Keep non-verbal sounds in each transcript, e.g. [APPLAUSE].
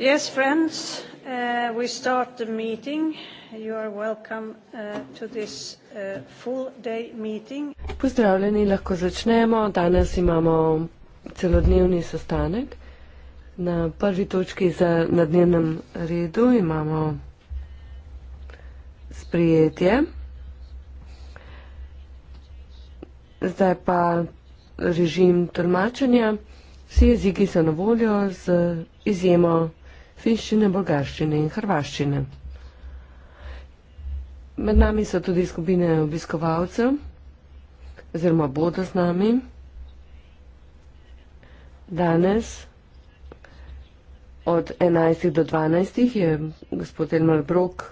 Yes, friends, uh, we start the meeting. You are welcome uh, to this uh, full day meeting. Pozdravljeni, lahko začnemo. Danes imamo celodnevni sestanek. Na prvi točki za, na dnevnem redu imamo sprijetje. Zdaj pa režim tolmačenja. Vsi jeziki so na voljo z izjemo finščine, bolgarščine in hrvaščine. Med nami so tudi skupine obiskovalcev, oziroma bodo z nami. Danes od 11. do 12. je gospod Elmar Brok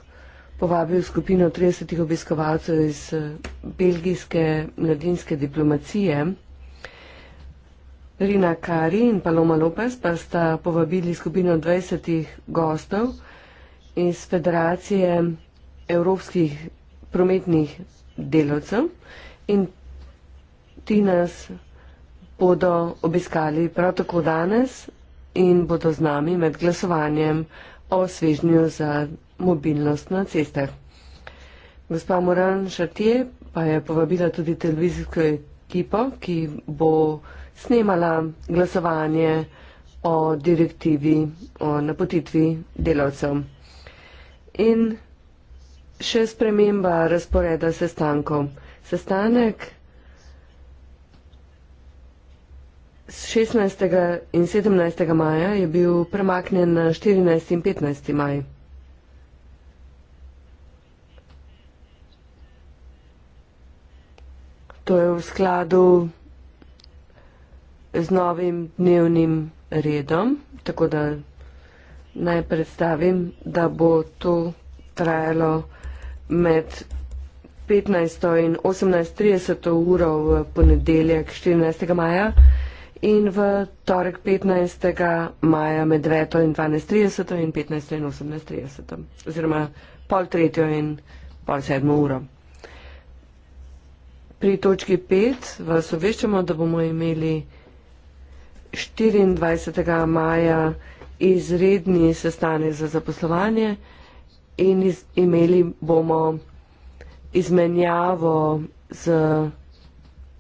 povabil skupino 30 obiskovalcev iz eh, belgijske mladinske diplomacije. Rina Kari in Paloma Lopez pa sta povabili skupino 20 gostov iz Federacije evropskih prometnih delavcev in ti nas bodo obiskali prav tako danes in bodo z nami med glasovanjem o svežnju za mobilnost na cestah. Gospa Moran Šatje pa je povabila tudi televizijsko ekipo, ki bo snemala glasovanje o direktivi, o napotitvi delavcev. In še sprememba razporeda sestankov. Sestanek 16. in 17. maja je bil premaknjen na 14. in 15. maj. To je v skladu z novim dnevnim redom, tako da naj predstavim, da bo to trajalo med 15. in 18.30 uro v ponedeljek 14. maja in v torek 15. maja med 9. in 12.30 in 15. in 18.30 oziroma pol tretjo in pol sedmo uro. Pri točki 5 vas obveščamo, da bomo imeli 24. maja izredni sestanek za zaposlovanje in iz, imeli bomo izmenjavo z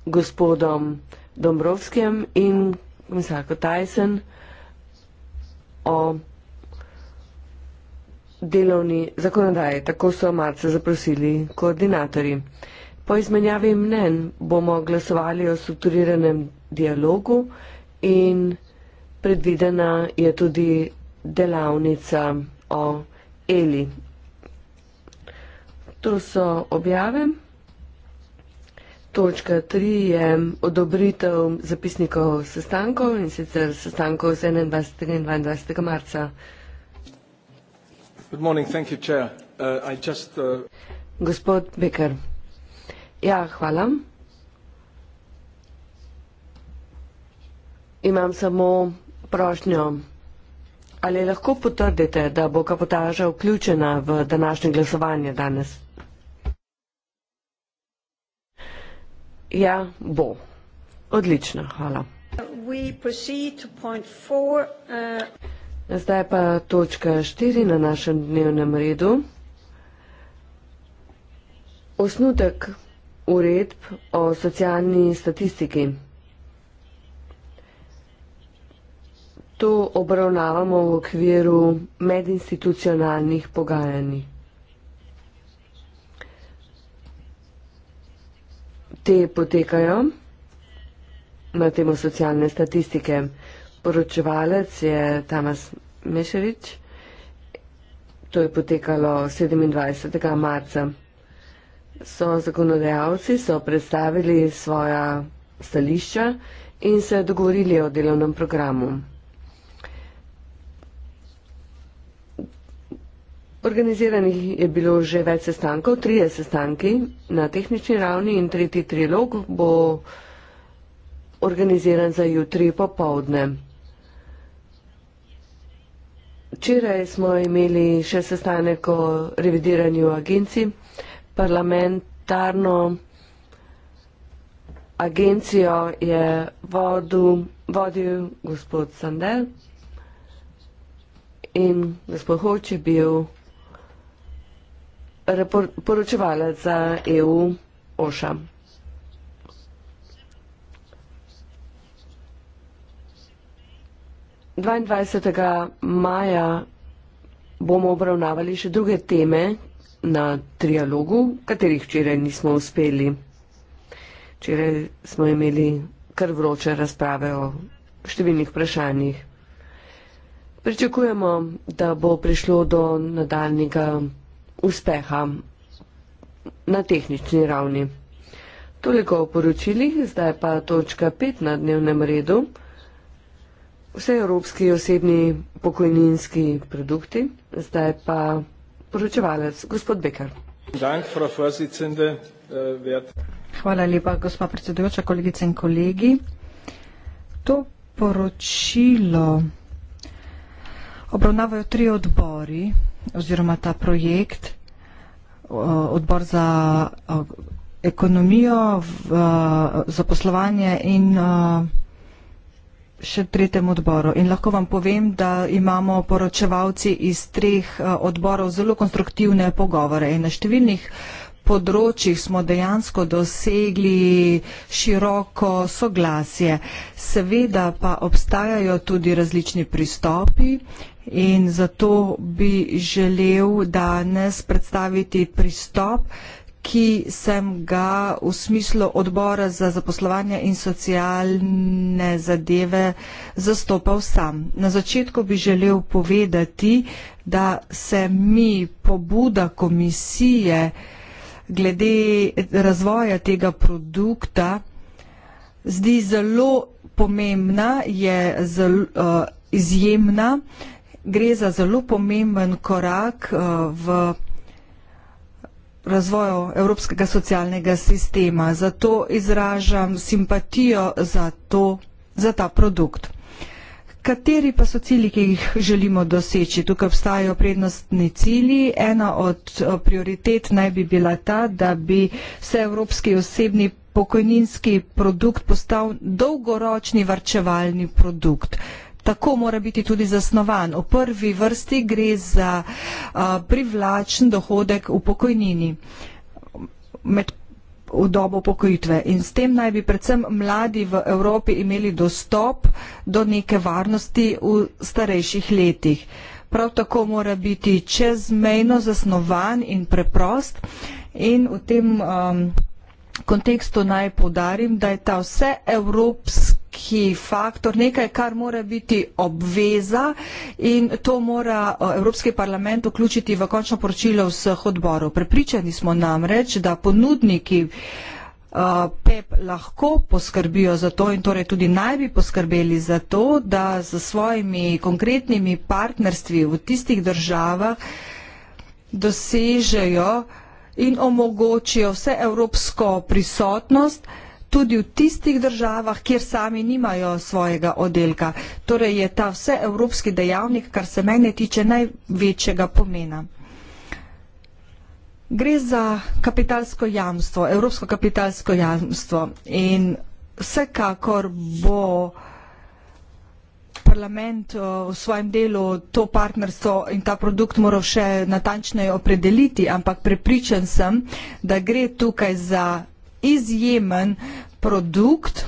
gospodom Dombrovskim in komisarko Tyson o delovni zakonodaji. Tako so marca zaprosili koordinatorji. Po izmenjavi mnen bomo glasovali o strukturiranem dialogu, in predvidena je tudi delavnica o Eli. Tu so objave. Točka 3 je odobritev zapisnikov sestankov in sicer sestankov z 21. in 22. marca. Good morning, thank you, chair. Uh, I just, uh... Gospod Becker. Ja, hvala. imam samo prošnjo. Ali lahko potrdite, da bo kapotaža vključena v današnje glasovanje danes? Ja, bo. Odlično, hvala. Uh, Zdaj pa točka 4 na našem dnevnem redu. Osnutek uredb o socialni statistiki. to obravnavamo v okviru medinstitucionalnih pogajanj. Te potekajo na temo socialne statistike. Poročevalec je Tamas Mešerič. To je potekalo 27. marca. So zakonodajalci, so predstavili svoja stališča in se dogovorili o delovnem programu. Organiziranih je bilo že več sestankov, trije sestanki na tehnični ravni in tretji trilog bo organiziran za jutri popovdne. Včeraj smo imeli še sestanek o revidiranju agencij, parlamentarno agencijo je vodil, vodil gospod Sandel in gospod Hoč je bil poročevala za EU OŠA. Dvaindvajsetega maja bomo obravnavali še druge teme na trialogu, katerih včeraj nismo uspeli. Včeraj smo imeli kar vroče razprave o številnih vprašanjih. Pričakujemo, da bo prišlo do nadaljnjega uspeha na tehnični ravni. Toliko o poročilih, zdaj pa točka 5 na dnevnem redu. Vse evropski osebni pokojninski produkti, zdaj pa poročevalec, gospod Bekar. Eh, Hvala lepa, gospod predsedujoča, kolegice in kolegi. To poročilo obravnavajo tri odbori, oziroma ta projekt, odbor za ekonomijo, zaposlovanje in še tretjem odboru. In lahko vam povem, da imamo poročevalci iz treh odborov zelo konstruktivne pogovore in na številnih področjih smo dejansko dosegli široko soglasje. Seveda pa obstajajo tudi različni pristopi In zato bi želel danes predstaviti pristop, ki sem ga v smislu odbora za zaposlovanje in socialne zadeve zastopal sam. Na začetku bi želel povedati, da se mi pobuda komisije glede razvoja tega produkta zdi zelo pomembna, je zelo, uh, izjemna. Uh, gre za zelo pomemben korak eh, v razvoju evropskega socialnega sistema. Zato izražam simpatijo za, to, za ta produkt. Kateri pa so cilji, ki jih želimo doseči? Tukaj obstajajo prednostni cilji. Ena od eh, prioritet naj bi bila ta, da bi vse evropski osebni pokojninski produkt postal dolgoročni varčevalni produkt tako mora biti tudi zasnovan. V prvi vrsti gre za a, privlačen dohodek v pokojnini med v dobo pokojitve. In s tem naj bi predvsem mladi v Evropi imeli dostop do neke varnosti v starejših letih. Prav tako mora biti čezmejno zasnovan in preprost in v tem um, kontekstu naj podarim, da je ta vse evropski faktor, nekaj, kar mora biti obveza in to mora eh, Evropski parlament vključiti v končno poročilo vseh odborov. Prepričani smo namreč, da ponudniki eh, PEP lahko poskrbijo za to in torej tudi naj bi poskrbeli za to, da z svojimi konkretnimi partnerstvi v tistih državah dosežejo in omogočijo vse evropsko prisotnost tudi v tistih državah, kjer sami nimajo svojega oddelka. Torej je ta vse evropski dejavnik, kar se mene tiče, največjega pomena. Gre za kapitalsko jamstvo, evropsko kapitalsko jamstvo in vsekakor bo parlament eh, v svojem delu to partnerstvo in ta produkt moral še natančneje opredeliti, ampak prepričan sem, da gre tukaj za izjemen produkt,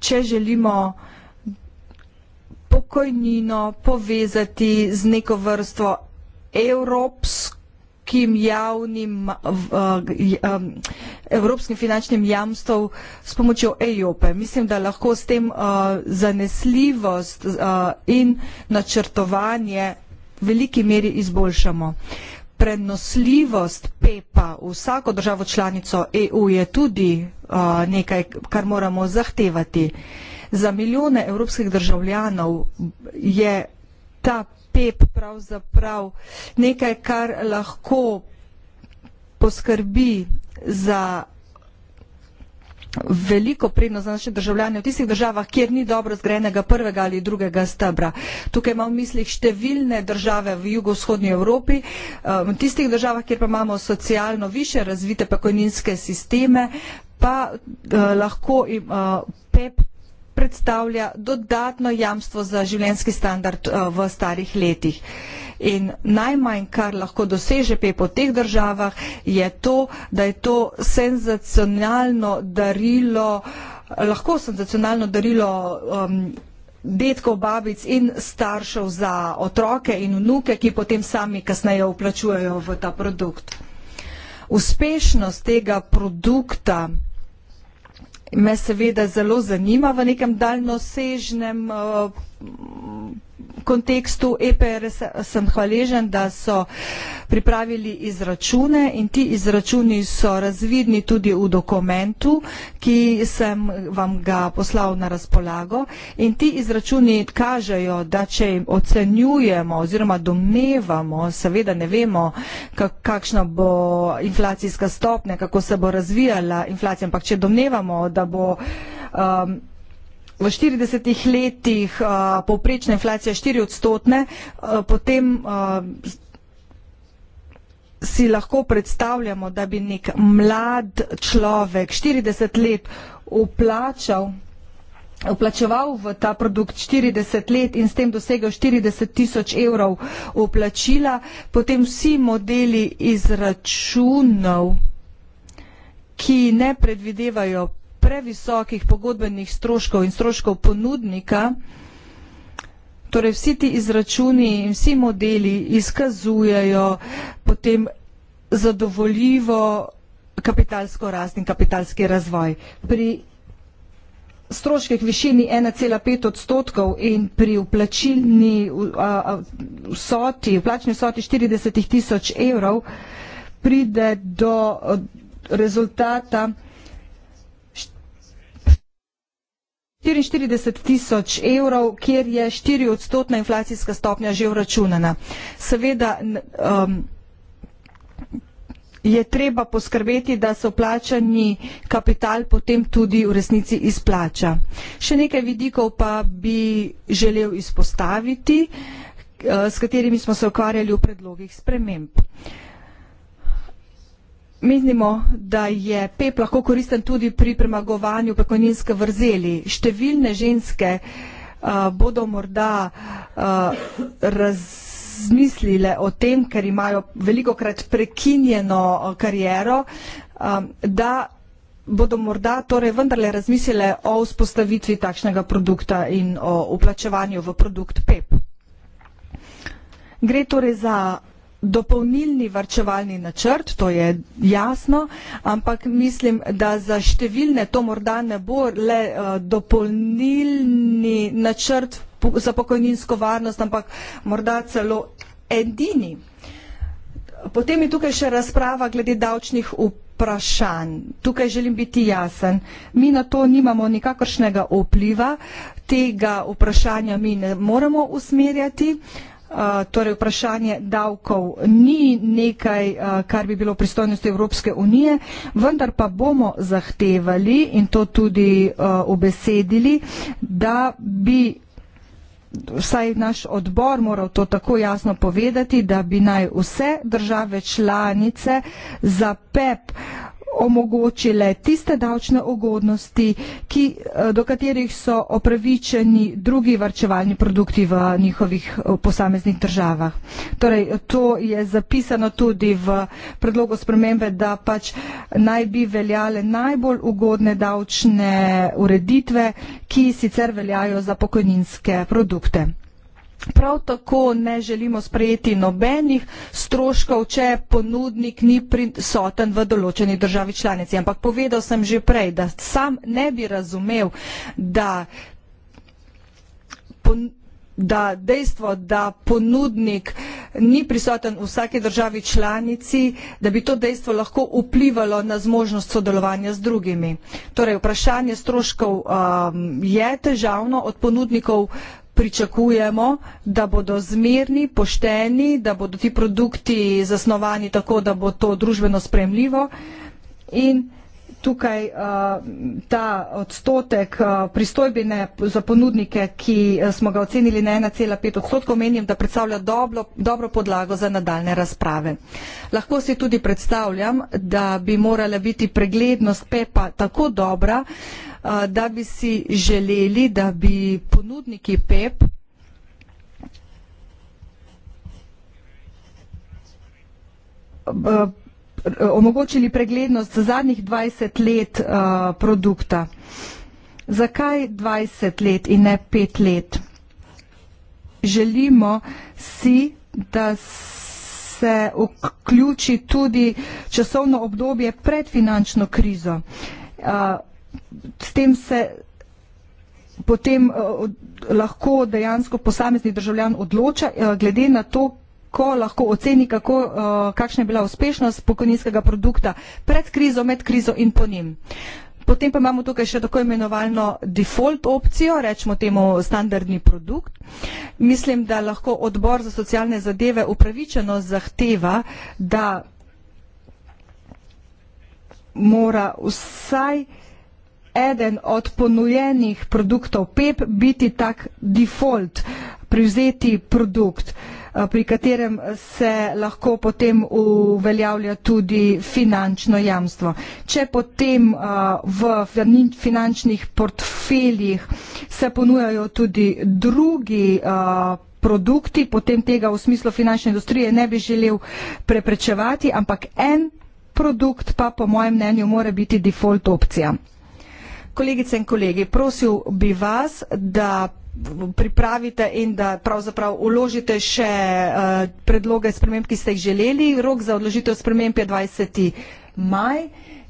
če želimo pokojnino povezati z neko vrstvo evropsko, kim javnim eh, evropskim finančnim jamstvom s pomočjo EIOPE. Mislim, da lahko s tem eh, zanesljivost eh, in načrtovanje v veliki meri izboljšamo. Prenosljivost PEPA v vsako državo članico EU je tudi nekaj, kar moramo zahtevati. Za milijone evropskih državljanov je ta pep pravzaprav nekaj, kar lahko poskrbi za veliko prednost za naše državljanje v tistih državah, kjer ni dobro zgrenega prvega ali drugega stebra. Tukaj imam v mislih številne države v jugovzhodni Evropi, um, v tistih državah, kjer pa imamo socialno više razvite pokojninske sisteme, pa uh, lahko im, uh, PEP predstavlja dodatno jamstvo za življenjski standard eh, v starih letih. In najmanj, kar lahko doseže pe po teh državah, je to, da je to senzacionalno darilo, lahko senzacionalno darilo um, detkov, babic in staršev za otroke in vnuke, ki potem sami kasneje uplačujejo v ta produkt. Uspešnost tega produkta me seveda zelo zanima v nekem daljnosežnem uh, kontekstu EPRS sem hvaležen, da so pripravili izračune in ti izračuni so razvidni tudi v dokumentu, ki sem vam ga poslal na razpolago in ti izračuni kažejo, da če jim ocenjujemo oziroma domnevamo, seveda ne vemo, kakšna bo inflacijska stopnja, kako se bo razvijala inflacija, ampak če domnevamo, da bo um, v 40 letih uh, povprečna inflacija 4 odstotne, uh, potem uh, si lahko predstavljamo, da bi nek mlad človek 40 let uplačal Vplačeval v ta produkt 40 let in s tem dosegel 40 tisoč evrov vplačila, potem vsi modeli izračunov, ki ne predvidevajo previsokih pogodbenih stroškov in stroškov ponudnika, torej vsi ti izračuni in vsi modeli izkazujejo potem zadovoljivo kapitalsko rast in kapitalski razvoj. Pri stroških višini 1,5 odstotkov in pri vplačilni soti, vplačni soti 40 tisoč evrov pride do rezultata 44 tisoč evrov, kjer je 4 odstotna inflacijska stopnja že vračunana. Seveda um, je treba poskrbeti, da so plačani kapital potem tudi v resnici izplača. Še nekaj vidikov pa bi želel izpostaviti, uh, s katerimi smo se ukvarjali v predlogih sprememb. Menimo, da je pep lahko koristen tudi pri premagovanju pokojninske vrzeli. Številne ženske uh, bodo morda uh, razmislile o tem, ker imajo veliko krat prekinjeno eh, kariero, um, da bodo morda torej vendarle razmislile o vzpostavitvi takšnega produkta in o uplačevanju v produkt pep. Gre torej za dopolnilni varčevalni načrt, to je jasno, ampak mislim, da za številne to morda ne bo le eh, dopolnilni načrt za pokojninsko varnost, ampak morda celo edini. Potem je tukaj še razprava glede davčnih vprašanj. Tukaj želim biti jasen. Mi na to nimamo nikakršnega vpliva, tega vprašanja mi ne moremo usmerjati. Uh, Eh, torej vprašanje davkov ni nekaj, eh, kar bi bilo pristojnosti Evropske unije, vendar pa bomo zahtevali in to tudi eh, obesedili, da bi vsaj naš odbor moral to tako jasno povedati, da bi naj vse države članice za PEP omogočile tiste davčne ugodnosti, ki, eh, do katerih so opravičeni drugi varčevalni produkti v njihovih eh, posameznih državah. Torej, to je zapisano tudi v predlogu spremembe, da pač naj bi veljale najbolj ugodne davčne ureditve, ki sicer veljajo za pokojninske produkte. Prav tako ne želimo sprejeti nobenih stroškov, če ponudnik ni prisoten v določeni državi članici. Ampak povedal sem že prej, da sam ne bi razumel, da, pon, da dejstvo, da ponudnik ni prisoten v vsaki državi članici, da bi to dejstvo lahko vplivalo na zmožnost sodelovanja z drugimi. Torej, vprašanje stroškov um, je težavno, od ponudnikov pričakujemo, da bodo zmerni, pošteni, da bodo ti produkti zasnovani tako, da bo to družbeno spremljivo in tukaj uh, ta odstotek uh, pristojbine za ponudnike, ki uh, smo ga ocenili na 1,5 odstotkov, menim, da predstavlja dobro, dobro podlago za nadaljne razprave. Lahko si tudi predstavljam, da bi morala biti preglednost PEPA tako dobra, uh, da bi si želeli, da bi ponudniki PEP omogočili preglednost zadnjih 20 let produkta. Zakaj 20 let in ne 5 let? Želimo si, da se vključi tudi časovno obdobje pred finančno krizo s tem se potem eh, lahko dejansko posamezni državljan odloča eh, glede na to, ko lahko oceni, kako, eh, kakšna je bila uspešnost pokojninskega produkta pred krizo, med krizo in po njem. Potem pa imamo tukaj še tako imenovano default opcijo, rečemo temu standardni produkt. Mislim, da lahko odbor za socialne zadeve upravičeno zahteva, da mora vsaj uh, eden od ponujenih produktov PEP biti tak default, privzeti produkt, eh, pri katerem se lahko potem uveljavlja tudi finančno jamstvo. Če potem eh, v finančnih portfeljih se ponujajo tudi drugi eh, produkti, potem tega v smislu finančne industrije ne bi želel preprečevati, ampak en produkt pa po mojem mnenju mora biti default opcija kolegice in kolegi, prosil bi vas, da pripravite in da pravzaprav uložite še eh, predloge sprememb, ki ste jih želeli. Rok za odložitev sprememb je 20. maj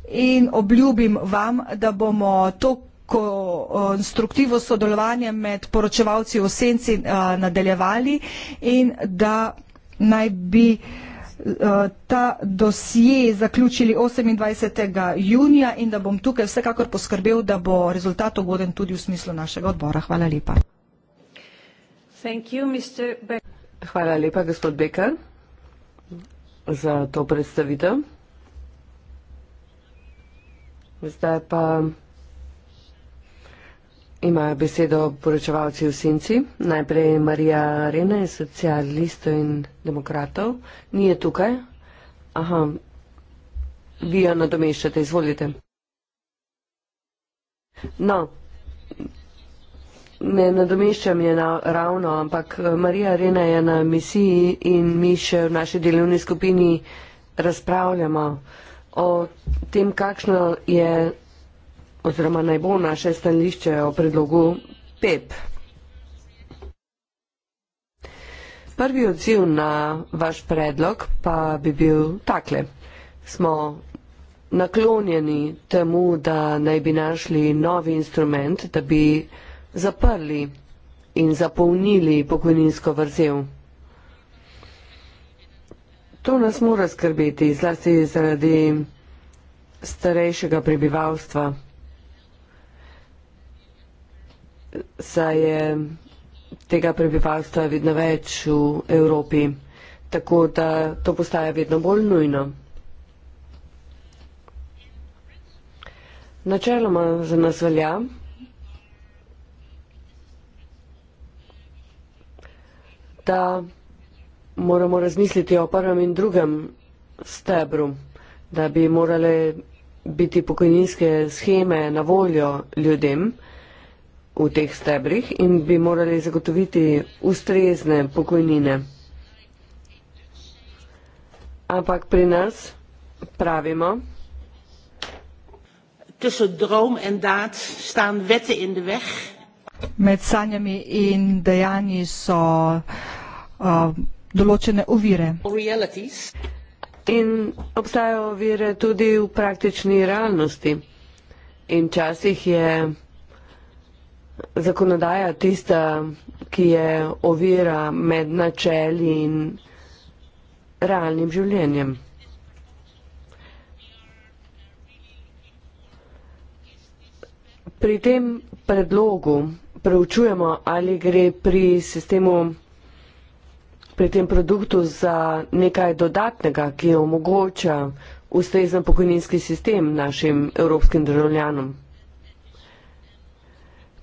in obljubim vam, da bomo to konstruktivo sodelovanje med poročevalci v senci eh, nadaljevali in da naj bi uh, Eh, ta dosje zaključili 28. junija in da bom tukaj vsekakor poskrbel, da bo rezultat ugoden tudi v smislu našega odbora. Hvala lepa. You, Hvala lepa, gospod Bekar, za to predstavitev. Zdaj pa. Imajo besedo poročevalci v Sinci, najprej Marija Rena iz socialistov in demokratov. Ni je tukaj? Aha, vi jo nadomeščate, izvolite. No, ne nadomeščam je na, ravno, ampak eh, Marija Rena je na misiji in mi še v naši delovni skupini razpravljamo o tem, kakšno je oziroma naj bo naše stanišče o predlogu PEP. Prvi odziv na vaš predlog pa bi bil takle. Smo naklonjeni temu, da naj bi našli novi instrument, da bi zaprli in zapolnili pokojninsko vrzel. To nas mora skrbeti, zlasti zaradi starejšega prebivalstva. saj je tega prebivalstva vedno več v Evropi, tako da to postaja vedno bolj nujno. Načeloma za nas velja, da moramo razmisliti o prvem in drugem stebru, da bi morale biti pokojninske scheme na voljo ljudem v teh stebrih in bi morali zagotoviti ustrezne pokojnine. Ampak pri nas pravimo, Med sanjami in dejanji so uh, določene ovire. In obstajajo ovire tudi v praktični realnosti. In včasih je zakonodaja tista, ki je ovira med načeli in realnim življenjem. Pri tem predlogu preučujemo, ali gre pri sistemu, pri tem produktu za nekaj dodatnega, ki omogoča ustrezen pokojninski sistem našim evropskim državljanom.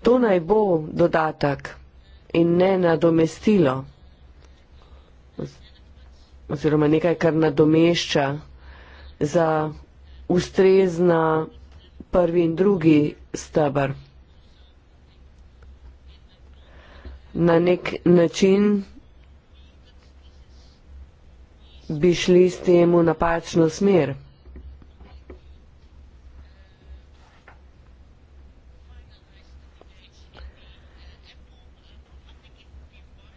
To naj bo dodatek in ne nadomestilo, oziroma nekaj, kar nadomešča za ustrezna prvi in drugi stebr. Na nek način bi šli s tem v napačno smer.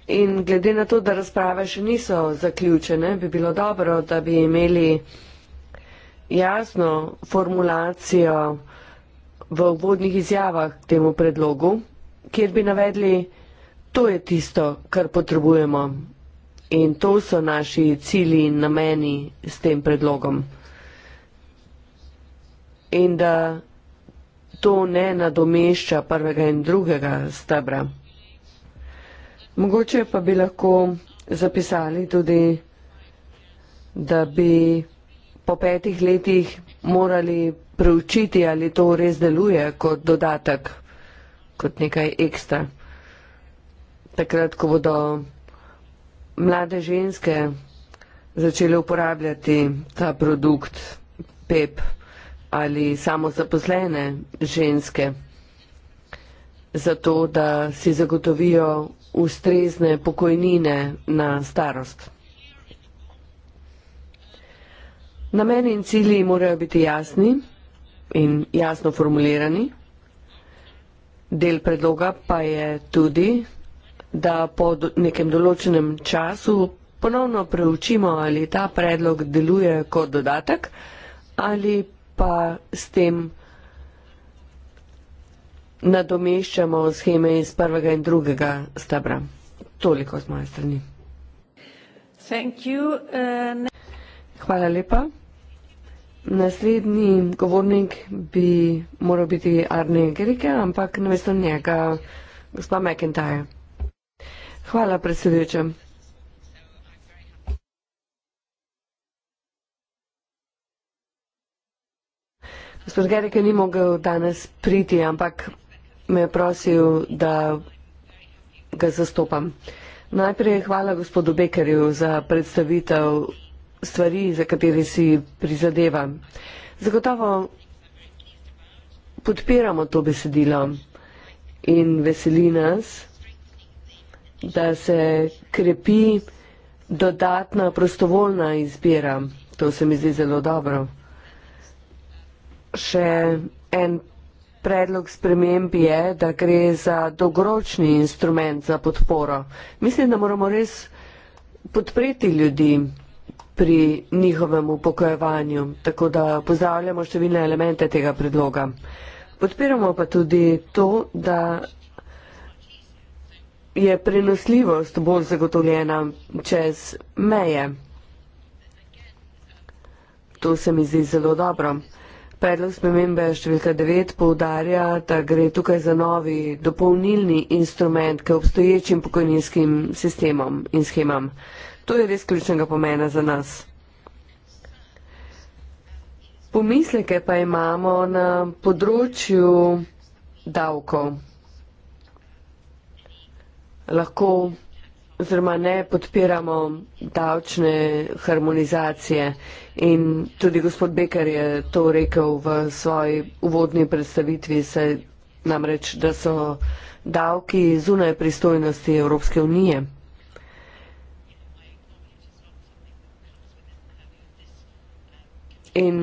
In glede na to, da razprave še niso zaključene, bi bilo dobro, da bi imeli jasno formulacijo v vodnih izjavah k temu predlogu, kjer bi navedli, to je tisto, kar potrebujemo in to so naši cili in nameni s tem predlogom. In da to ne nadomešča prvega in drugega stebra. Mogoče pa bi lahko zapisali tudi, da bi po petih letih morali preučiti, ali to res deluje kot dodatek, kot nekaj ekstra. Takrat, ko bodo mlade ženske začele uporabljati ta produkt PEP ali samozaposlene ženske, zato da si zagotovijo ustrezne pokojnine na starost. Nameni in cilji morajo biti jasni in jasno formulirani. Del predloga pa je tudi, da po nekem določenem času ponovno preučimo, ali ta predlog deluje kot dodatek ali pa s tem predlogom nadomeščamo scheme iz prvega in drugega stebra. Toliko z moje strani. Uh, Hvala lepa. Naslednji govornik bi moral biti Arne Gerike, ampak namesto njega gospa McIntyre. Hvala predsedujočem. Gospod Gerike ni mogel danes priti, ampak me je prosil, da ga zastopam. Najprej hvala gospodu Bekerju za predstavitev stvari, za katere si prizadevam. Zagotovo podpiramo to besedilo in veseli nas, da se krepi dodatna prostovoljna izbira. To se mi zdi zelo dobro. Še en predlog sprememb je, da gre za dolgoročni instrument za podporo. Mislim, da moramo res podpreti ljudi pri njihovem upokojevanju, tako da pozdravljamo številne elemente tega predloga. Podpiramo pa tudi to, da je prenosljivost bolj zagotovljena čez meje. To se mi zdi zelo dobro. Predlog spremembe številka 9 poudarja, da gre tukaj za novi dopolnilni instrument k obstoječim pokojninskim sistemom in schemam. To je res ključnega pomena za nas. Pomisleke pa imamo na področju davkov. Lahko oziroma ne podpiramo davčne harmonizacije. In tudi gospod Bekar je to rekel v svoji uvodni predstavitvi, saj namreč, da so davki zunaj pristojnosti Evropske unije. In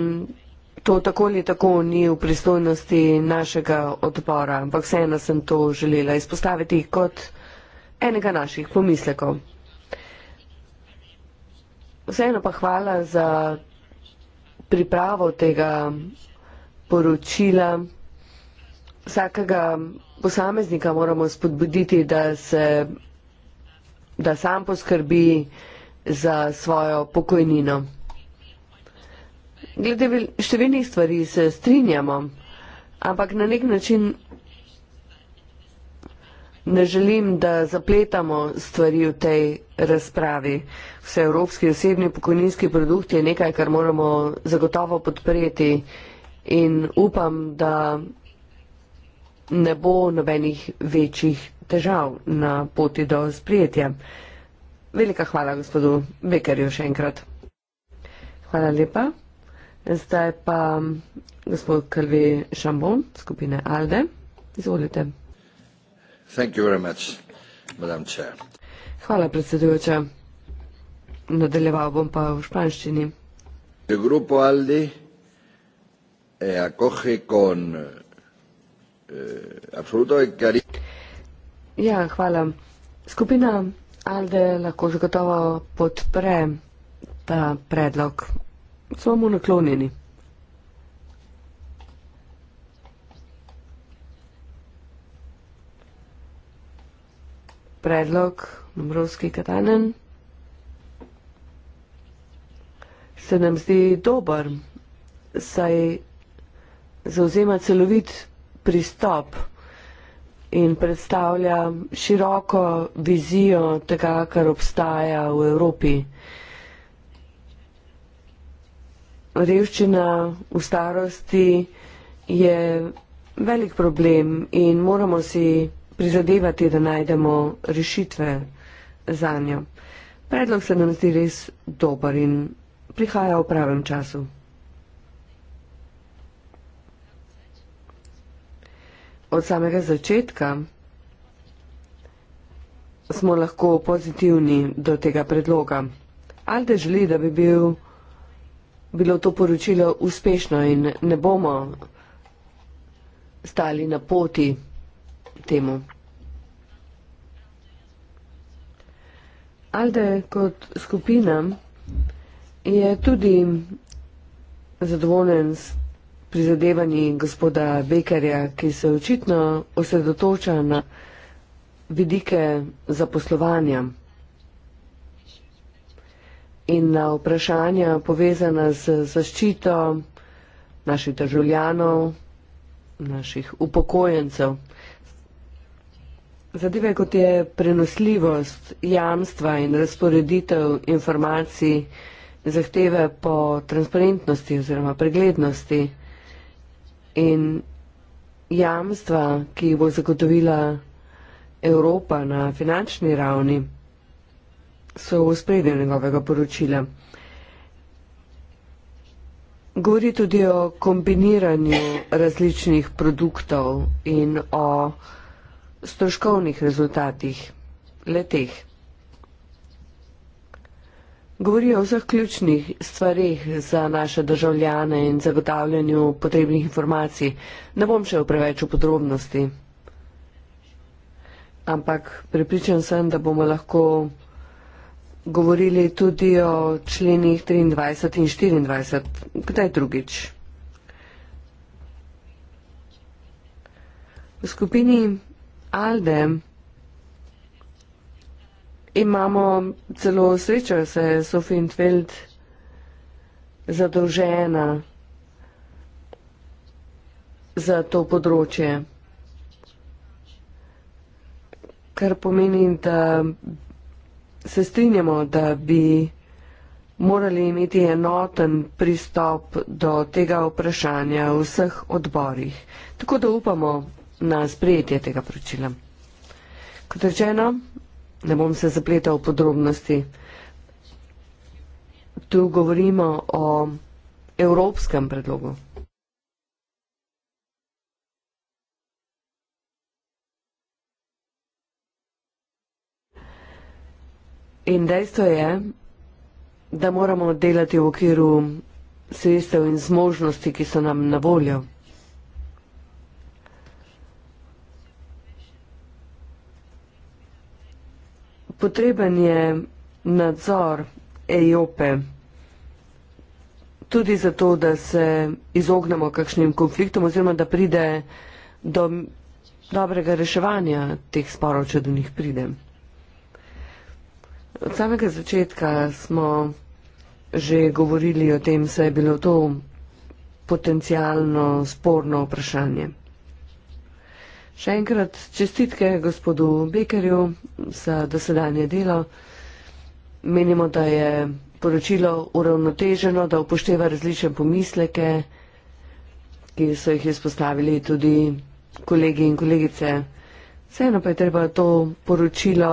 to tako ali tako ni v pristojnosti našega odbora, ampak vseeno sem to želela izpostaviti kot enega naših pomislekov. Vseeno pa hvala za pripravo tega poročila. Vsakega posameznika moramo spodbuditi, da, se, da sam poskrbi za svojo pokojnino. Glede številnih stvari se strinjamo, ampak na nek način ne želim, da zapletamo stvari v tej razpravi. Vse evropski osebni pokojninski produkt je nekaj, kar moramo zagotovo podpreti in upam, da ne bo nobenih večjih težav na poti do sprijetja. Velika hvala gospodu Bekerju še enkrat. Hvala lepa. Zdaj pa gospod Krvi Šambon, skupine Alde. Izvolite. Hvala, predsedujoča. Nadaljeval bom pa v španščini. Eh, eh, ja, hvala. Skupina ALDE lahko zagotovo podpre ta predlog. Smo mu naklonjeni. predlog Mrovski katanen se nam zdi dober, saj zauzema celovit pristop in predstavlja široko vizijo tega, kar obstaja v Evropi. Revščina v starosti je velik problem in moramo si prizadevati, da najdemo rešitve za njo. Predlog se nam zdi res dober in prihaja v pravem času. Od samega začetka smo lahko pozitivni do tega predloga. Alde želi, da bi bil, bilo to poročilo uspešno in ne bomo stali na poti temu. Alde kot skupina je tudi zadovoljen s prizadevanji gospoda Bekerja, ki se očitno osredotoča na vidike zaposlovanja in na vprašanja povezana z zaščito naših državljanov, naših upokojencev. Zadeve, kot je prenosljivost, jamstva in razporeditev informacij, zahteve po transparentnosti oziroma preglednosti in jamstva, ki bo zagotovila Evropa na finančni ravni, so v spredju njegovega poročila. Govori tudi o kombiniranju različnih produktov in o stroškovnih rezultatih, leteh. Govorijo o vseh ključnih stvarih za naše državljane in zagotavljanju potrebnih informacij. Ne bom še preveč v podrobnosti, ampak pripričan sem, da bomo lahko govorili tudi o členih 23 in 24, kdaj drugič. V skupini Alde. Imamo celo srečo, da se je Sofijn Tveld zadolžena za to področje. Kar pomeni, da se strinjamo, da bi morali imeti enoten pristop do tega vprašanja v vseh odborih. Tako da upamo, na sprejetje tega pročila. Kot rečeno, ne bom se zapletal v podrobnosti. Tu govorimo o evropskem predlogu. In dejstvo je, da moramo delati v okviru sredstev in zmožnosti, ki so nam na voljo. Potreben je nadzor EIOPE tudi zato, da se izognemo kakšnim konfliktom oziroma da pride do dobrega reševanja teh sporov, če do njih pride. Od samega začetka smo že govorili o tem, saj je bilo to potencijalno sporno vprašanje. Še enkrat čestitke gospodu Bekerju za dosedanje delo. Menimo, da je poročilo uravnoteženo, da upošteva različne pomisleke, ki so jih izpostavili tudi kolegi in kolegice. Vseeno pa je treba to poročilo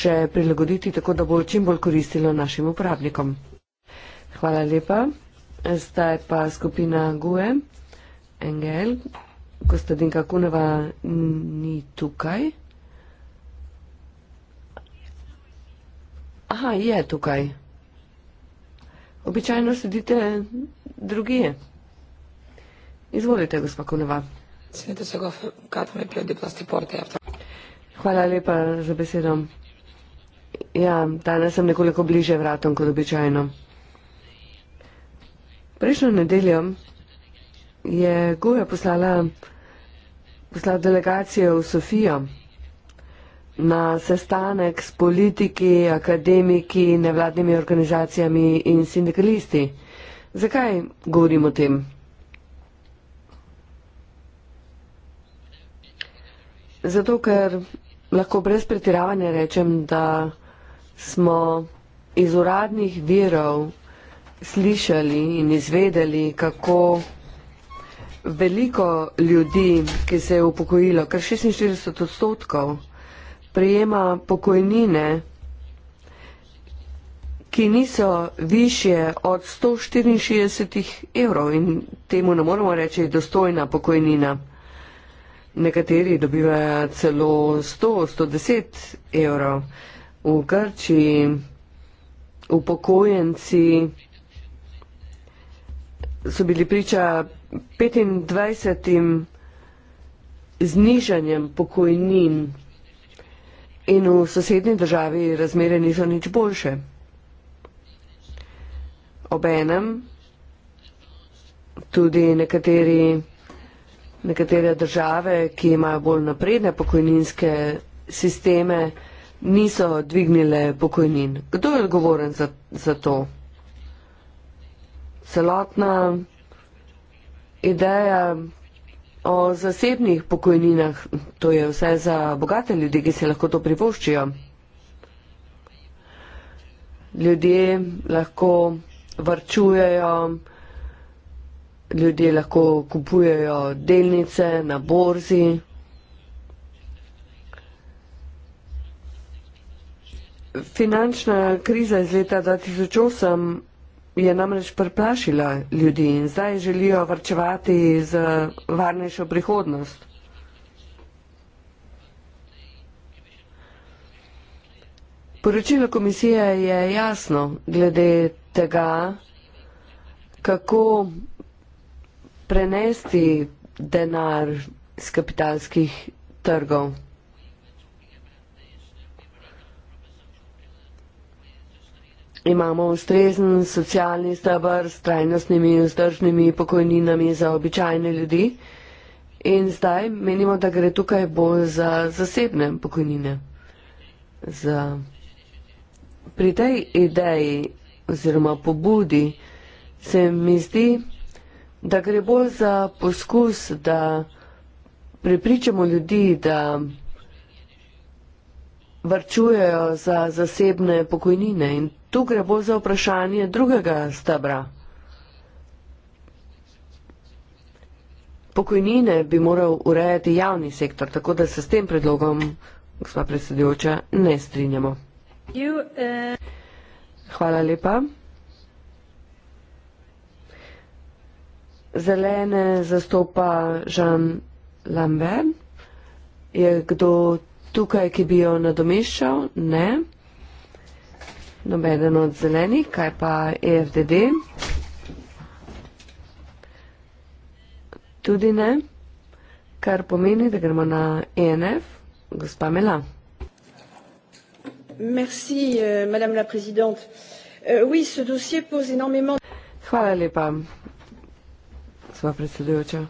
še prilagoditi, tako da bo čim bolj koristilo našim uporabnikom. Hvala lepa. Zdaj pa skupina GUE, NGL. Kostadinka Kuneva ni tukaj. Aha, je tukaj. Običajno sedite drugije. Izvolite, gospa Kuneva. Torej ja, Hvala lepa za besedo. Ja, danes sem nekoliko bliže vratom kot običajno. Prejšnjo nedeljo je Guja poslala, poslala delegacijo v Sofijo na sestanek s politiki, akademiki, nevladnimi organizacijami in sindikalisti. Zakaj govorimo o tem? Zato, ker lahko brez pretiravanja rečem, da smo iz uradnih virov slišali in izvedeli, kako veliko ljudi, ki se je upokojilo, kar 46 odstotkov, prejema pokojnine, ki niso više od 164 evrov in temu ne moremo reči dostojna pokojnina. Nekateri dobivajo celo 100-110 evrov. V Grčiji upokojenci so bili priča 25. znižanjem pokojnin in v sosednji državi razmere niso nič boljše. Obenem tudi nekateri, nekatere države, ki imajo bolj napredne pokojninske sisteme, niso dvignile pokojnin. Kdo je odgovoren za, za to? Celotna ideja o zasebnih pokojninah, to je vse za bogate ljudi, ki se lahko to privoščijo. Ljudje lahko varčujejo, ljudje lahko kupujejo delnice na borzi. Finančna kriza iz leta 2008 je namreč preplašila ljudi in zdaj želijo vrčevati z varnejšo prihodnost. Poročilo komisije je jasno glede tega, kako prenesti denar iz kapitalskih trgov. Imamo ustrezen socialni stebr s trajnostnimi in vzdržnimi pokojninami za običajne ljudi in zdaj menimo, da gre tukaj bolj za zasebne pokojnine. Za... Pri tej ideji oziroma pobudi se mi zdi, da gre bolj za poskus, da pripričamo ljudi, da varčujejo za zasebne pokojnine in tu gre bolj za vprašanje drugega stebra. Pokojnine bi moral urejati javni sektor, tako da se s tem predlogom, gospa predsedujoča, ne strinjamo. Eh, Hvala lepa. Zelene zastopa Žan Lambert. Je kdo tukaj, ki bi jo nadomeščal? Ne. Nobeden od zelenih, kaj pa RDD? E Tudi ne. Kar pomeni, da gremo na ENF. Gospa Mela. Merci, euh, madame la présidente. Uh, oui, ce dossier pose énormément. Hvala lepa, gospa predsedujoča.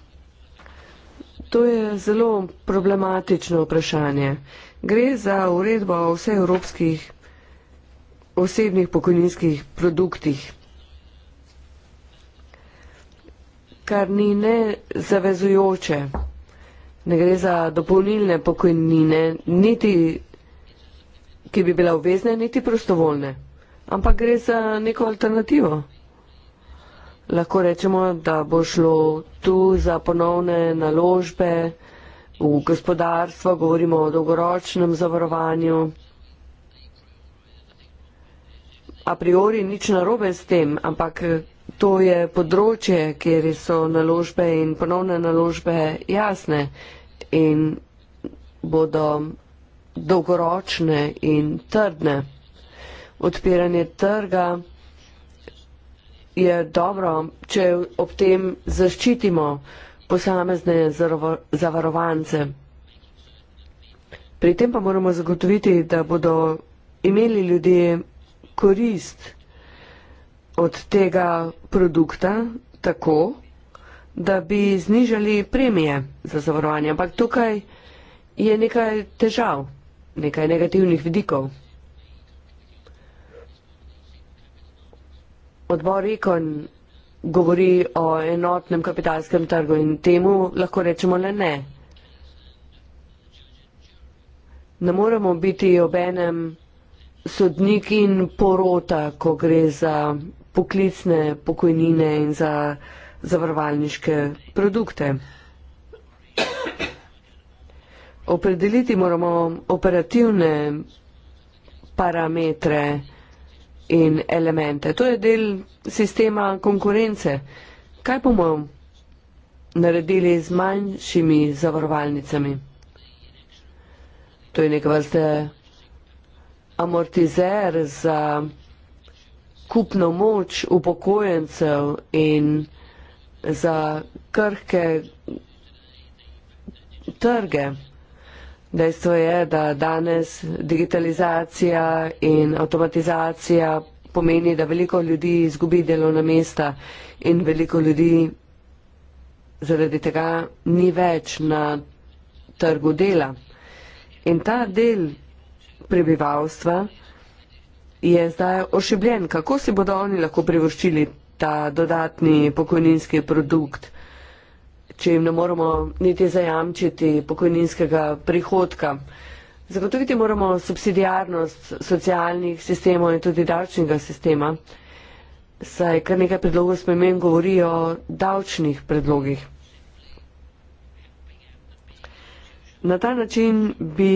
To je zelo problematično vprašanje. Gre za uredbo o vseh evropskih osebnih pokojninskih produktih, kar ni ne zavezujoče. Ne gre za dopolnilne pokojnine, niti, ki bi bila obvezne, niti prostovoljne, ampak gre za neko alternativo. Lahko rečemo, da bo šlo tu za ponovne naložbe v gospodarstvo, govorimo o dolgoročnem zavarovanju. A priori nič narobe s tem, ampak to je področje, kjer so naložbe in ponovne naložbe jasne in bodo dolgoročne in trdne. Odpiranje trga je dobro, če ob tem zaščitimo posamezne zavarovance. Pri tem pa moramo zagotoviti, da bodo imeli ljudje korist od tega produkta tako, da bi znižali premije za zavarovanje. Ampak tukaj je nekaj težav, nekaj negativnih vidikov. Odbor Ekon govori o enotnem kapitalskem trgu in temu lahko rečemo le ne. Ne moremo biti obenem sodnik in porota, ko gre za poklicne pokojnine in za zavarovalniške produkte. Opredeliti moramo operativne parametre, in elemente. To je del sistema konkurence. Kaj bomo naredili z manjšimi zavarovalnicami? To je nek vrste amortizer za kupno moč upokojencev in za krhke trge. Dejstvo je, da danes digitalizacija in avtomatizacija pomeni, da veliko ljudi izgubi delovna mesta in veliko ljudi zaradi tega ni več na trgu dela. In ta del prebivalstva je zdaj ošibljen. Kako si bodo oni lahko privoščili ta dodatni pokojninski produkt? če jim ne moramo niti zajamčiti pokojninskega prihodka. Zagotoviti moramo subsidijarnost socialnih sistemov in tudi davčnega sistema, saj kar nekaj predlogov smo imen govorijo o davčnih predlogih. Na ta način bi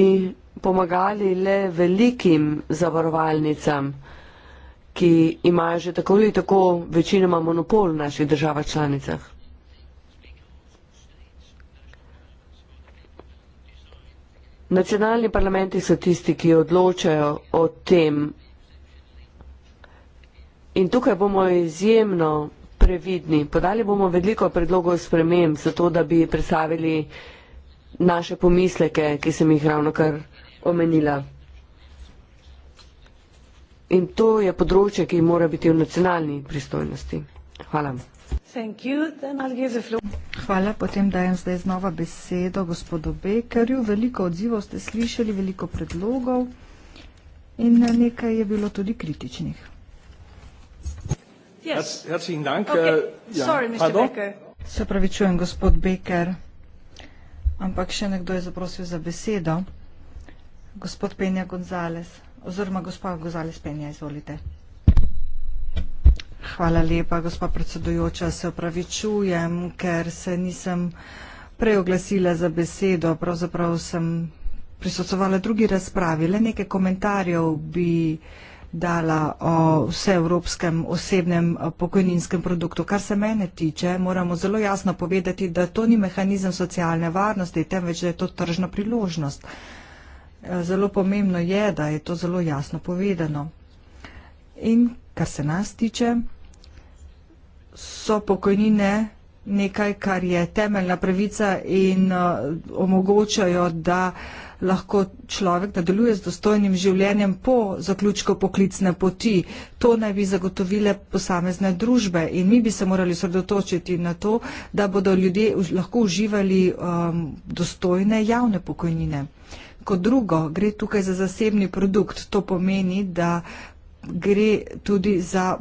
pomagali le velikim zavarovalnicam, ki imajo že tako ali tako večinoma monopol v naših državah članicah. Nacionalni parlamenti so tisti, ki odločajo o tem. In tukaj bomo izjemno previdni. Podali bomo veliko predlogov sprememb, zato da bi predstavili naše pomisleke, ki sem jih ravno kar omenila. In to je področje, ki mora biti v nacionalni pristojnosti. Hvala. Thank you. Then I'll give the floor. Hvala, potem dajem zdaj znova besedo gospodu Bekerju. Veliko odzivov ste slišali, veliko predlogov in nekaj je bilo tudi kritičnih. Yes. Okay. Äh, ja. Se pravi, čujem gospod Beker, ampak še nekdo je zaprosil za besedo. Gospod Penja Gonzales, oziroma gospod Gonzales Penja, izvolite. Hvala lepa, gospa predsedujoča. Se opravičujem, ker se nisem prej oglasila za besedo. Pravzaprav sem prisotovala drugi razpravi. Le nekaj komentarjev bi dala o vseevropskem osebnem eh, pokojninskem produktu. Kar se mene tiče, moramo zelo jasno povedati, da to ni mehanizem socialne varnosti, temveč da je to tržna priložnost. Eh, zelo pomembno je, da je to zelo jasno povedano. In kar se nas tiče, so pokojnine nekaj, kar je temeljna pravica in uh, omogočajo, da lahko človek nadaljuje z dostojnim življenjem po zaključku poklicne poti. To naj bi zagotovile posamezne družbe in mi bi se morali sredotočiti na to, da bodo ljudje lahko uživali um, dostojne javne pokojnine. Kot drugo, gre tukaj za zasebni produkt. To pomeni, da gre tudi za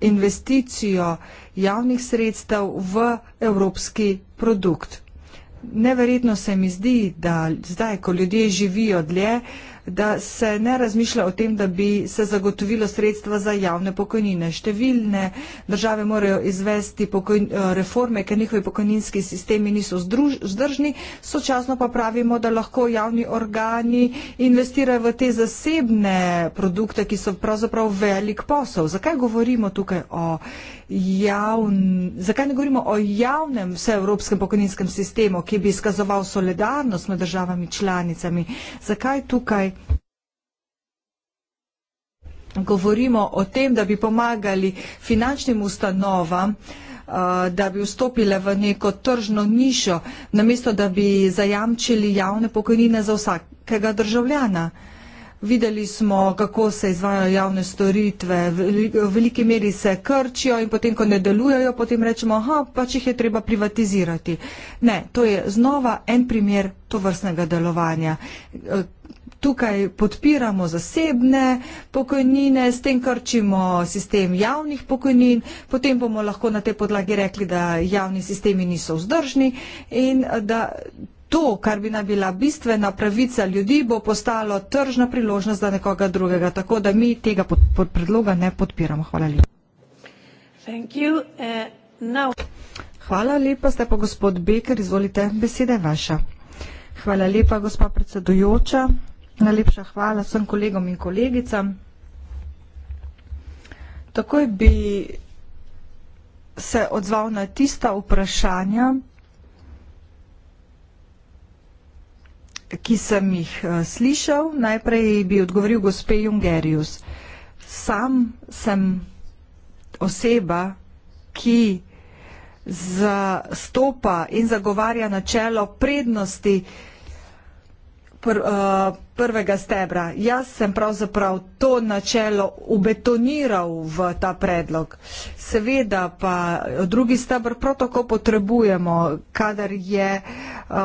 investicijo javnih sredstev v evropski produkt. Neverjetno se mi zdi, da zdaj, ko ljudje živijo dlje, uh, da se ne razmišlja o tem, da bi se zagotovilo sredstva za javne pokojnine. Številne države morajo izvesti pokojn, eh, reforme, ker njihovi pokojninski sistemi niso združ, zdržni, sočasno pa pravimo, da lahko javni organi investirajo v te zasebne produkte, ki so pravzaprav velik posel. Zakaj govorimo tukaj o javn, zakaj ne govorimo o javnem vseevropskem pokojninskem sistemu, ki bi izkazoval solidarnost med državami članicami? Zakaj tukaj govorimo o tem, da bi pomagali finančnim ustanovam, eh, da bi vstopile v neko tržno nišo, namesto da bi zajamčili javne pokojnine za vsakega državljana. Videli smo, kako se izvajo javne storitve, v veliki meri se krčijo in potem, ko ne delujejo, potem rečemo, aha, pač jih je treba privatizirati. Ne, to je znova en primer tovrstnega delovanja tukaj podpiramo zasebne pokojnine, s tem krčimo sistem javnih pokojnin, potem bomo lahko na te podlagi rekli, da javni sistemi niso vzdržni in da. To, kar bi bila bistvena pravica ljudi, bo postalo tržna priložnost za nekoga drugega. Tako da mi tega pod, pod predloga ne podpiramo. Hvala lepa. Uh, Hvala lepa, ste pa gospod Beker. Izvolite, beseda je vaša. Hvala lepa, gospa predsedujoča. Najlepša hvala vsem kolegom in kolegicam. Takoj bi se odzval na tista vprašanja, ki sem jih eh, slišal. Najprej bi odgovoril gospe Jungerius. Sam sem oseba, ki zastopa in zagovarja načelo prednosti, pr, uh, prvega stebra. Jaz sem pravzaprav to načelo ubetoniral v ta predlog. Seveda pa drugi stebr prav tako potrebujemo, kadar je uh,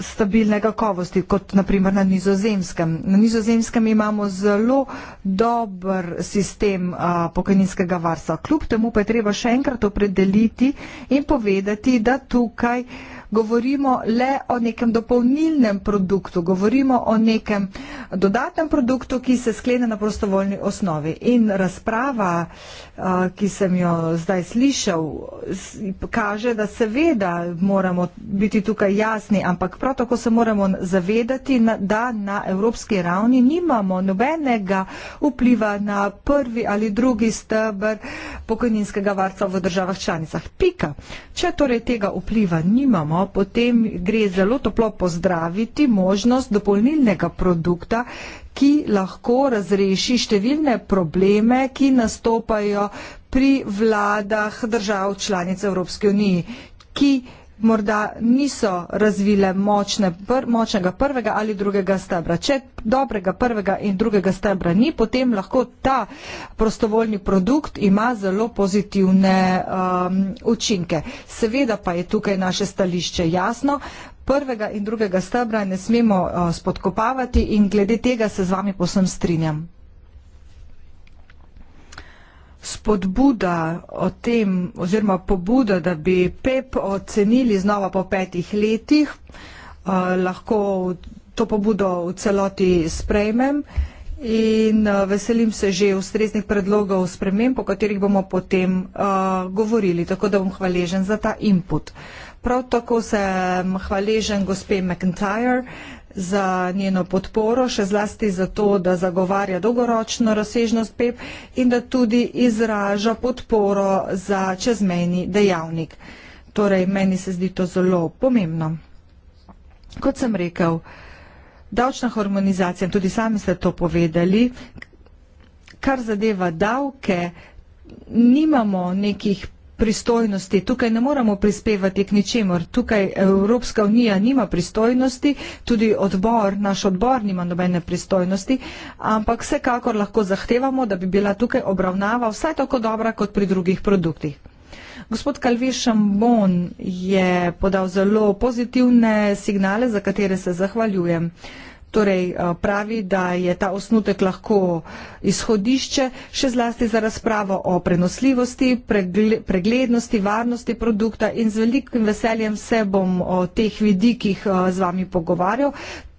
stabilne kakovosti, kot naprimer na nizozemskem. Na nizozemskem imamo zelo dober sistem uh, pokojninskega varstva. Kljub temu pa je treba še enkrat opredeliti in povedati, da tukaj govorimo le o nekem dopolnilnem produktu, govorimo o nekem dodatnem produktu, ki se sklene na prostovoljni osnovi. In razprava uh, ki sem jo zdaj slišal, kaže, da seveda moramo biti tukaj jasni, ampak prav tako se moramo zavedati, da na evropski ravni nimamo nobenega vpliva na prvi ali drugi stebr pokojninskega varstva v državah članicah. Pika. Če torej tega vpliva nimamo, potem gre zelo toplo pozdraviti možnost dopolnilnega produkta, ki lahko razreši številne probleme, ki nastopajo pri vladah držav članic Evropske unije, ki morda niso razvile močne, pr, močnega prvega ali drugega stebra. Če dobrega prvega in drugega stebra ni, potem lahko ta prostovoljni produkt ima zelo pozitivne um, učinke. Seveda pa je tukaj naše stališče jasno prvega in drugega stebra ne smemo eh, spodkopavati in glede tega se z vami posem strinjam. Spodbuda o tem oziroma pobuda, da bi PEP ocenili znova po petih letih, eh, lahko to pobudo v celoti sprejmem in eh, veselim se že ustreznih predlogov sprememb, po katerih bomo potem govorili, tako da bom hvaležen za ta input. Prav tako sem hvaležen gospe McIntyre za njeno podporo, še zlasti zato, da zagovarja dolgoročno razsežnost PEP in da tudi izraža podporo za čezmejni dejavnik. Torej, meni se zdi to zelo pomembno. Kot sem rekel, davčna harmonizacija, tudi sami ste to povedali, kar zadeva davke, nimamo nekih pristojnosti, tukaj ne moramo prispevati k ničemor, tukaj Evropska unija nima pristojnosti, tudi odbor, naš odbor nima nobene pristojnosti, ampak vsekakor lahko zahtevamo, da bi bila tukaj obravnava vsaj tako dobra kot pri drugih produktih. Gospod Kalvi Šambon je podal zelo pozitivne signale, za katere se zahvaljujem torej eh, pravi, da je ta osnutek lahko izhodišče še zlasti za razpravo o prenosljivosti, pregle, preglednosti, varnosti produkta in z velikim veseljem se bom o teh vidikih eh, z vami pogovarjal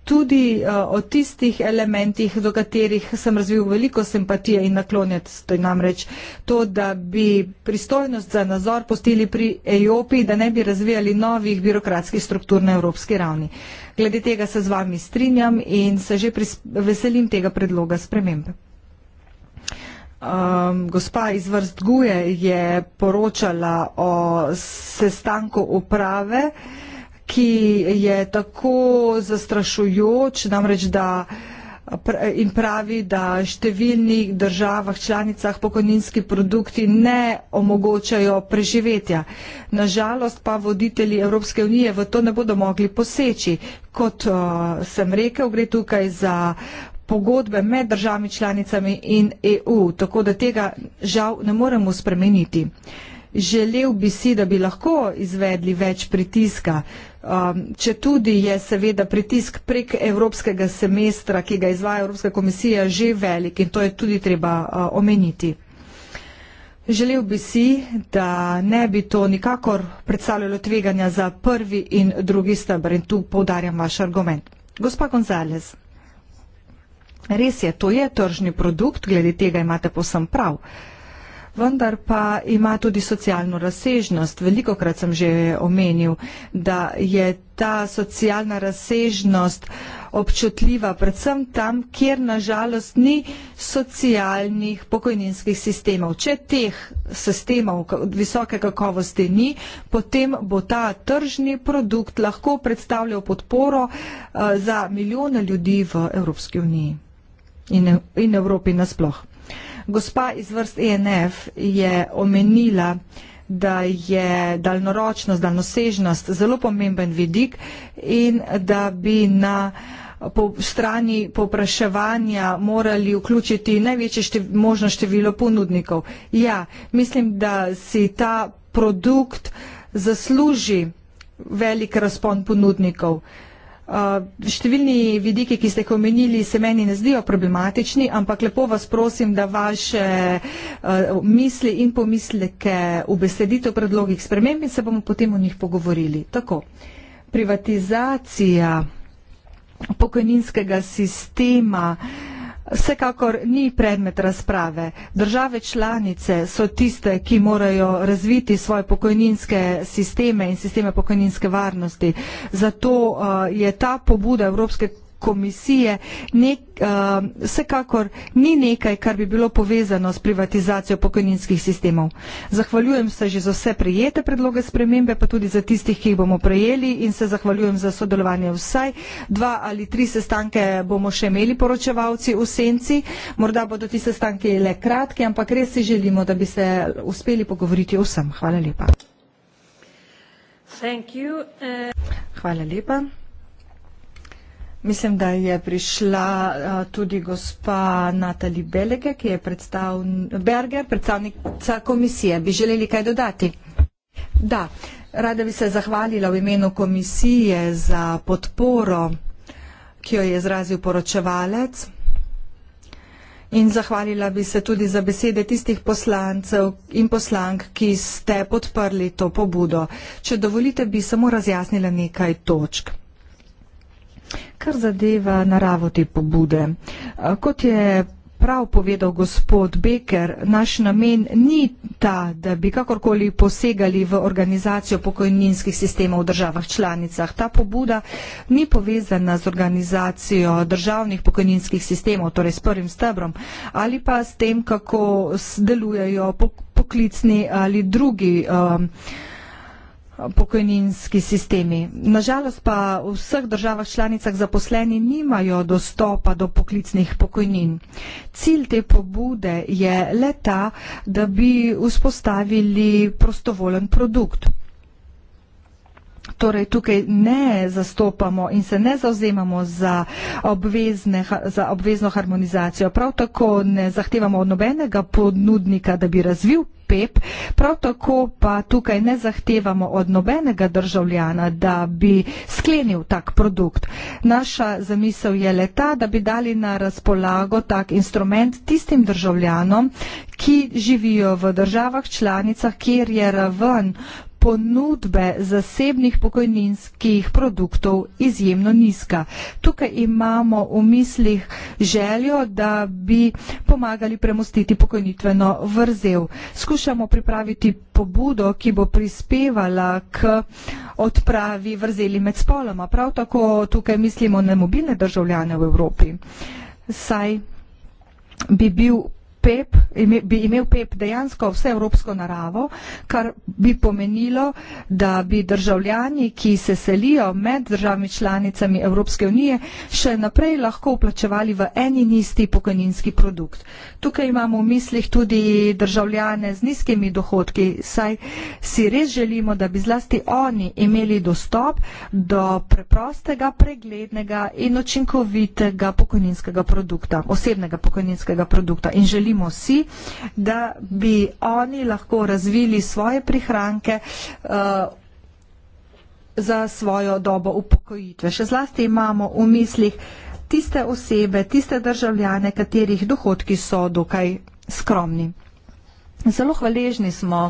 tudi uh, o tistih elementih, do katerih sem razvil veliko simpatije in naklonjati to je namreč to, da bi pristojnost za nazor postili pri Ejopi, da ne bi razvijali novih birokratskih struktur na evropski ravni. Glede tega se z vami strinjam in se že veselim tega predloga spremembe. Um, gospa iz vrst Guje je poročala o sestanku uprave uh, ki je tako zastrašujoč, namreč da in pravi, da številnih državah, članicah pokojninski produkti ne omogočajo preživetja. Nažalost pa voditelji Evropske unije v to ne bodo mogli poseči. Kot uh, sem rekel, gre tukaj za pogodbe med državami članicami in EU, tako da tega žal ne moremo spremeniti. Želel bi si, da bi lahko izvedli več pritiska, uh, Um, če tudi je seveda pritisk prek evropskega semestra, ki ga izvaja Evropska komisija, že velik in to je tudi treba uh, omeniti. Želel bi si, da ne bi to nikakor predstavljalo tveganja za prvi in drugi stebr in tu poudarjam vaš argument. Gospa Gonzalez, res je, to je tržni produkt, glede tega imate posem prav. Uh, vendar pa ima tudi socialno razsežnost. Veliko krat sem že omenil, da je ta socialna razsežnost občutljiva predvsem tam, kjer nažalost ni socialnih pokojninskih sistemov. Če teh sistemov visoke kakovosti ni, potem bo ta tržni produkt lahko predstavljal podporo eh, za milijone ljudi v Evropski uniji in Evropi nasploh. Gospa iz vrst ENF je omenila, da je daljnoročnost, daljnosežnost zelo pomemben vidik in da bi na po strani popraševanja morali vključiti največje štev, možno število ponudnikov. Ja, mislim, da si ta produkt zasluži velik razpon ponudnikov. Uh, Uh, številni vidiki, ki ste jih omenili, se meni ne zdijo problematični, ampak lepo vas prosim, da vaše uh, misli in pomisleke ubesedite v predlogih sprememb in se bomo potem o njih pogovorili. Tako, privatizacija pokojninskega sistema uh, Vsekakor ni predmet razprave. Države članice so tiste, ki morajo razviti svoje pokojninske sisteme in sisteme pokojninske varnosti. Zato eh, je ta pobuda Evropske komisije, nek, uh, vsekakor ni nekaj, kar bi bilo povezano s privatizacijo pokojninskih sistemov. Zahvaljujem se že za vse prijete predloge spremembe, pa tudi za tistih, ki jih bomo prejeli in se zahvaljujem za sodelovanje vsaj. Dva ali tri sestanke bomo še imeli poročevalci v senci, morda bodo ti sestanki le kratki, ampak res si želimo, da bi se uspeli pogovoriti vsem. Hvala lepa. Thank you. Uh... Hvala lepa. Mislim, da je prišla uh, tudi gospa Natali Belege, ki je predstavn Berger, predstavnica komisije. Bi želeli kaj dodati? Da, rada bi se zahvalila v imenu komisije za podporo, ki jo je izrazil poročevalec. In zahvalila bi se tudi za besede tistih poslancev in poslank, ki ste podprli to pobudo. Če dovolite, bi samo razjasnila nekaj točk. Kar zadeva naravo te pobude. Eh, kot je prav povedal gospod Beker, naš namen ni ta, da bi kakorkoli posegali v organizacijo pokojninskih sistemov v državah članicah. Ta pobuda ni povezana z organizacijo državnih pokojninskih sistemov, torej s prvim stebrom, ali pa s tem, kako delujejo poklicni ali drugi. Um, pokojninski sistemi. Nažalost pa v vseh državah članicah zaposleni nimajo dostopa do poklicnih pokojnin. Cilj te pobude je le ta, da bi vzpostavili prostovolen produkt. Torej tukaj ne zastopamo in se ne zauzemamo za, obvezne, za obvezno harmonizacijo. Prav tako ne zahtevamo od nobenega ponudnika, da bi razvil PEP, prav tako pa tukaj ne zahtevamo od nobenega državljana, da bi sklenil tak produkt. Naša zamisel je le ta, da bi dali na razpolago tak instrument tistim državljanom, ki živijo v državah članicah, kjer je raven ponudbe zasebnih pokojninskih produktov izjemno nizka. Tukaj imamo v mislih željo, da bi pomagali premustiti pokojnitveno vrzel. Skušamo pripraviti pobudo, ki bo prispevala k odpravi vrzeli med spoloma. Prav tako tukaj mislimo na mobilne državljane v Evropi. Saj bi bil pep, ime, bi imel pep dejansko vse evropsko naravo, kar bi pomenilo, da bi državljani, ki se selijo med državami članicami Evropske unije, še naprej lahko uplačevali v eni nisti pokojninski produkt. Tukaj imamo v mislih tudi državljane z nizkimi dohodki, saj si res želimo, da bi zlasti oni imeli dostop do preprostega, preglednega in učinkovitega pokojninskega produkta, osebnega pokojninskega produkta. In želimo želimo si, da bi oni lahko razvili svoje prihranke eh, za svojo dobo upokojitve. Še zlasti imamo v mislih tiste osebe, tiste državljane, katerih dohodki so dokaj skromni. Zelo hvaležni smo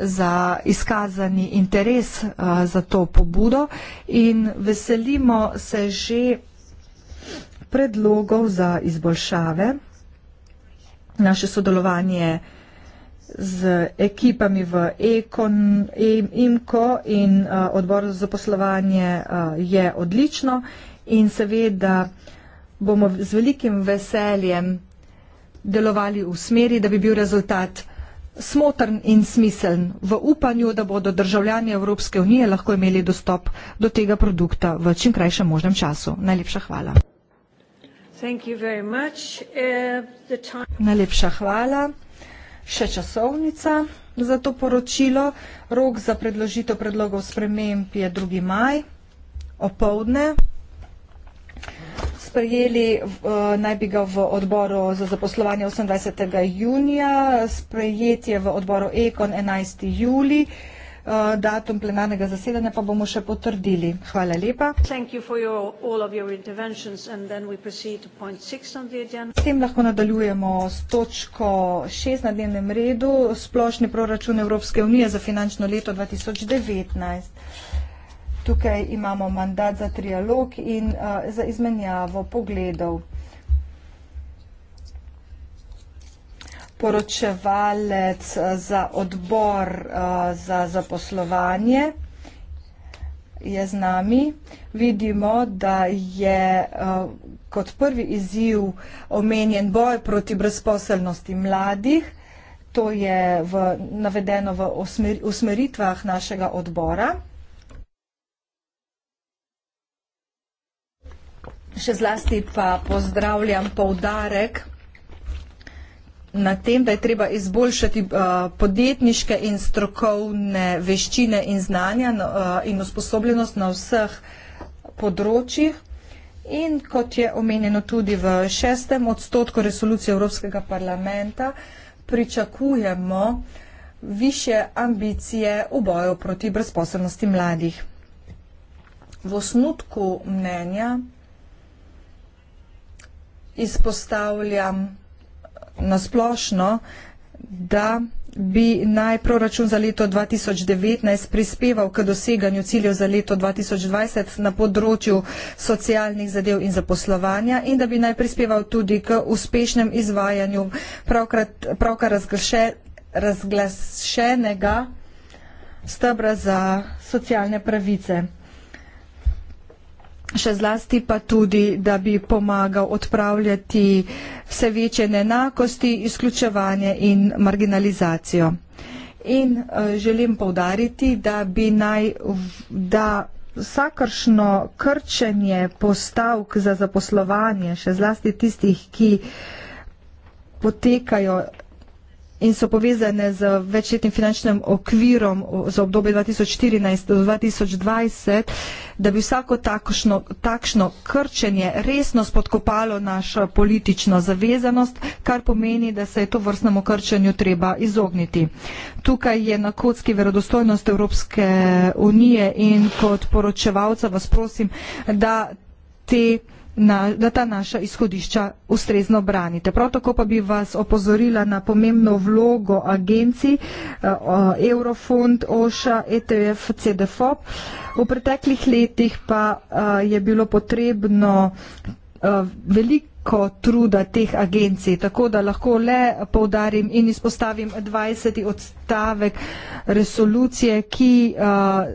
za izkazani interes eh, za to pobudo in veselimo se že predlogov za izboljšave naše sodelovanje z ekipami v Ekon, IMKO in uh, odbor za poslovanje uh, je odlično in seveda bomo z velikim veseljem delovali v smeri, da bi bil rezultat smotrn in smiseln v upanju, da bodo državljani Evropske unije lahko imeli dostop do tega produkta v čim krajšem možnem času. Najlepša hvala. Uh, Najlepša hvala. Še časovnica za to poročilo. Rok za predložitev predlogov sprememb je 2. maj, opovdne. Sprejeli naj bi ga v odboru za zaposlovanje 28. junija, sprejet je v odboru EKON 11. julija. Eh, datum plenarnega zasedanja pa bomo še potrdili. Hvala lepa. S tem lahko nadaljujemo s točko 6 na dnevnem redu, splošni proračun Evropske unije za finančno leto 2019. Tukaj imamo mandat za trialog in uh, za izmenjavo pogledov. poročevalec eh, za odbor eh, za zaposlovanje je z nami. Vidimo, da je eh, kot prvi izziv omenjen boj proti brezposelnosti mladih. To je v, navedeno v osmer, usmeritvah našega odbora. Še zlasti pa pozdravljam poudarek. Po na tem, da je treba izboljšati uh, podjetniške in strokovne veščine in znanja uh, in usposobljenost na vseh področjih. In kot je omenjeno tudi v šestem odstotku resolucije Evropskega parlamenta, pričakujemo više ambicije v boju proti brezposobnosti mladih. V osnutku mnenja izpostavljam nasplošno, da bi naj proračun za leto 2019 prispeval k doseganju ciljev za leto 2020 na področju socialnih zadev in zaposlovanja in da bi naj prispeval tudi k uspešnem izvajanju pravkar razglaše, razglašenega stebra za socialne pravice še zlasti pa tudi, da bi pomagal odpravljati vse večje nenakosti, izključevanje in marginalizacijo. In eh, želim povdariti, da bi naj, da vsakršno krčenje postavk za zaposlovanje, še zlasti tistih, ki potekajo in so povezane z večletnim finančnim okvirom za obdobje 2014 do 2020, da bi vsako takšno, takšno krčenje resno spodkopalo našo politično zavezanost, kar pomeni, da se je to vrstnemu krčenju treba izogniti. Tukaj je na kocki verodostojnost Evropske unije in kot poročevalca vas prosim, da te na, da ta naša izhodišča ustrezno branite. Prav tako pa bi vas opozorila na pomembno vlogo agencij eh, Eurofond, OŠA, ETF, CDFOP. V preteklih letih pa eh, je bilo potrebno eh, veliko truda teh agencij, tako da lahko le povdarim in izpostavim 20. odstavek resolucije, ki uh,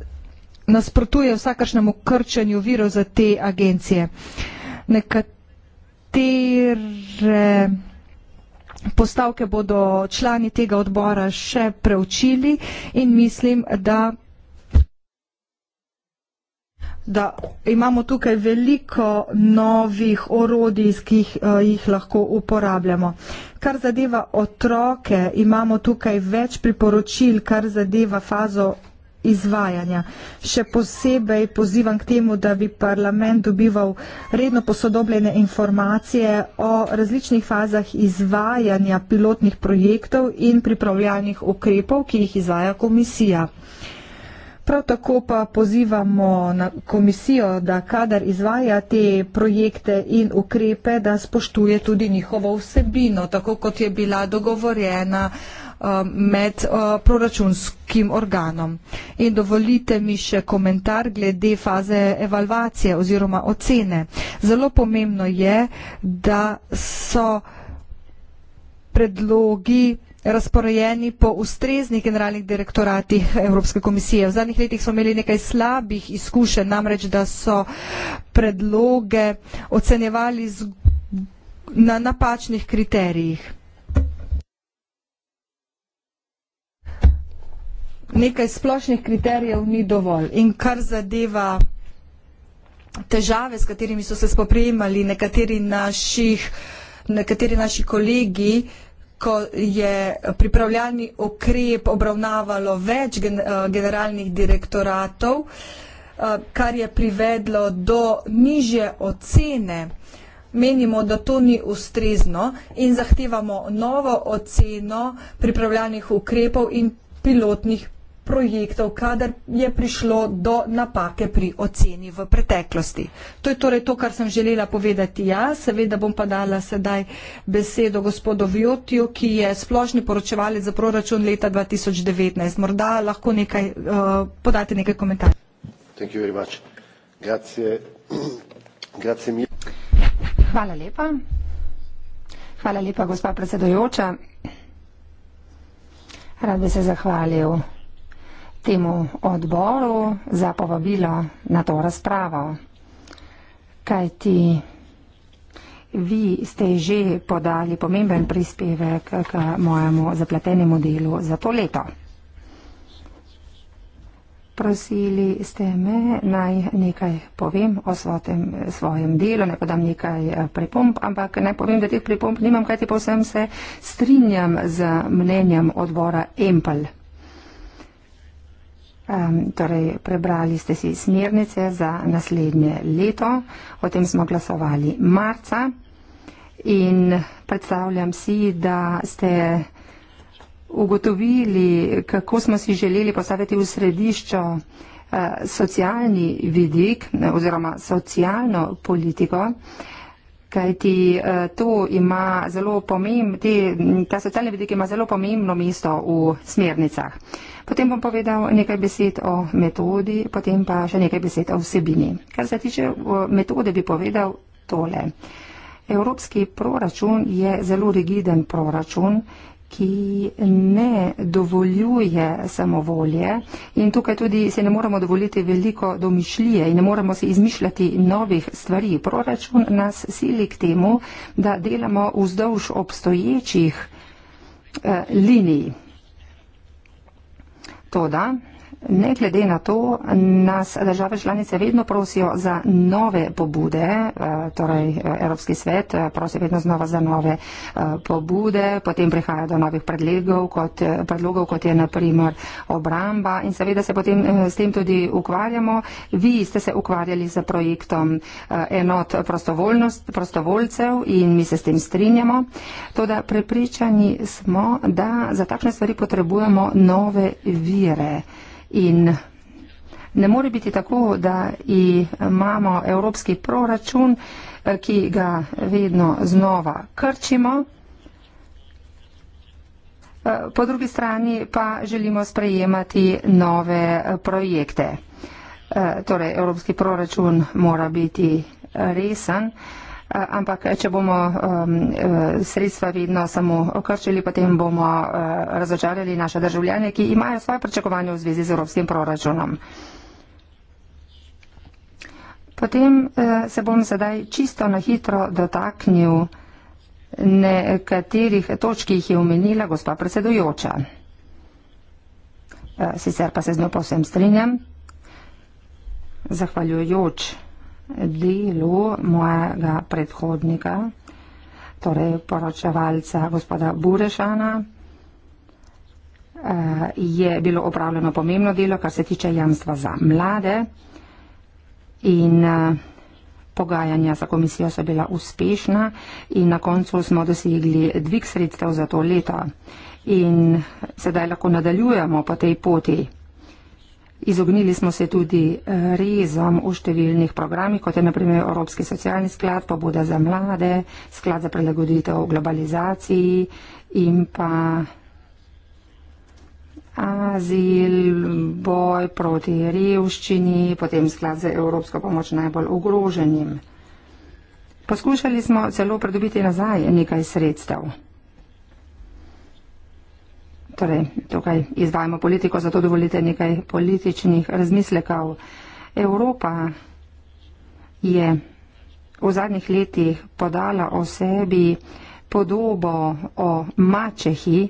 nasprotuje vsakršnemu krčenju virov za te agencije. Uh, nekatere postavke bodo člani tega odbora še preučili in mislim, da da imamo tukaj veliko novih orodij, ki jih, eh, jih lahko uporabljamo. Kar zadeva otroke, imamo tukaj več priporočil, kar zadeva fazo izvajanja. Še posebej pozivam k temu, da bi parlament dobival redno posodobljene informacije o različnih fazah izvajanja pilotnih projektov in pripravljalnih ukrepov, ki jih izvaja komisija. Prav tako pa pozivamo na komisijo, da kadar izvaja te projekte in ukrepe, da spoštuje tudi njihovo vsebino, tako kot je bila dogovorjena Eh, med eh, proračunskim organom. In dovolite mi še komentar glede faze evalvacije oziroma ocene. Zelo pomembno je, da so predlogi razporejeni po ustreznih generalnih direktoratih Evropske komisije. V zadnjih letih smo imeli nekaj slabih izkušenj, namreč, da so predloge ocenjevali na napačnih kriterijih. nekaj splošnih kriterijev ni dovolj. In kar zadeva težave, s katerimi so se spoprijemali nekateri, naših, nekateri naši kolegi, ko je pripravljalni okrep obravnavalo več eh, generalnih direktoratov, eh, kar je privedlo do nižje ocene. Menimo, da to ni ustrezno in zahtevamo novo oceno pripravljalnih ukrepov in pilotnih projektov, kadar je prišlo do napake pri oceni v preteklosti. To je torej to, kar sem želela povedati jaz. Seveda bom pa dala sedaj besedo gospodu Vjotiju, ki je splošni poročevalec za proračun leta 2019. Morda lahko nekaj, uh, podate nekaj komentarjev. Grazie. [CLEARS THROAT] Grazie Hvala lepa. Hvala lepa, gospa predsedojoča. Rad bi se zahvalil temu odboru za povabilo na to razpravo. Kaj ti vi ste že podali pomemben prispevek k mojemu zapletenemu delu za to leto. Prosili ste me, naj nekaj povem o svotem, svojem delu, naj podam nekaj eh, pripomp, ampak naj povem, da teh pripomp nimam, kajti povsem se strinjam z mnenjem odbora Empel. Um, torej, prebrali ste si smernice za naslednje leto, o tem smo glasovali marca in predstavljam si, da ste ugotovili, kako smo si želeli postaviti v središčo uh, socialni vidik eh, oziroma socialno politiko, kajti uh, to ima zelo pomembno, ta socialni vidik ima zelo pomembno mesto v smernicah. Uh, Potem bom povedal nekaj besed o metodi, potem pa še nekaj besed o vsebini. Kar se tiče metode, bi povedal tole. Evropski proračun je zelo rigiden proračun ki ne dovoljuje samovolje in tukaj tudi se ne moremo dovoliti veliko domišljije in ne moremo si izmišljati novih stvari. Proračun nas sili k temu, da delamo vzdolž obstoječih eh, linij. Toda Ne glede na to, nas države članice vedno prosijo za nove pobude, eh, torej eh, Evropski svet eh, prosi vedno znova za nove pobude, potem prihaja do novih predlegov, kot, predlogov, kot je naprimer obramba in seveda se potem s tem tudi ukvarjamo. Vi ste se ukvarjali z projektom enot prostovoljcev in mi se s tem strinjamo. Toda prepričani smo, da za takšne stvari potrebujemo nove vire. In ne more biti tako, da imamo evropski proračun, eh, ki ga vedno znova krčimo. Eh, po drugi strani pa želimo sprejemati nove eh, projekte. Torej, evropski proračun mora biti resen. Eh, ampak eh, če bomo ehm, eh, sredstva vedno samo okrčili, potem bomo razočarali naše državljane, ki imajo svoje pričakovanje v zvezi z evropskim proračunom. Potem se bom sedaj čisto na hitro dotaknil nekaterih točk, ki jih je omenila gospa predsedujoča. Sicer pa se z njo povsem strinjam, zahvaljujoč Di Lu, mojega predhodnika, torej poročevalca gospoda Burešana, eh, je bilo opravljeno pomembno delo, kar se tiče jamstva za mlade in eh, pogajanja za komisijo so bila uspešna in na koncu smo dosegli dvig sredstev za to leto. In sedaj lahko nadaljujemo po tej poti. Izognili smo se tudi eh, rezom v številnih programih, kot je naprimer Evropski socialni sklad, pobuda za mlade, sklad za prilagoditev globalizaciji in pa azil, boj proti revščini, potem sklad za evropsko pomoč najbolj ogroženim. Poskušali smo celo pridobiti nazaj nekaj sredstev. Torej, tukaj izdajamo politiko, zato dovolite nekaj političnih razmislekov. Evropa je v zadnjih letih podala o sebi podobo o mačehi,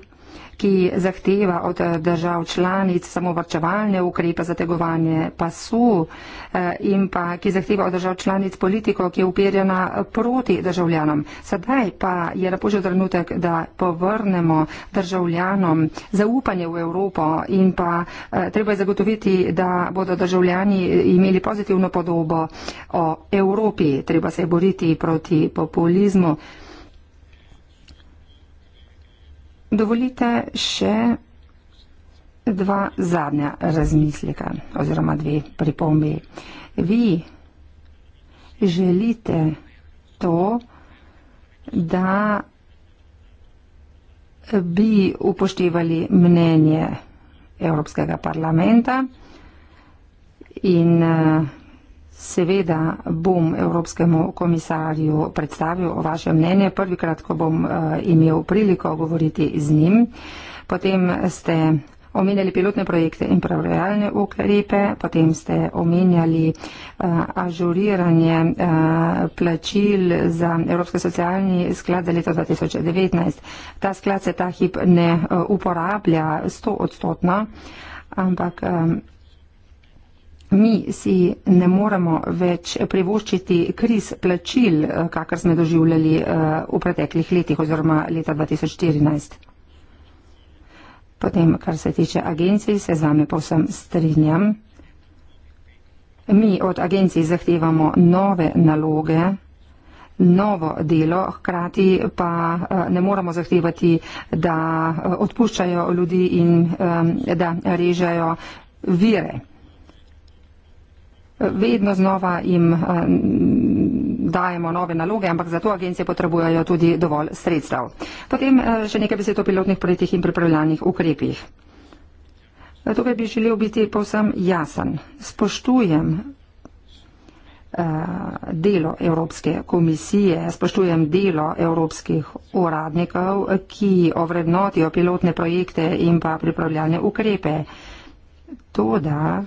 ki zahteva od eh, držav članic samovrčevalne ukrepe za tegovanje pasu eh, in pa ki zahteva od držav članic politiko, ki je upirjena eh, proti državljanom. Sedaj pa je na požel trenutek, da povrnemo državljanom zaupanje v Evropo in pa treba je zagotoviti, da bodo državljani imeli pozitivno podobo o Evropi. Treba se je boriti proti populizmu. Dovolite še dva zadnja razmisleka oziroma dve pripombi. Vi želite to, da bi upoštevali mnenje Evropskega parlamenta in uh, Seveda bom Evropskemu komisarju predstavil vaše mnenje. Prvikrat, ko bom eh, imel priliko govoriti z njim, potem ste omenjali pilotne projekte in pravrealne ukrepe, potem ste omenjali uh, ažuriranje uh, plačil za Evropski socialni sklad za leto 2019. Ta sklad se ta hip ne uh, uporablja 100 odstotno, ampak um, mi si ne moremo več privoščiti kriz plačil, eh, kakor smo doživljali eh, v preteklih letih oziroma leta 2014. Potem, kar se tiče agencij, se z vami povsem strinjam. Mi od agencij zahtevamo nove naloge, novo delo, hkrati pa eh, ne moramo zahtevati, da odpuščajo ljudi in da režejo vire vedno znova jim eh, dajemo nove naloge, ampak za to agencije potrebujejo tudi dovolj sredstev. Potem eh, še nekaj besed o pilotnih projektih in pripravljanih ukrepih. Eh, tukaj bi želel biti povsem jasen. Spoštujem delo Evropske komisije, spoštujem delo evropskih uradnikov, ki ovrednotijo pilotne projekte in pa pripravljalne ukrepe. To da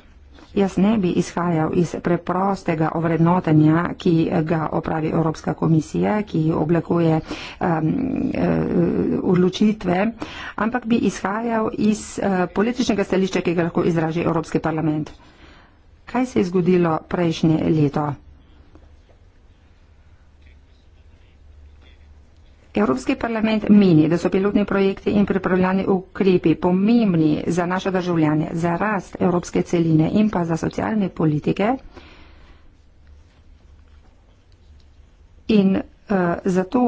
Jaz ne bi izhajal iz preprostega ovrednotenja, ki ga opravi Evropska komisija, ki oblikuje um, uh, odločitve, ampak bi izhajal iz uh, političnega stališča, ki ga lahko izraži Evropski parlament. Kaj se je zgodilo prejšnje leto? Evropski parlament meni, da so pilotni projekti in pripravljani ukrepi pomembni za naše državljane, za rast evropske celine in pa za socialne politike. In uh, zato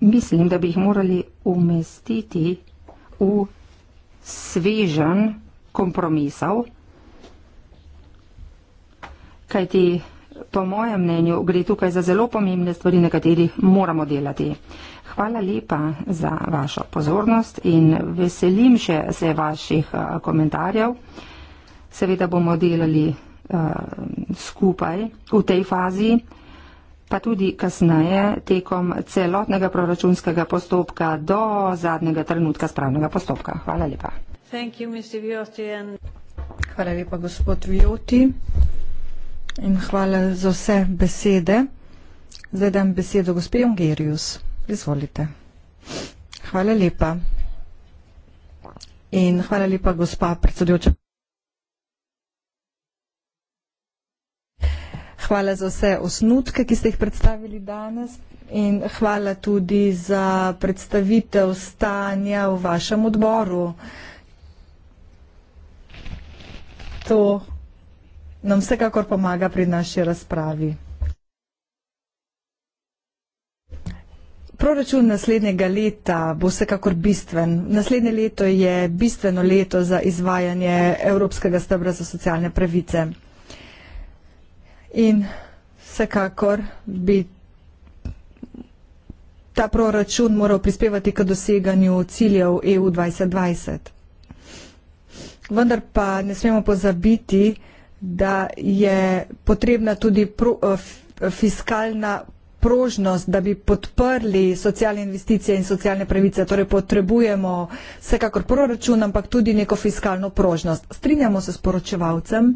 mislim, da bi jih morali umestiti v svežen kompromisov, kajti po mojem mnenju gre tukaj za zelo pomembne stvari, na katerih moramo delati. Uh, Hvala lepa za vašo pozornost in veselim še se vaših eh, komentarjev. Seveda bomo delali uh, skupaj v tej fazi, pa tudi kasneje tekom celotnega proračunskega postopka do zadnjega trenutka spravnega postopka. Hvala lepa. You, hvala lepa, gospod Vijoti. In hvala za vse besede. Zdaj dam besedo gospodinu Gerius. Izvolite. Hvala lepa. In hvala lepa, gospa predsedujoča. Hvala za vse osnutke, ki ste jih predstavili danes in hvala tudi za predstavitev stanja v vašem odboru. To nam vsekakor pomaga pri naši razpravi. Proračun naslednjega leta bo vsekakor bistven. Naslednje leto je bistveno leto za izvajanje Evropskega stebra za socialne pravice. In vsekakor bi ta proračun moral prispevati k doseganju ciljev EU 2020. Vendar pa ne smemo pozabiti, da je potrebna tudi pro, f, eh, fiskalna prožnost, da bi podprli socialne investicije in socialne pravice. Torej potrebujemo vsekakor proračun, ampak tudi neko fiskalno prožnost. Strinjamo se s poročevalcem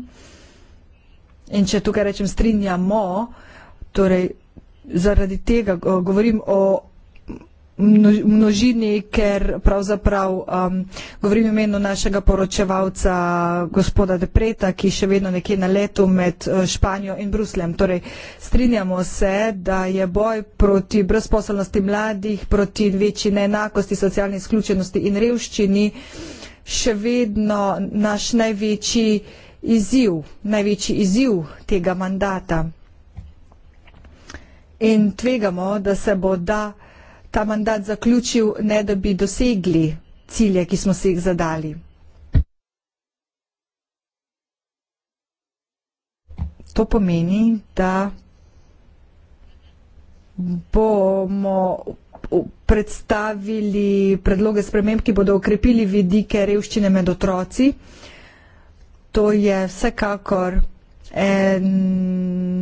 in če tukaj rečem strinjamo, torej zaradi tega govorim o množini, ker pravzaprav um, govorim imenu našega poročevalca gospoda Depreta, ki še vedno nekje na letu med uh, Španijo in Bruslem. Torej, strinjamo se, da je boj proti brezposelnosti mladih, proti večji neenakosti, socialni izključenosti in revščini še vedno naš največji izziv, največji izziv tega mandata. In tvegamo, da se bo da ta mandat zaključil, ne da bi dosegli cilje, ki smo se jih zadali. To pomeni, da bomo predstavili predloge sprememb, ki bodo okrepili vidike revščine med otroci. To je vsekakor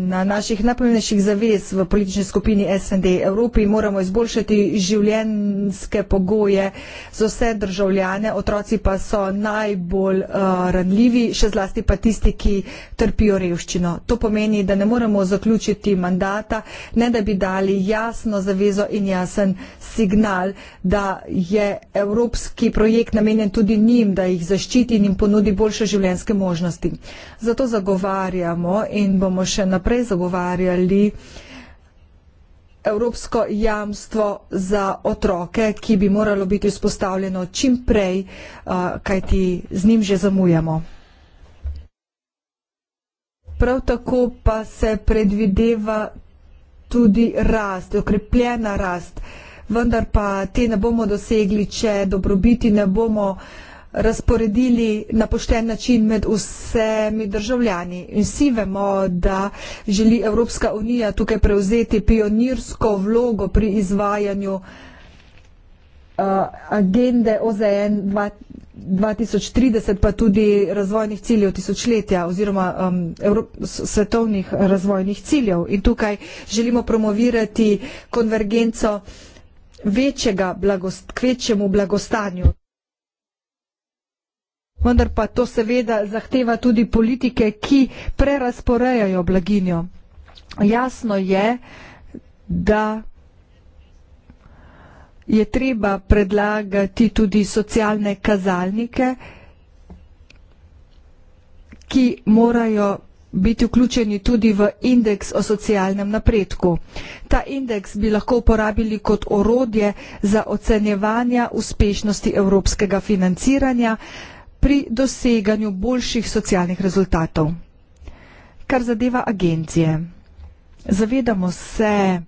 na naših najpomembnejših zavez v politični skupini SND Evropi moramo izboljšati življenjske pogoje za vse državljane, otroci pa so najbolj uh, ranljivi, še zlasti pa tisti, ki trpijo revščino. To pomeni, da ne moremo zaključiti mandata, ne da bi dali jasno zavezo in jasen signal, da je evropski projekt namenjen tudi njim, da jih zaščiti in jim ponudi boljše življenjske možnosti. Zato zagovarjam zavzemamo in bomo še naprej zagovarjali evropsko jamstvo za otroke, ki bi moralo biti vzpostavljeno čim prej, uh, kajti z njim že zamujamo. Prav tako pa se predvideva tudi rast, okrepljena rast, vendar pa te ne bomo dosegli, če dobrobiti ne bomo dosegli, razporedili na pošten način med vsemi državljani. In vsi vemo, da želi Evropska unija tukaj prevzeti pionirsko vlogo pri izvajanju uh, agende OZN 2030, pa tudi razvojnih ciljev tisočletja oziroma um, Evrop svetovnih razvojnih ciljev. In tukaj želimo promovirati konvergenco večjega blagost, k večjemu blagostanju vendar pa to seveda zahteva tudi politike, ki prerasporejajo blaginjo. Jasno je, da je treba predlagati tudi socialne kazalnike, ki morajo biti vključeni tudi v indeks o socialnem napredku. Ta indeks bi lahko uporabili kot orodje za ocenjevanje uspešnosti evropskega financiranja, pri doseganju boljših socialnih rezultatov. Kar zadeva agencije, zavedamo se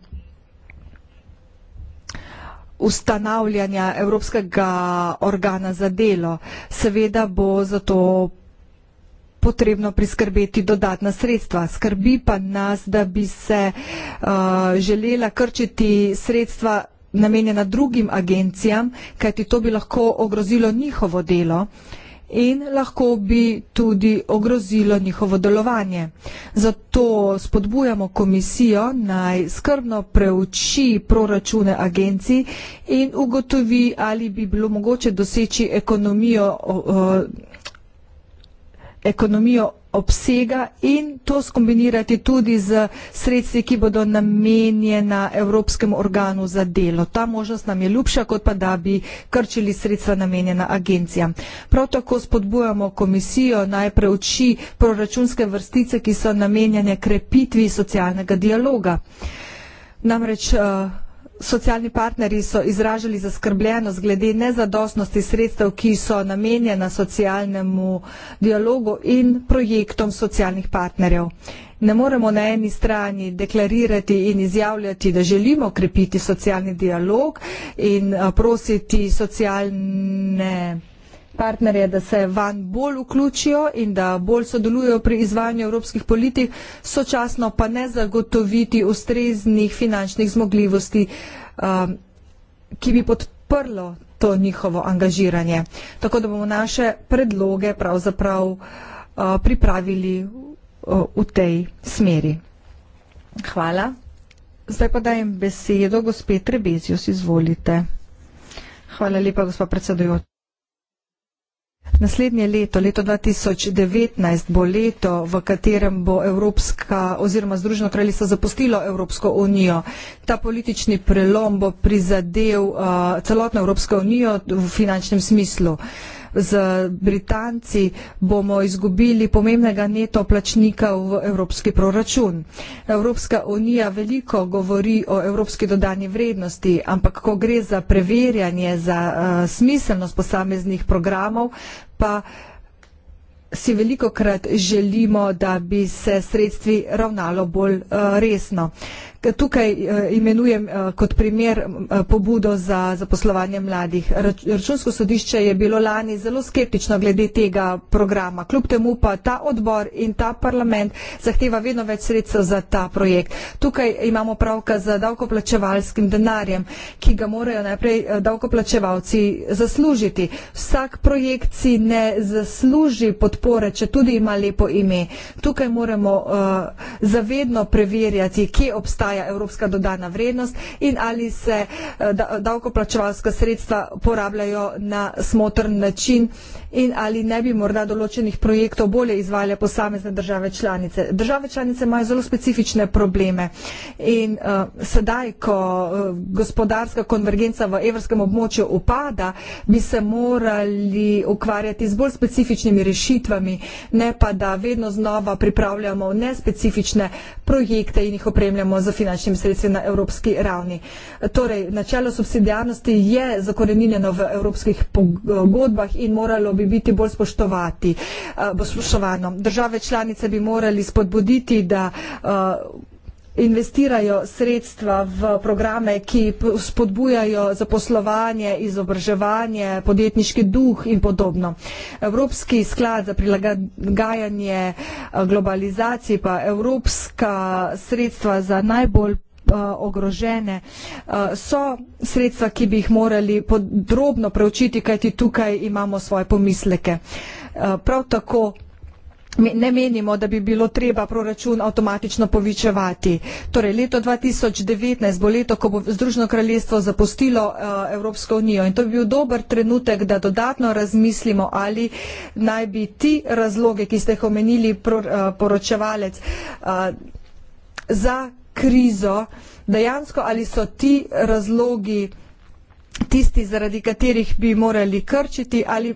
ustanavljanja Evropskega organa za delo. Seveda bo zato potrebno priskrbeti dodatna sredstva. Skrbi pa nas, da bi se uh, želela krčiti sredstva namenjena drugim agencijam, kajti to bi lahko ogrozilo njihovo delo. Uh, in lahko bi tudi ogrozilo njihovo delovanje. Zato spodbujamo komisijo naj skrbno preuči proračune agencij in ugotovi, ali bi bilo mogoče doseči ekonomijo, ekonomijo obsega in to skombinirati tudi z sredstvi, ki bodo namenjena Evropskemu organu za delo. Ta možnost nam je ljubša, kot pa da bi krčili sredstva namenjena agencijam. Prav tako spodbujamo komisijo naj preuči proračunske vrstice, ki so namenjene krepitvi socialnega dialoga. Namreč uh, socialni partnerji so izražali zaskrbljenost glede nezadostnosti sredstev, ki so namenjena socialnemu dialogu in projektom socialnih partnerjev. Ne moremo na eni strani deklarirati in izjavljati, da želimo krepiti socialni dialog in eh, prositi socialne partnerje partnerje, da se van bolj vključijo in da bolj sodelujo pri izvajanju evropskih politik, sočasno pa ne zagotoviti ustreznih finančnih zmogljivosti, um, ki bi podprlo to njihovo angažiranje. Tako da bomo naše predloge pravzaprav uh, pripravili uh, v tej smeri. Hvala. Zdaj pa dajem besedo gospe Trebezijo, izvolite. Hvala lepa, gospod predsedujoč. Naslednje leto, leto 2019, bo leto, v katerem bo Evropska oziroma Združeno kraljestvo zapustilo Evropsko unijo. Ta politični prelom bo prizadel uh, celotno Evropsko unijo v finančnem smislu. Uh, z Britanci bomo izgubili pomembnega neto plačnika v evropski proračun. Evropska unija veliko govori o evropski dodani vrednosti, ampak ko gre za preverjanje, za uh, smiselnost posameznih programov, pa si veliko krat želimo, da bi se sredstvi ravnalo bolj uh, resno tukaj eh, imenujem eh, kot primer eh, pobudo za zaposlovanje mladih. Računsko sodišče je bilo lani zelo skeptično glede tega programa. Kljub temu pa ta odbor in ta parlament zahteva vedno več sredstev za ta projekt. Tukaj imamo pravka z davkoplačevalskim denarjem, ki ga morajo najprej davkoplačevalci zaslužiti. Vsak projekt si ne zasluži podpore, če tudi ima lepo ime. Tukaj moramo uh, zavedno preverjati, kje obstaja daje evropska dodana vrednost in ali se eh, davkoplačevalska sredstva porabljajo na smotrn način in ali ne bi morda določenih projektov bolje izvajale posamezne države članice. Države članice imajo zelo specifične probleme in uh, sedaj, ko uh, gospodarska konvergenca v evropskem območju upada, bi se morali ukvarjati z bolj specifičnimi rešitvami, ne pa da vedno znova pripravljamo nespecifične projekte in jih opremljamo za financiranje finančnimi sredstvi na evropski ravni. Torej, načelo subsidijarnosti je zakorenjeno v evropskih pogodbah in moralo bi biti bolj spoštovati. Eh, Države članice bi morali spodbuditi, da eh, investirajo sredstva v programe, ki spodbujajo zaposlovanje, izobraževanje, podjetniški duh in podobno. Evropski sklad za prilagajanje eh, globalizaciji pa evropska sredstva za najbolj eh, ogrožene, eh, so sredstva, ki bi jih morali podrobno preučiti, kajti tukaj imamo svoje pomisleke. Prav tako ne menimo, da bi bilo treba proračun avtomatično povičevati. Torej, leto 2019 bo leto, ko bo Združeno kraljestvo zapustilo eh, Evropsko unijo in to bi bil dober trenutek, da dodatno razmislimo, ali naj bi ti razloge, ki ste jih omenili eh, poročevalec, eh, za krizo, dejansko ali so ti razlogi vsega, tisti, zaradi katerih bi morali krčiti, ali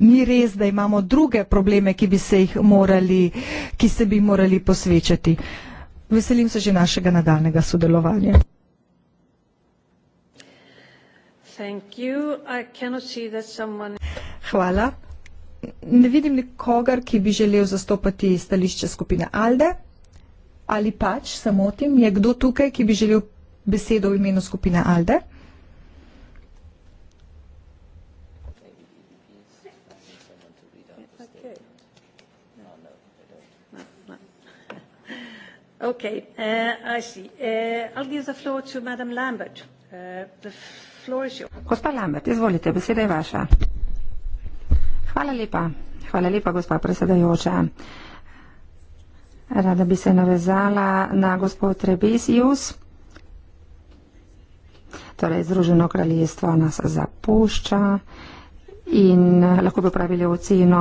ni res, da imamo druge probleme, ki, bi se, morali, ki se bi morali posvečati. Veselim se že našega nadaljnega sodelovanja. Hvala. Ne vidim nikogar, ki bi želel zastopati stališče skupine Alde. Ali pač, samotim, je kdo tukaj, ki bi želel besedo v imenu skupine Alde? Okay, uh, I see. Uh, I'll give the floor to Madam Lambert. Uh, the floor is yours. Gospa Lambert, izvolite, beseda je vaša. Hvala lepa. Hvala lepa, gospa predsedajoča. Rada bi se navezala na gospod Rebesius. Torej, Združeno kraljestvo nas zapušča in lahko bi pravili oceno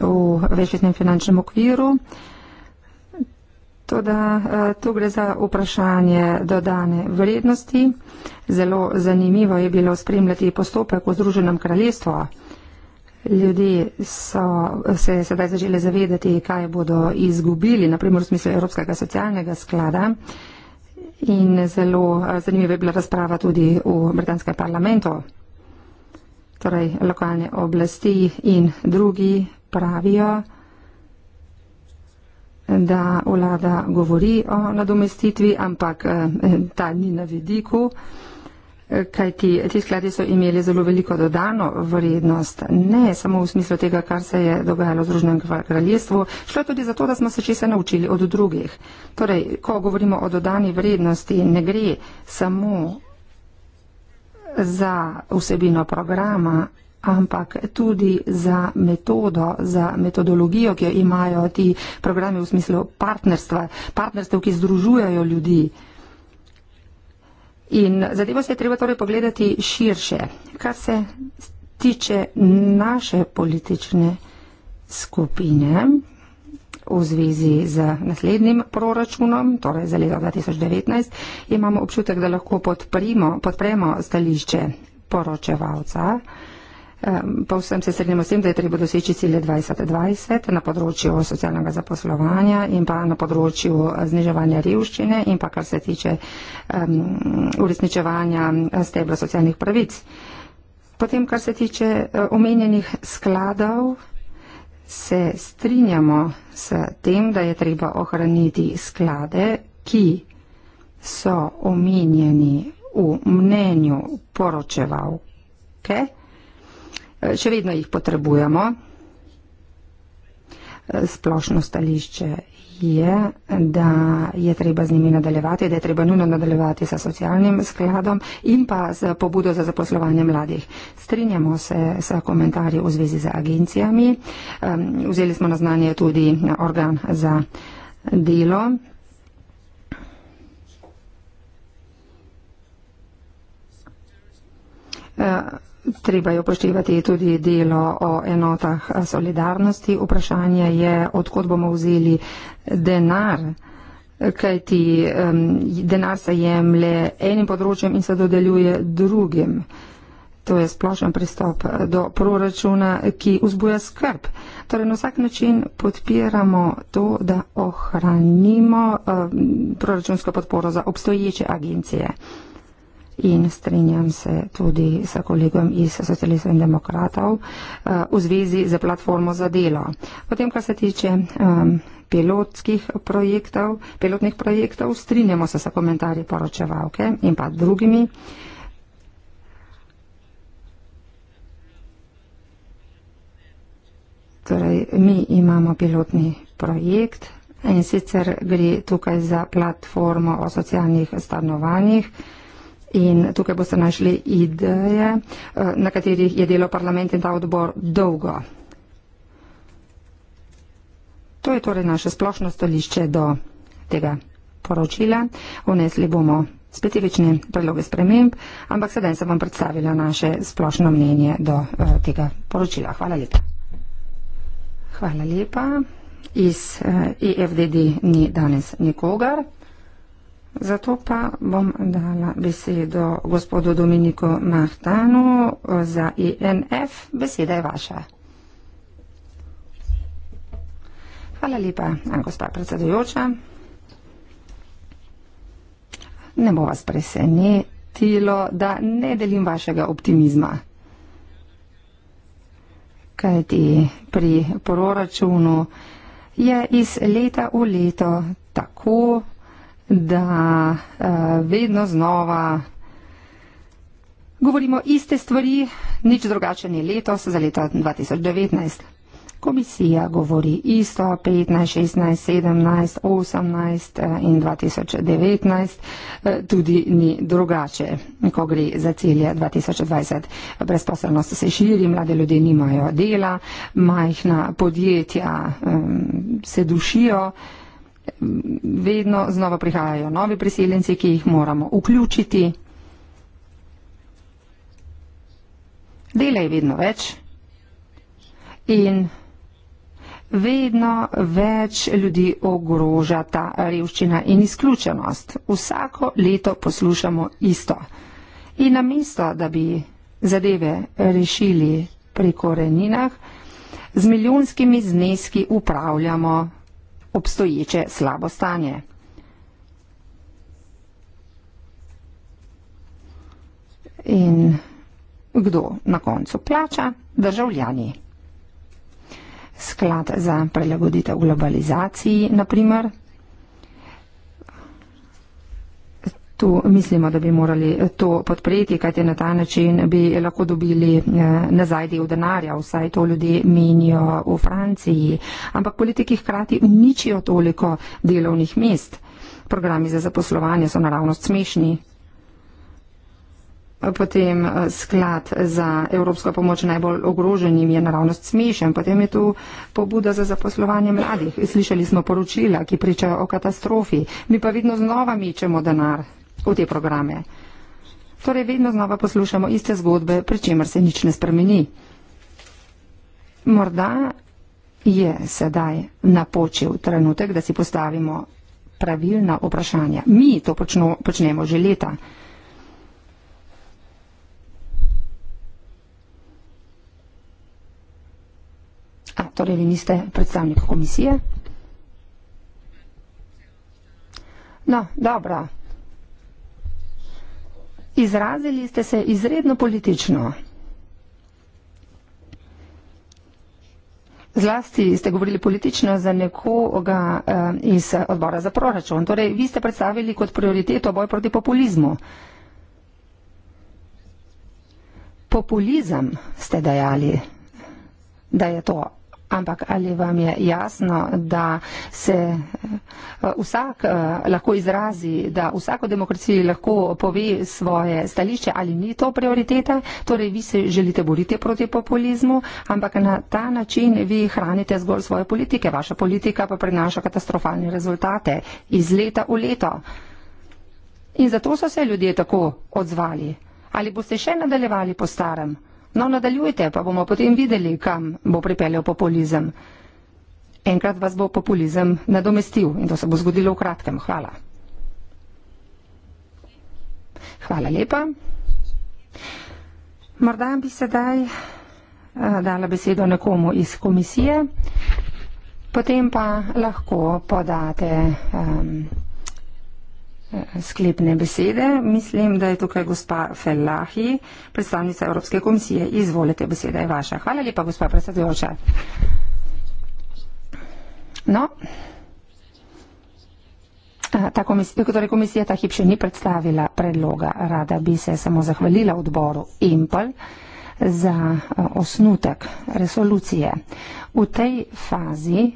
um, v večletnem finančnem okviru. To, da eh, tu gre za vprašanje dodane vrednosti. Zelo zanimivo je bilo spremljati postopek v Združenem kraljestvu. Ljudje so se sedaj začeli zavedati, kaj bodo izgubili, naprimer v smislu Evropskega socialnega sklada. In zelo eh, zanimiva je bila razprava tudi v britanskem parlamentu. Torej, lokalne oblasti in drugi pravijo, da vlada govori o nadomestitvi, ampak eh, ta ni na vidiku, eh, kajti ti skladi so imeli zelo veliko dodano vrednost, ne samo v smislu tega, kar se je dogajalo v Združenem kraljestvu, šlo je tudi zato, da smo se česa naučili od drugih. Torej, ko govorimo o dodani vrednosti, ne gre samo za vsebino programa, ampak tudi za metodo, za metodologijo, ki jo imajo ti programe v smislu partnerstva, partnerstev, ki združujajo ljudi. In zadevo se je treba torej pogledati širše, kar se tiče naše politične skupine v zvezi z naslednjim proračunom, torej za leto 2019, imamo občutek, da lahko podprimo, podpremo stališče poročevalca. Povsem se strinjamo s tem, da je treba doseči cilje 2020 na področju socialnega zaposlovanja in pa na področju eh, zniževanja revščine in pa kar se tiče um, uresničevanja eh, stebra socialnih pravic. Potem, kar se tiče eh, omenjenih skladov, se strinjamo s tem, da je treba ohraniti sklade, ki so omenjeni v mnenju poročevalke. Okay? Še vedno jih potrebujemo. Splošno stališče je, da je treba z njimi nadaljevati, da je treba nujno nadaljevati sa socialnim skladom in pa z pobudo za zaposlovanje mladih. Strinjamo se s komentarji v zvezi z agencijami. Vzeli smo na znanje tudi organ za delo. Uh, Treba je upoštevati tudi delo o enotah solidarnosti. Vprašanje je, odkot bomo vzeli denar, kajti um, denar se jemlje enim področjem in se dodeljuje drugim. To je splošen pristop do proračuna, ki vzbuja skrb. Torej, na vsak način podpiramo to, da ohranimo um, proračunsko podporo za obstoječe agencije in strinjam se tudi s kolegom iz socialistov in demokratov eh, v zvezi z platformo za delo. Potem, kar se tiče pilotskih projektov, pilotnih projektov, strinjamo se s komentarji poročevalke in pa drugimi. Torej, mi imamo pilotni projekt in sicer gre tukaj za platformo o socialnih stanovanjih. In tukaj boste našli ideje, eh, na katerih je delo parlament in ta odbor dolgo. To je torej naše splošno stališče do tega poročila. Vnesli bomo specifične predloge sprememb, ampak sedaj sem vam predstavila naše splošno mnenje do eh, tega poročila. Hvala lepa. Hvala lepa. Iz EFDD eh, e ni danes nikogar. Zato pa bom dala besedo gospodu Dominiku Mahtanu eh, za INF. E Beseda je vaša. Hvala lepa, eh, gospa predsedujoča. Ne bo vas presenetilo, da ne delim vašega optimizma. Kajti pri proračunu je iz leta v leto tako da uh, vedno znova govorimo iste stvari, nič drugače ni letos za leto 2019. Komisija govori isto, 15, 16, 17, 18 in 2019, eh, tudi ni drugače, ko gre za celje 2020. Brezposobnost se širi, mlade ljudje nimajo dela, majhna podjetja um, se dušijo vedno znova prihajajo novi priseljenci, ki jih moramo vključiti. Dela je vedno več in vedno več ljudi ogroža ta revščina in izključenost. Vsako leto poslušamo isto. In namesto, da bi zadeve rešili pri koreninah, z milijonskimi zneski upravljamo obstoječe slabo stanje. In kdo na koncu plača? Državljani. Sklad za prilagoditev globalizaciji, na primer, Tu mislimo, da bi morali to podpreti, kajti na ta način bi lahko dobili eh, nazaj del denarja, vsaj to ljudje menijo v Franciji. Ampak politiki hkrati uničijo toliko delovnih mest. Programi za zaposlovanje so naravnost smešni. Potem eh, sklad za evropsko pomoč najbolj ogroženim je naravnost smešen. Potem je tu pobuda za zaposlovanje mladih. Slišali smo poročila, ki pričajo o katastrofi. Mi pa vedno znova mičemo denar v te programe. Torej vedno znova poslušamo iste zgodbe, pri čemer se nič ne spremeni. Morda je sedaj napočil trenutek, da si postavimo pravilna vprašanja. Mi to počno, počnemo že leta. A, torej vi niste predstavnik komisije? No, dobro. Izrazili ste se izredno politično. Zlasti ste govorili politično za nekoga eh, iz odbora za proračun. Torej, vi ste predstavili kot prioriteto boj proti populizmu. Populizem ste dejali, da je to ampak ali vam je jasno, da se eh, vsak eh, lahko izrazi, da vsako demokraciji lahko pove svoje stališče ali ni to prioriteta, torej vi se želite boriti proti populizmu, ampak na ta način vi hranite zgolj svoje politike, vaša politika pa prinaša katastrofalne rezultate iz leta v leto. In zato so se ljudje tako odzvali. Ali boste še nadaljevali po starem? No, nadaljujte, pa bomo potem videli, kam bo pripeljal populizem. Enkrat vas bo populizem nadomestil in to se bo zgodilo v kratkem. Hvala. Hvala lepa. Morda bi sedaj eh, dala besedo nekomu iz komisije, potem pa lahko podate. Um, sklepne besede. Mislim, da je tukaj gospa Fellahi, predstavnica Evropske komisije. Izvolite, beseda je vaša. Hvala lepa, gospa predsedujoča. No, ta komisija, torej komisija ta hip še ni predstavila predloga. Rada bi se samo zahvalila odboru Impel za osnutek resolucije. V tej fazi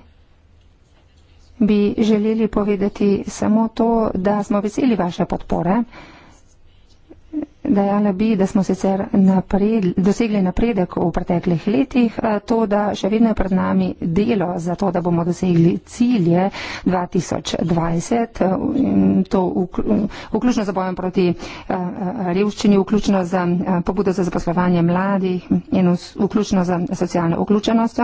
bi želeli povedati samo to, da smo veseli vaše podpore. Dejala bi, da smo sicer napred, dosegli napredek v preteklih letih, to, da še vedno je pred nami delo za to, da bomo dosegli cilje 2020, to vključno za bojem proti revščini, vključno za pobudo za zaposlovanje mladih in vključno za socialno vključenost.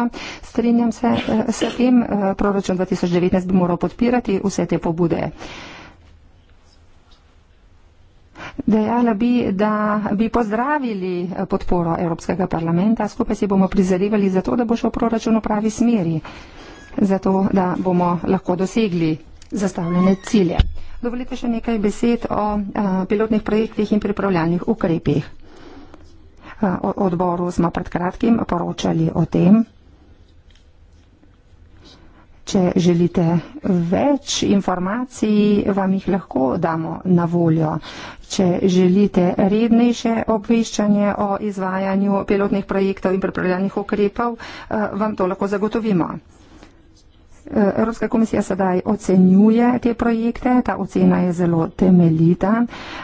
Strinjam se s tem, proračun 2019 bi moral podpirati vse te pobude. Dejala bi, da bi pozdravili eh, podporo Evropskega parlamenta, skupaj si bomo prizadevali za to, da bo šel proračun v pravi smeri, zato da bomo lahko dosegli zastavljene cilje. Dovolite še nekaj besed o eh, pilotnih projektih in pripravljalnih ukrepih. Eh, odboru smo pred kratkim poročali o tem. Če želite več informacij, vam jih lahko damo na voljo. Če želite rednejše obveščanje o izvajanju pilotnih projektov in pripravljanih ukrepov, eh, vam to lahko zagotovimo. Eh, Evropska komisija sedaj ocenjuje te projekte, ta ocena je zelo temeljita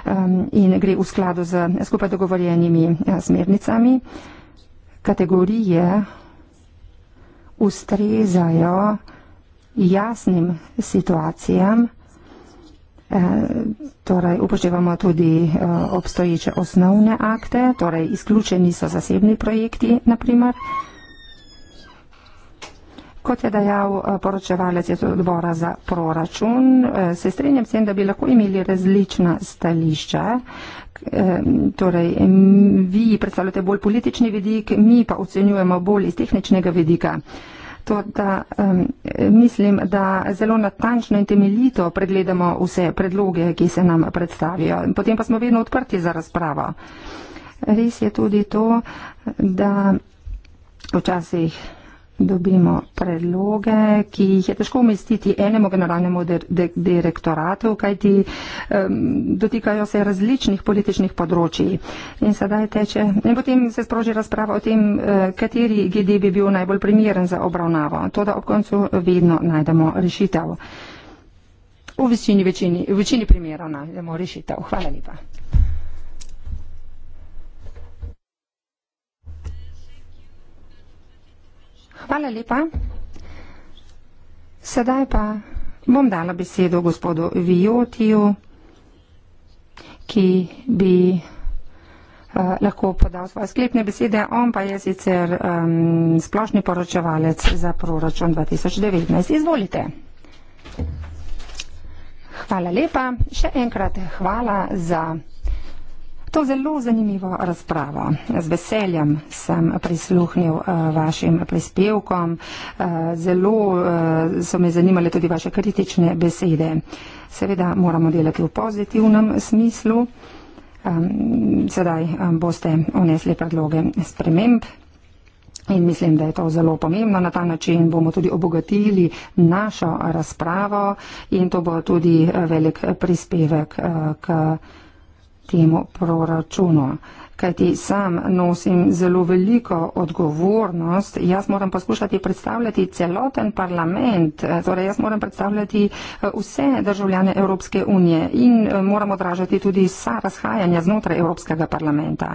ehm, in gre v skladu z skupaj dogovorjenimi eh, smernicami. Kategorije ustrezajo jasnim situacijam, eh, torej upoštevamo tudi eh, obstoječe osnovne akte, torej izključeni so zasebni projekti, naprimer. Kot je dejal eh, poročevalec iz odbora za proračun, se strenjam s tem, da bi lahko imeli različna stališča. Torej, vi predstavljate bolj politični vidik, mi pa ocenjujemo bolj iz tehničnega vidika zato da um, mislim, da zelo natančno in temeljito pregledamo vse predloge, ki se nam predstavijo. Potem pa smo vedno odprti za razpravo. Res je tudi to, da včasih dobimo predloge, ki jih je težko umestiti enemu generalnemu direktoratu, kajti um, dotikajo se različnih političnih področji. In, teče, in potem se sproži razprava o tem, uh, kateri GD bi bil najbolj primeren za obravnavo. To, da ob koncu vedno najdemo rešitev. V večini, večini, večini primerov najdemo rešitev. Hvala lepa. Hvala lepa. Sedaj pa bom dala besedo gospodu Vijotiju, ki bi Uh, lahko podal svoje sklepne besede, on pa je sicer um, splošni poročevalec za proračun 2019. Izvolite. Hvala lepa, še enkrat hvala za. To zelo zanimivo razpravo. Z veseljem sem prisluhnil eh, vašim prispevkom. Eh, zelo eh, so me zanimale tudi vaše kritične besede. Seveda moramo delati v pozitivnem smislu. Ehm, sedaj boste unesli predloge sprememb. In mislim, da je to zelo pomembno. Na ta način bomo tudi obogatili našo razpravo in to bo tudi velik prispevek k temu proračunu. Kajti sam nosim zelo veliko odgovornost, jaz moram poskušati predstavljati celoten parlament, eh, torej jaz moram predstavljati eh, vse državljane Evropske unije in eh, moram odražati tudi vsa razhajanja znotraj Evropskega parlamenta.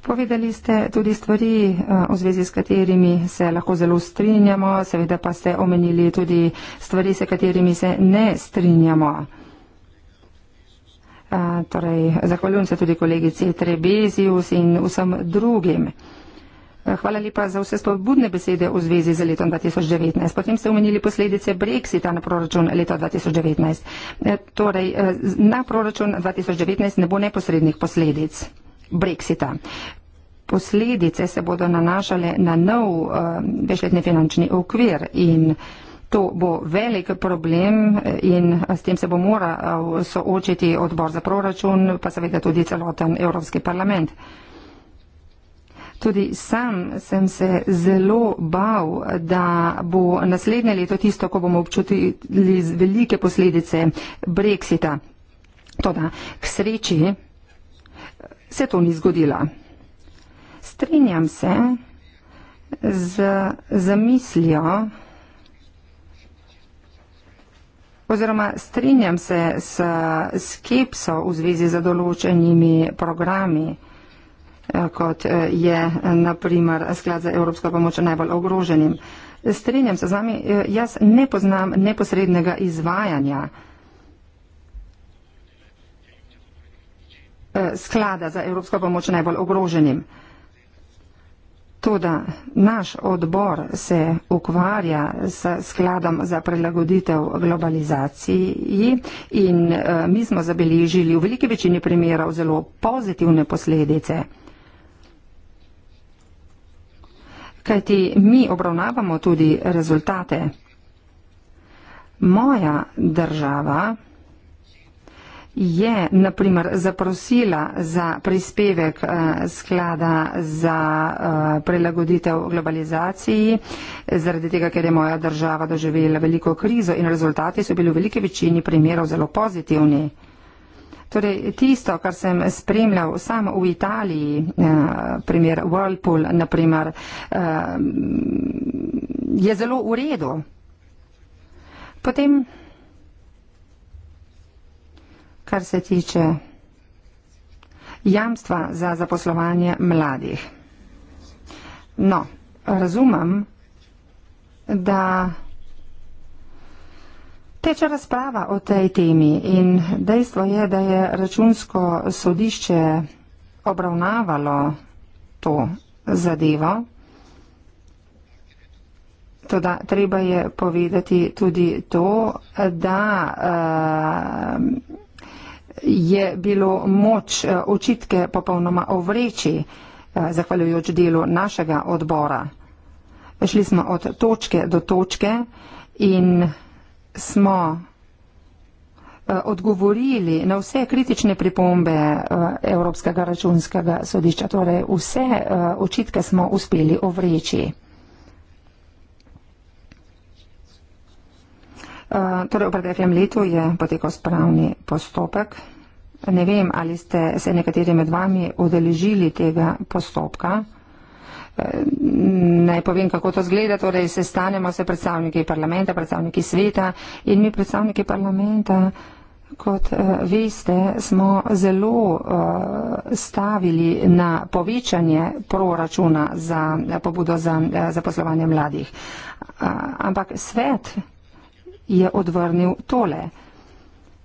Povedali ste tudi stvari, eh, v zvezi s katerimi se lahko zelo strinjamo, seveda pa ste omenili tudi stvari, s katerimi se ne strinjamo. Eh, torej, zahvaljujem se tudi kolegici Trebezius in vsem drugim. Eh, hvala lepa za vse spodbudne besede v zvezi z letom 2019. Potem ste omenili posledice Brexita na proračun leta 2019. Torej, na proračun 2019 ne bo neposrednih posledic. Brexita. Posledice se bodo nanašale na nov uh, večletni finančni okvir in to bo velik problem eh, in eh, s tem se bo moral soočiti odbor za proračun, pa seveda tudi celoten Evropski parlament. Tudi sam sem se zelo bal, da bo naslednje leto tisto, ko bomo občutili velike posledice Brexita. Toda, k sreči se to ni zgodila. Strinjam se z zamislijo oziroma strinjam se s skepso v zvezi z določenimi programi, eh, kot eh, je eh, naprimer sklad za evropsko pomoč najbolj ogroženim. Strinjam se z vami, jaz ne poznam neposrednega izvajanja. Eh, sklada za evropsko pomoč najbolj ogroženim. Toda naš odbor se ukvarja s skladom za prilagoditev globalizaciji in eh, mi smo zabeležili v veliki večini primerov zelo pozitivne posledice. Kajti mi obravnavamo tudi rezultate. Moja država je naprimer zaprosila za prispevek eh, sklada za eh, prilagoditev globalizaciji, zaradi tega, ker je moja država doživela veliko krizo in rezultati so bili v veliki večini primerov zelo pozitivni. Torej, tisto, kar sem spremljal samo v Italiji, eh, primer Whirlpool, naprimer, je zelo v redu. Potem kar se tiče jamstva za zaposlovanje mladih. No, razumem, da teče razprava o tej temi in dejstvo je, da je računsko sodišče obravnavalo to zadevo. Toda treba je povedati tudi to, da uh, je bilo moč eh, očitke popolnoma ovreči, eh, zahvaljujoč delu našega odbora. Šli smo od točke do točke in smo eh, odgovorili na vse kritične pripombe Evropskega računskega sodišča, torej vse očitke smo uspeli ovreči. Eh, torej v preteklem letu je potekal spravni postopek. Ne vem, ali ste se nekateri med vami odeležili tega postopka. Eh, naj povem, kako to zgleda. Torej, sestanemo se predstavniki parlamenta, predstavniki sveta in mi predstavniki parlamenta, kot eh, veste, smo zelo stavili na povečanje proračuna za pobudo za zaposlovanje mladih. Ampak svet je odvrnil tole.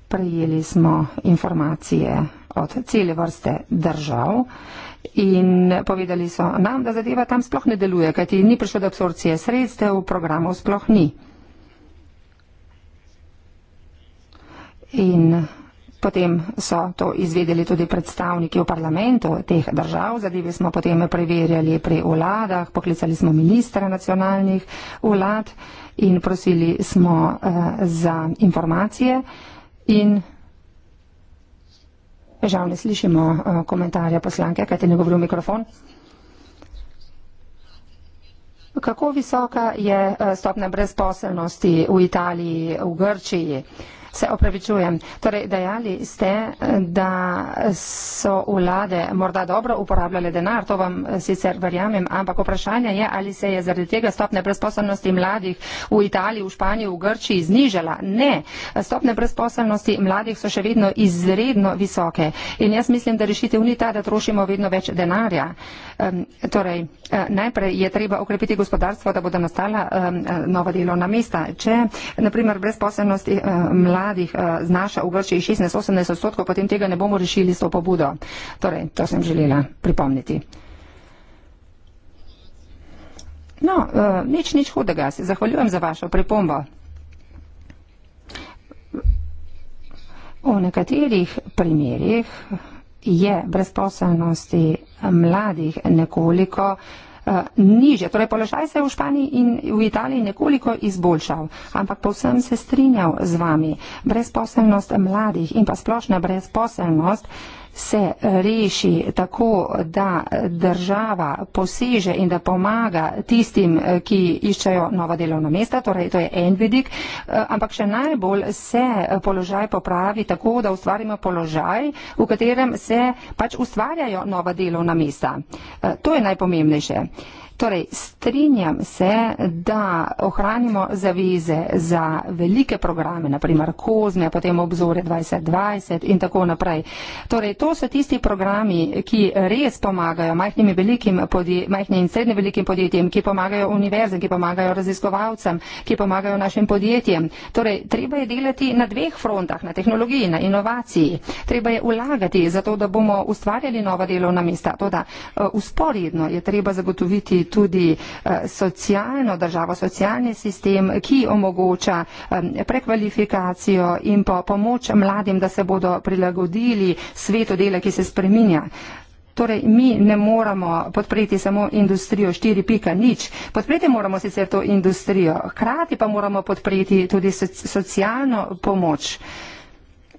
Prejeli smo informacije od cele vrste držav in povedali so nam, da zadeva tam sploh ne deluje, kajti ni prišlo do absorpcije sredstev, programov sploh ni. In Potem so to izvedeli tudi predstavniki v parlamentu teh držav, zadeve smo potem preverjali pri vladah, poklicali smo ministra nacionalnih vlad in prosili smo uh, za informacije in žal ne slišimo uh, komentarja poslanke, kaj te ne govori v mikrofon. Kako visoka je eh, stopna brezposelnosti v Italiji, v Grčiji? Uh, Se opravičujem. Torej, dejali ste, da so vlade morda dobro uporabljale denar, to vam eh, sicer verjamem, ampak vprašanje je, ali se je zaradi tega stopne brezposobnosti mladih v Italiji, v Španiji, v Grčiji znižala. Ne. Stopne brezposobnosti mladih so še vedno izredno visoke. In jaz mislim, da rešitev ni ta, da trošimo vedno več denarja. Torej, eh, najprej je treba okrepiti gospodarstvo, da bodo nastala eh, nova delovna mesta. Če, naprimer, brezposobnosti mladih mladih eh, znaša v Grčiji 16-18 odstotkov, potem tega ne bomo rešili s to pobudo. Torej, to sem želela pripomniti. No, eh, nič, nič hudega. Se zahvaljujem za vašo pripombo. V nekaterih primerjih je brezposelnosti mladih nekoliko. Eh, niže. Torej, položaj se je v Španiji in v Italiji nekoliko izboljšal, ampak povsem se strinjal z vami. Brezposelnost mladih in pa splošna brezposelnost se reši tako, da država posiže in da pomaga tistim, ki iščejo nova delovna mesta, torej to je en vidik, eh, ampak še najbolj se položaj popravi tako, da ustvarimo položaj, v katerem se pač ustvarjajo nova delovna mesta. Eh, to je najpomembnejše. Torej, strinjam se, da ohranimo zavize za velike programe, naprimer Kozme, potem obzore 2020 in tako naprej. Torej, to so tisti programi, ki res pomagajo majhnim in, in srednjim velikim podjetjem, ki pomagajo univerzam, ki pomagajo raziskovalcem, ki pomagajo našim podjetjem. Torej, treba je delati na dveh frontah, na tehnologiji, na inovaciji. Treba je ulagati, zato da bomo ustvarjali nova delovna mesta. Toda, usporedno eh, je treba zagotoviti tudi eh, socialno državo, socialni sistem, ki omogoča prekvalifikacijo in pa pomoč mladim, da se bodo prilagodili svetu dela, ki se spreminja. Torej, mi ne moramo podpreti samo industrijo 4.0, podpreti moramo sicer to industrijo, hkrati pa moramo podpreti tudi socialno pomoč.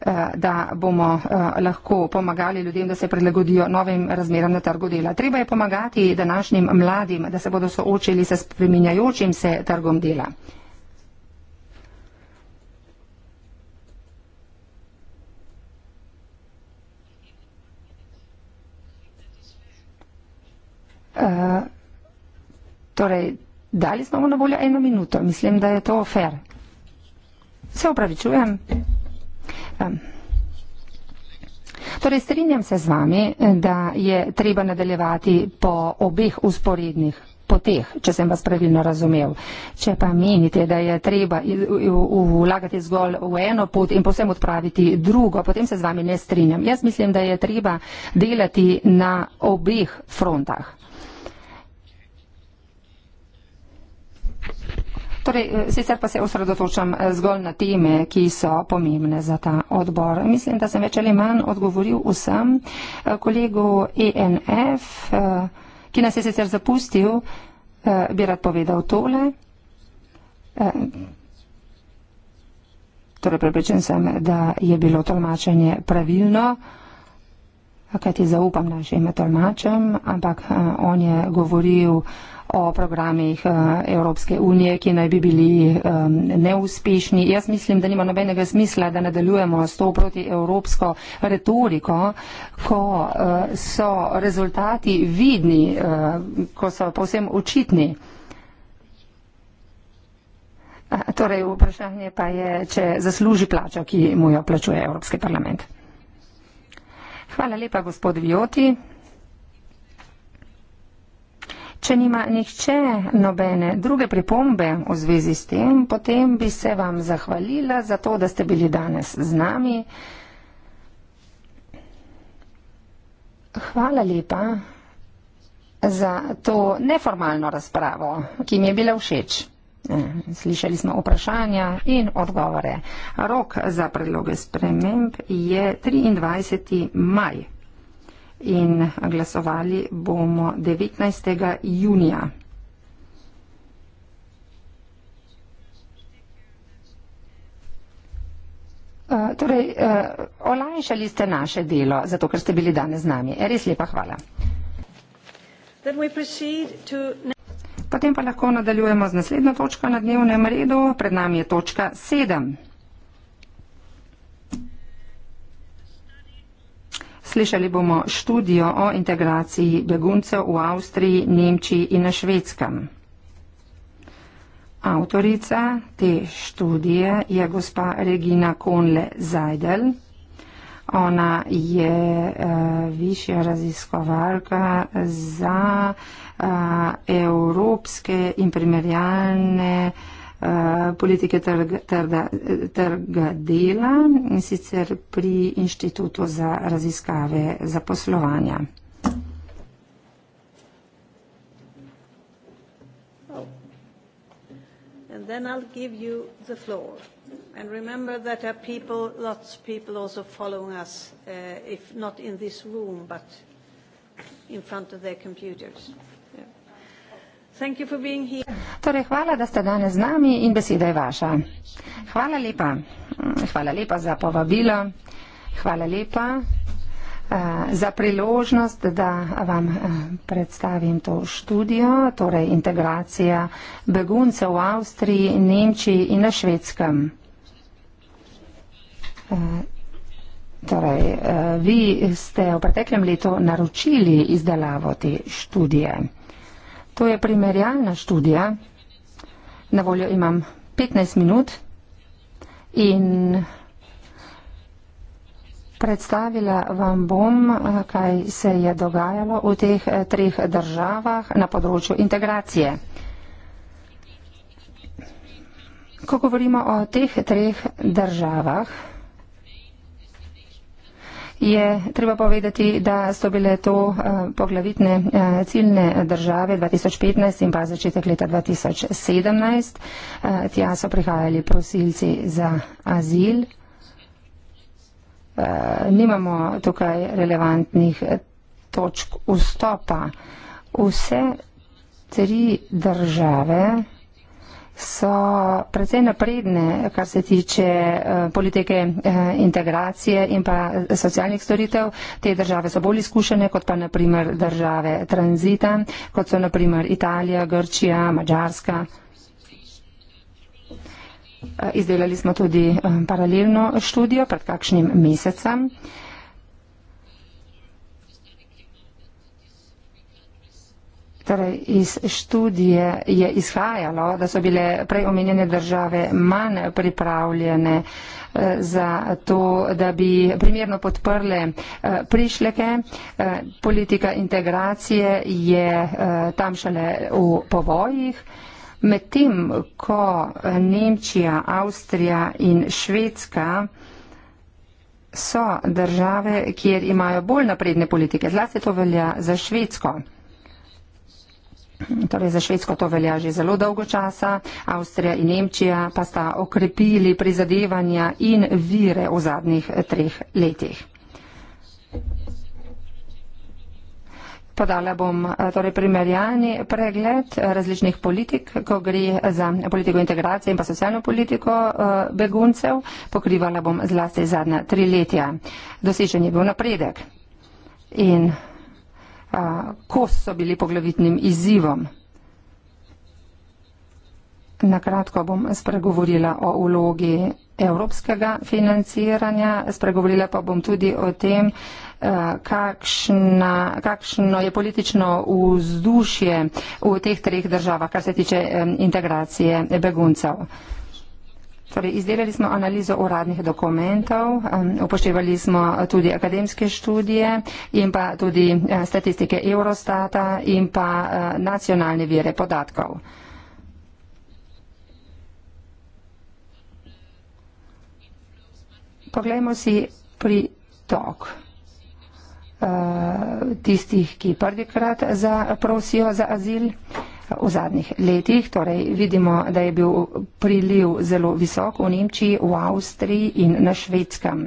Eh, da bomo eh, lahko pomagali ljudem, da se prilagodijo novim razmeram na trgu dela. Treba je pomagati današnjim mladim, da se bodo soočili s spreminjajočim se trgom dela. Eh, torej, dali smo mu na voljo eno minuto. Mislim, da je to fair. Se upravičujem. Torej, strinjam se z vami, da je treba nadaljevati po obeh usporednih poteh, če sem vas pravilno razumel. Če pa menite, da je treba vlagati zgolj v eno pot in posem odpraviti drugo, potem se z vami ne strinjam. Jaz mislim, da je treba delati na obeh frontah. Torej, eh, sicer pa se osredotočam eh, zgolj na teme, ki so pomembne za ta odbor. Mislim, da sem več ali manj odgovoril vsem eh, kolegu ENF, ki nas je sicer zapustil, bi rad povedal tole. Torej, prepričan sem, da je bilo tolmačenje pravilno, kajti zaupam našim tolmačem, ampak on je govoril o programih eh, Evropske unije, ki naj bi bili eh, neuspešni. Jaz mislim, da nima nobenega smisla, da nadaljujemo s to protievropsko retoriko, ko eh, so rezultati vidni, ko so povsem očitni. Torej, vprašanje pa je, če zasluži plačo, ki mu jo plačuje Evropski parlament. Hvala lepa, gospod Vioti. Če nima nihče nobene druge pripombe v zvezi s tem, potem bi se vam zahvalila za to, da ste bili danes z nami. Hvala lepa za to neformalno razpravo, ki mi je bila všeč. Eh, slišali smo vprašanja in odgovore. Rok za predloge sprememb je 23. maj in glasovali bomo 19. junija. Uh, torej, uh, olajšali ste naše delo, zato ker ste bili danes z nami. Eh, res lepa hvala. Potem pa lahko nadaljujemo z naslednjo točko na dnevnem redu. Pred nami je točka sedem. Slišali bomo študijo o integraciji beguncev v Avstriji, Nemčiji in na Švedskem. Avtorica te študije je gospa Regina Konle Zajdel. Ona je uh, višja raziskovalka za uh, evropske in primerjalne uh, Eh, politike trga, trga, trga dela in sicer pri Inštitutu za raziskave zaposlovanja. Oh. Then I'll give you the floor. And remember that there are people, lots of people also following us, uh, if not in this room, but in front of their computers. Torej, hvala, da ste danes z nami in beseda je vaša. Hvala lepa. Hvala lepa za povabilo. Hvala lepa uh, za priložnost, da vam uh, predstavim to študijo, torej integracija beguncev v Avstriji, Nemčiji in na Švedskem. Uh, torej, uh, vi ste v preteklem letu naročili izdelavo te študije. To je primerjalna študija. Na voljo imam 15 minut in predstavila vam bom, eh, kaj se je dogajalo v teh eh, treh državah na področju integracije. Ko govorimo o teh treh državah, je treba povedati, da so bile to eh, poglavitne eh, ciljne države 2015 in pa začetek leta 2017. Eh, tja so prihajali prosilci za azil. Nimamo tukaj relevantnih točk vstopa. Vse tri države so predvsej napredne, kar se tiče eh, politike eh, integracije in pa socialnih storitev. Te države so bolj izkušene kot pa naprimer države tranzita, kot so naprimer Italija, Grčija, Mačarska. Eh, izdelali smo tudi paralelno študijo pred kakšnim mesecem. Torej, iz študije je izhajalo, da so bile prej omenjene države manj pripravljene eh, za to, da bi primerno podprle eh, prišleke. Eh, politika integracije je tam šele v povojih. Medtem, ko Nemčija, Avstrija in Švedska so države, kjer imajo bolj napredne politike, zlasti to velja za Švedsko. Torej za Švedsko to velja že zelo dolgo časa, Avstrija in Nemčija pa sta okrepili prizadevanja in vire v zadnjih treh letih. Podala bom eh, torej primerjalni pregled različnih politik, ko gre za politiko integracije in pa socialno politiko eh, beguncev. Pokrivala bom zlasti zadnja tri letja. Dosežen je bil napredek. In kos so bili poglavitnim izzivom. Nakratko bom spregovorila o ulogi evropskega financiranja, spregovorila pa bom tudi o tem, kakšna, kakšno je politično vzdušje v teh treh državah, kar se tiče integracije beguncev. Torej, izdelali smo analizo uradnih dokumentov, upoštevali smo tudi akademske študije in pa tudi eh, statistike Eurostata in pa eh, nacionalne vire podatkov. Poglejmo si pritok eh, tistih, ki prvikrat zaprosijo za azil v zadnjih letih. Torej, vidimo, da je bil priliv zelo visok v Nemčiji, v Avstriji in na Švedskem.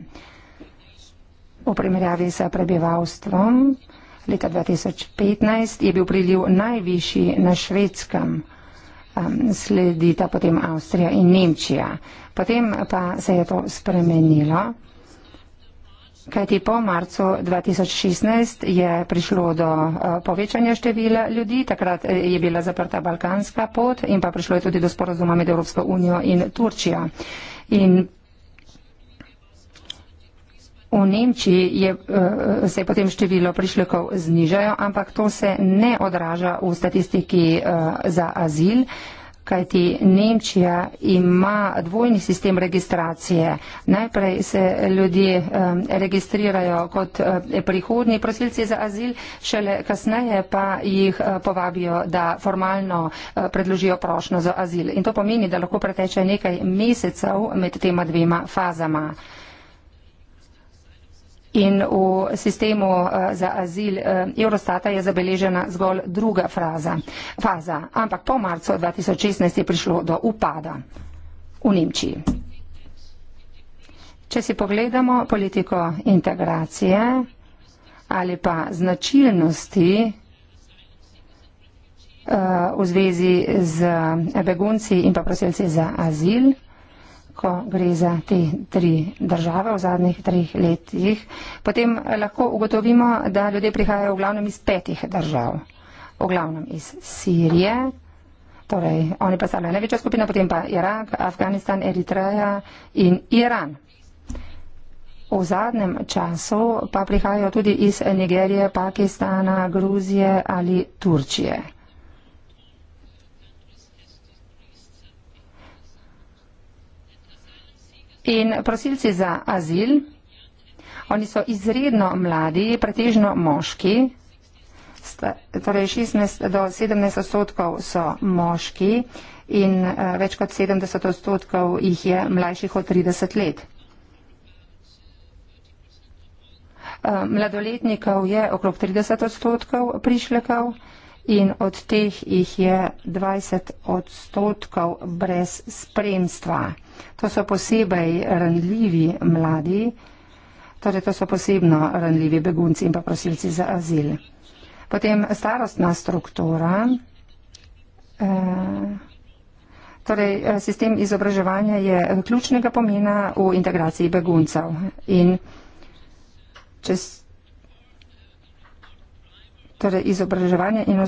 V primerjavi s prebivalstvom leta 2015 je bil priliv najvišji na Švedskem. Sledita potem Avstrija in Nemčija. Potem pa se je to spremenilo. Kajti po marcu 2016 je prišlo do eh, povečanja števila ljudi, takrat eh, je bila zaprta balkanska pot in pa prišlo je tudi do sporazuma med Evropsko unijo in Turčijo. In V Nemčiji je, eh, se je potem število prišlekov znižajo, ampak to se ne odraža v statistiki za azil, kajti Nemčija ima dvojni sistem registracije. Najprej se ljudje um, registrirajo kot um, prihodni prosilci za azil, šele kasneje pa jih uh, povabijo, da formalno uh, predložijo prošno za azil. In to pomeni, da lahko preteče nekaj mesecev med tema dvema fazama. In v sistemu eh, za azil eh, Eurostata je zabeležena zgolj druga fraza, faza, ampak po marcu 2016 je prišlo do upada v Nemčiji. Če si pogledamo politiko integracije ali pa značilnosti eh, v zvezi z begunci in pa prosilci za azil, ko gre za te tri države v zadnjih treh letih, potem lahko ugotovimo, da ljudje prihajajo v glavnem iz petih držav. V glavnem iz Sirije, torej oni pa stavljajo največja skupina, potem pa Irak, Afganistan, Eritreja in Iran. V zadnjem času pa prihajajo tudi iz Nigerije, Pakistana, Gruzije ali Turčije. in prosilci za azil. Oni so izredno mladi, pretežno moški, torej 16 do 17 odstotkov so moški in eh, več kot 70 odstotkov jih je mlajših od 30 let. Eh, mladoletnikov je okrog 30 odstotkov prišlekov in od teh jih je 20 odstotkov brez spremstva. To so posebej ranljivi mladi, torej to so posebno ranljivi begunci in pa prosilci za azil. Potem starostna struktura, eh, torej eh, sistem izobraževanja je ključnega pomena v integraciji beguncev in čez Torej, izobraževanje in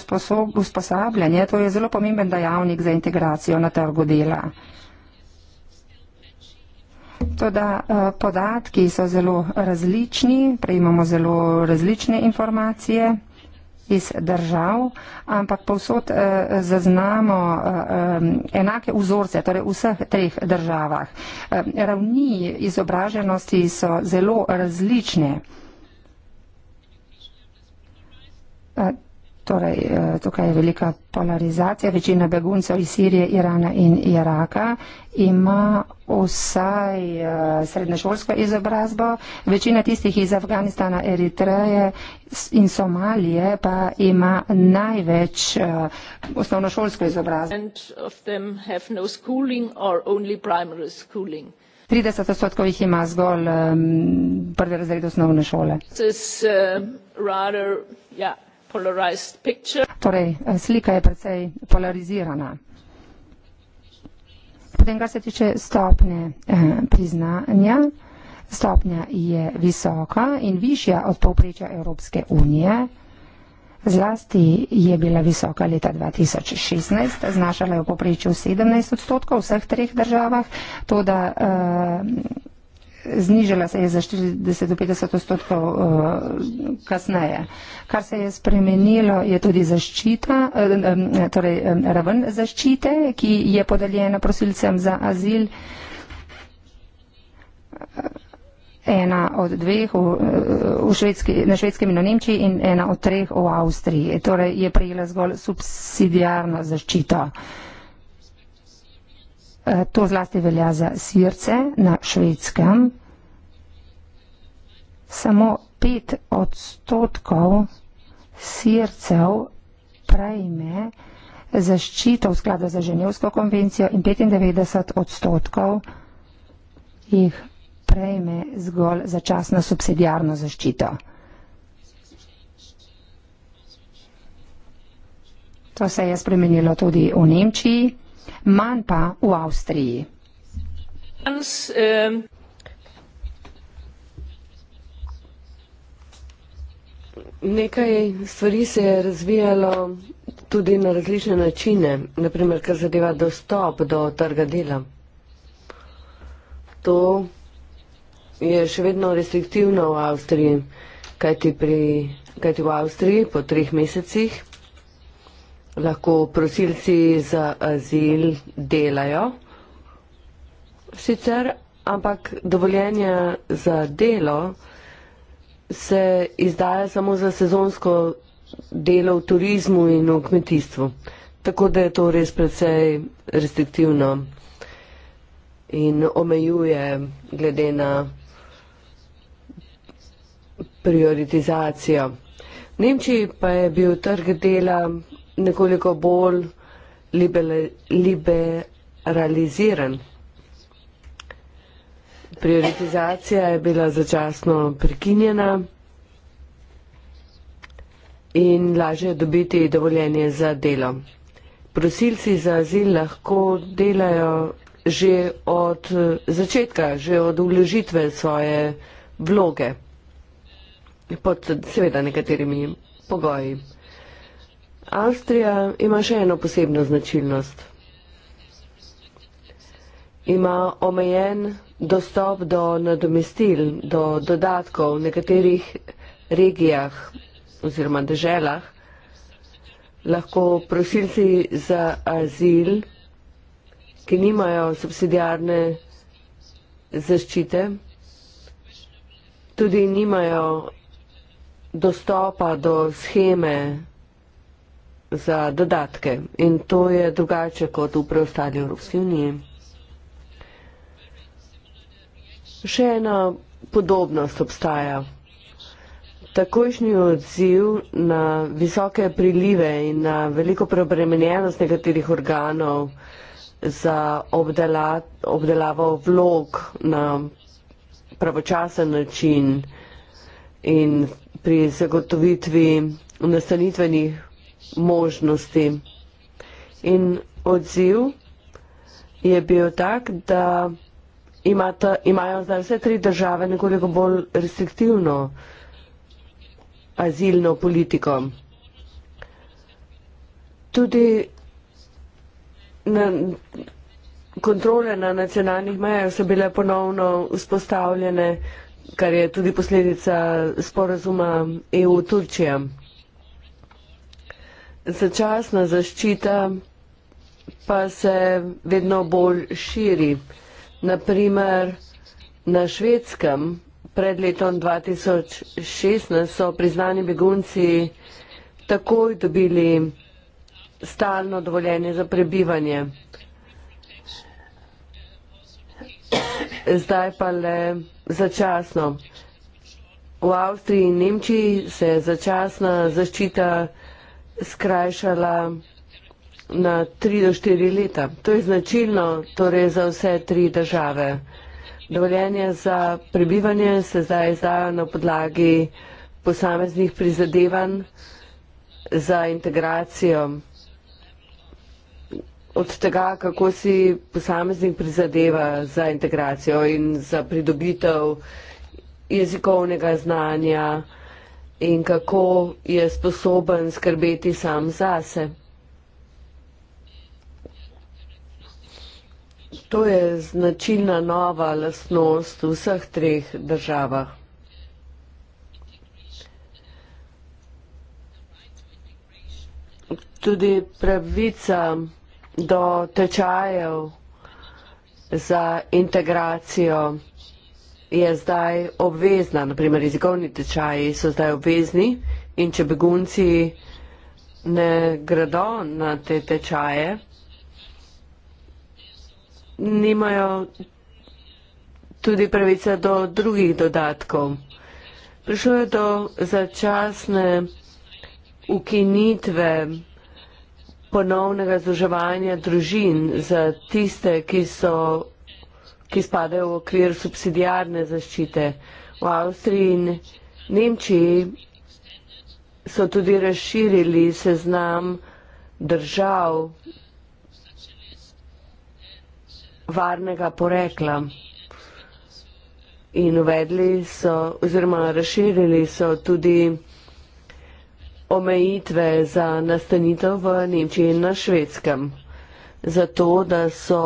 usposabljanje, to je zelo pomemben dejavnik za integracijo na trgu dela. Toda eh, podatki so zelo različni, prejmamo zelo različne informacije iz držav, ampak povsod eh, zaznamo eh, enake vzorce, torej v vseh treh državah. Ravni izobraženosti so zelo različne. Eh, torej, eh, tukaj je velika polarizacija. Večina beguncev iz Sirije, Irana in Iraka ima vsaj eh, srednješolsko izobrazbo. Večina tistih iz Afganistana, Eritreje in Somalije pa ima največ osnovnošolsko izobrazbo. 30 no odstotkov jih ima zgolj prvi razred osnovne šole. This, uh, rather, yeah. Torej, eh, slika je precej polarizirana. Potem, kar se tiče stopne eh, priznanja, stopnja je visoka in višja od povprečja Evropske unije. Zlasti je bila visoka leta 2016, znašala je v povprečju 17 odstotkov v vseh treh državah, to da uh, eh, znižala se je za 40 do 50 odstotkov uh, kasneje. Kar se je spremenilo, je tudi zaščita, uh, torej um, raven zaščite, ki je podeljena prosilcem za azil. Ena od dveh v, v švedski, na švedskem in na Nemčiji in ena od treh v Avstriji. Torej je prejela zgolj subsidijarno zaščito. Uh, Eh, to zlasti velja za sirce na švedskem. Samo pet odstotkov sircev prejme zaščito v skladu za ženevsko konvencijo in 95 odstotkov jih prejme zgolj začasno subsidijarno zaščito. To se je spremenilo tudi v Nemčiji manj pa v Avstriji. Danes, nekaj stvari se je razvijalo tudi na različne načine, naprimer, kar zadeva dostop do trga dela. To je še vedno restriktivno v Avstriji, kajti, pri, kajti v Avstriji po treh mesecih lahko prosilci za azil delajo, sicer, ampak dovoljenja za delo se izdaja samo za sezonsko delo v turizmu in v kmetijstvu. Tako da je to res precej restriktivno in omejuje glede na prioritizacijo. V Nemčiji pa je bil trg dela nekoliko bolj liberaliziran. Prioritizacija je bila začasno prekinjena in lažje je dobiti dovoljenje za delo. Prosilci za azil lahko delajo že od začetka, že od uložitve svoje vloge pod seveda nekaterimi pogoji. Avstrija ima še eno posebno značilnost. Ima omejen dostop do nadomestil, do dodatkov v nekaterih regijah oziroma deželah. Lahko prosilci za azil, ki nimajo subsidijarne zaščite, tudi nimajo dostopa do scheme za dodatke in to je drugače kot v preostali Evropski uniji. Še ena podobnost obstaja. Takojšnji odziv na visoke prilive in na veliko preobremenjenost nekaterih organov za obdela, obdelavo vlog na pravočasen način in pri zagotovitvi nastanitvenih možnosti. In odziv je bil tak, da imata, imajo zdaj vse tri države nekoliko bolj restriktivno azilno politiko. Tudi na, kontrole na nacionalnih mejah so bile ponovno vzpostavljene, kar je tudi posledica sporazuma EU-Turčija začasna zaščita pa se vedno bolj širi. Naprimer, na švedskem pred letom 2016 so priznani begunci takoj dobili stalno dovoljenje za prebivanje. Zdaj pa le začasno. V Avstriji in Nemčiji se začasna zaščita skrajšala na tri do štiri leta. To je značilno torej za vse tri države. Dovoljenje za prebivanje se zdaj izdaja na podlagi posameznih prizadevanj za integracijo. Od tega, kako si posameznik prizadeva za integracijo in za pridobitev jezikovnega znanja, in kako je sposoben skrbeti sam zase. To je značilna nova lasnost v vseh treh državah. Tudi pravica do tečajev za integracijo je zdaj obvezna, naprimer jezikovni tečaji so zdaj obvezni in če begunci ne gredo na te tečaje, nimajo tudi pravice do drugih dodatkov. Prišlo je do začasne ukinitve ponovnega združevanja družin za tiste, ki so ki spadajo v okvir subsidijarne zaščite. V Avstriji in Nemčiji so tudi razširili seznam držav varnega porekla in uvedli so oziroma razširili so tudi omejitve za nastanitev v Nemčiji in na švedskem, zato da so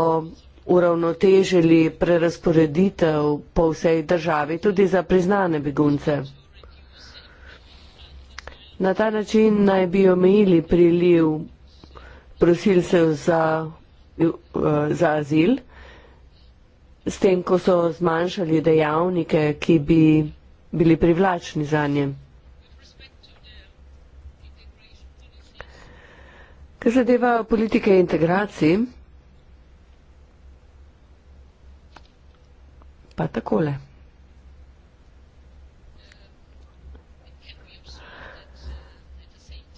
uravnotežili prerasporeditev po vsej državi, tudi za priznane begunce. Na ta način naj bi omejili priliv prosilcev za, eh, za azil, s tem, ko so zmanjšali dejavnike, ki bi bili privlačni za nje. Kar zadeva politike integracije, pa takole.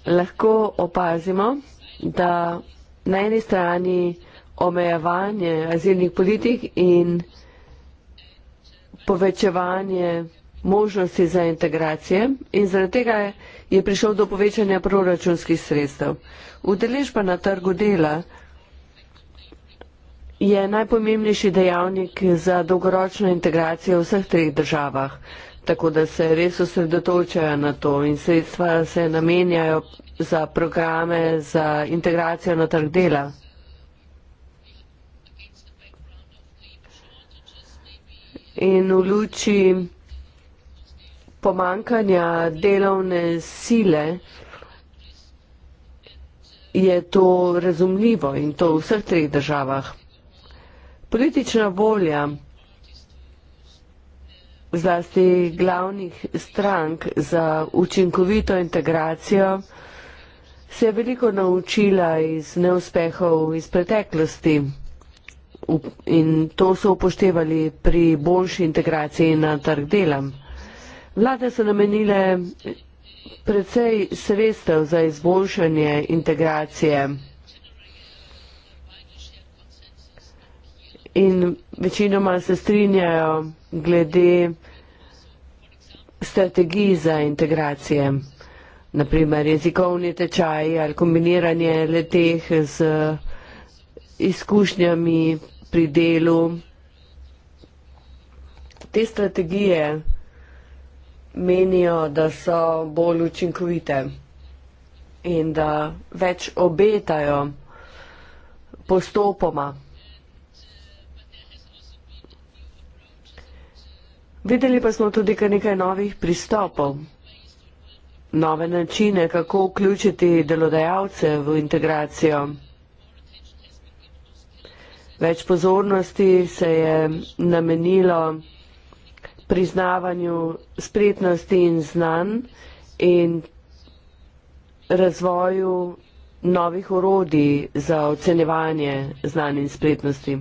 Lahko opazimo, da na eni strani omejevanje azilnih politik in povečevanje možnosti za integracije in zaradi tega je prišel do povečanja proračunskih sredstev. Udeležba na trgu dela je najpomembnejši dejavnik za dolgoročno integracijo v vseh treh državah, tako da se res osredotočajo na to in sredstva se namenjajo za programe za integracijo na trg dela. In v luči pomankanja delovne sile je to razumljivo in to v vseh treh državah politična volja zlasti glavnih strank za učinkovito integracijo se je veliko naučila iz neuspehov iz preteklosti in to so upoštevali pri boljši integraciji na trg dela. Vlade so namenile precej sredstev za izboljšanje integracije. in večinoma se strinjajo glede strategij za integracije, naprimer jezikovni tečaji ali kombiniranje leteh z izkušnjami pri delu. Te strategije menijo, da so bolj učinkovite in da več obetajo postopoma. Videli pa smo tudi kar nekaj novih pristopov, nove načine, kako vključiti delodajalce v integracijo. Več pozornosti se je namenilo priznavanju spretnosti in znanj in razvoju novih orodij za ocenjevanje znanj in spretnosti.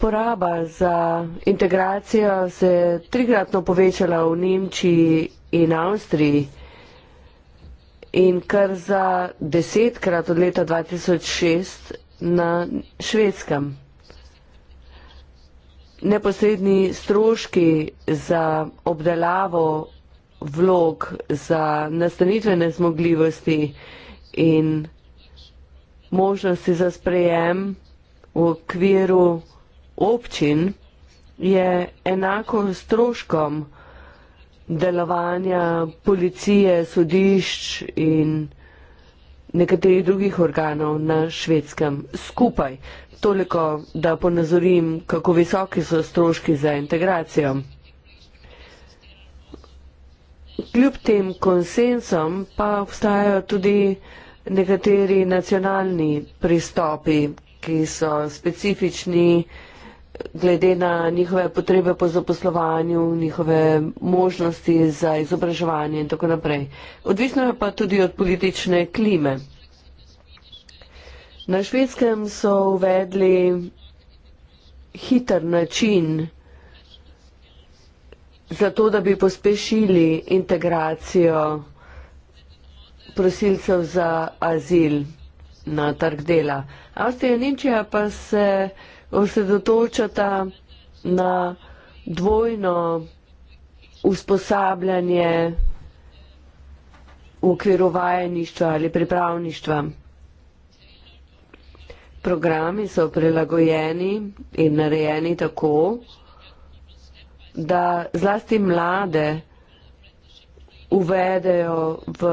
Poraba za integracijo se je trikratno povečala v Nemčiji in Avstriji in kar za desetkrat od leta 2006 na švedskem. Neposredni stroški za obdelavo vlog za nastanitvene zmogljivosti in možnosti za sprejem v okviru občin je enako stroškom delovanja policije, sodišč in nekaterih drugih organov na švedskem skupaj. Toliko, da ponazorim, kako visoki so stroški za integracijo. Kljub tem konsensom pa obstajajo tudi nekateri nacionalni pristopi, ki so specifični glede na njihove potrebe po zaposlovanju, njihove možnosti za izobraževanje in tako naprej. Odvisno je pa tudi od politične klime. Na švedskem so uvedli hiter način za to, da bi pospešili integracijo prosilcev za azil na trg dela. Avstrija in Nemčija pa se osredotočata na dvojno usposabljanje v okviru vajeništva ali pripravništva. Programi so prilagojeni in narejeni tako, da zlasti mlade uvedejo v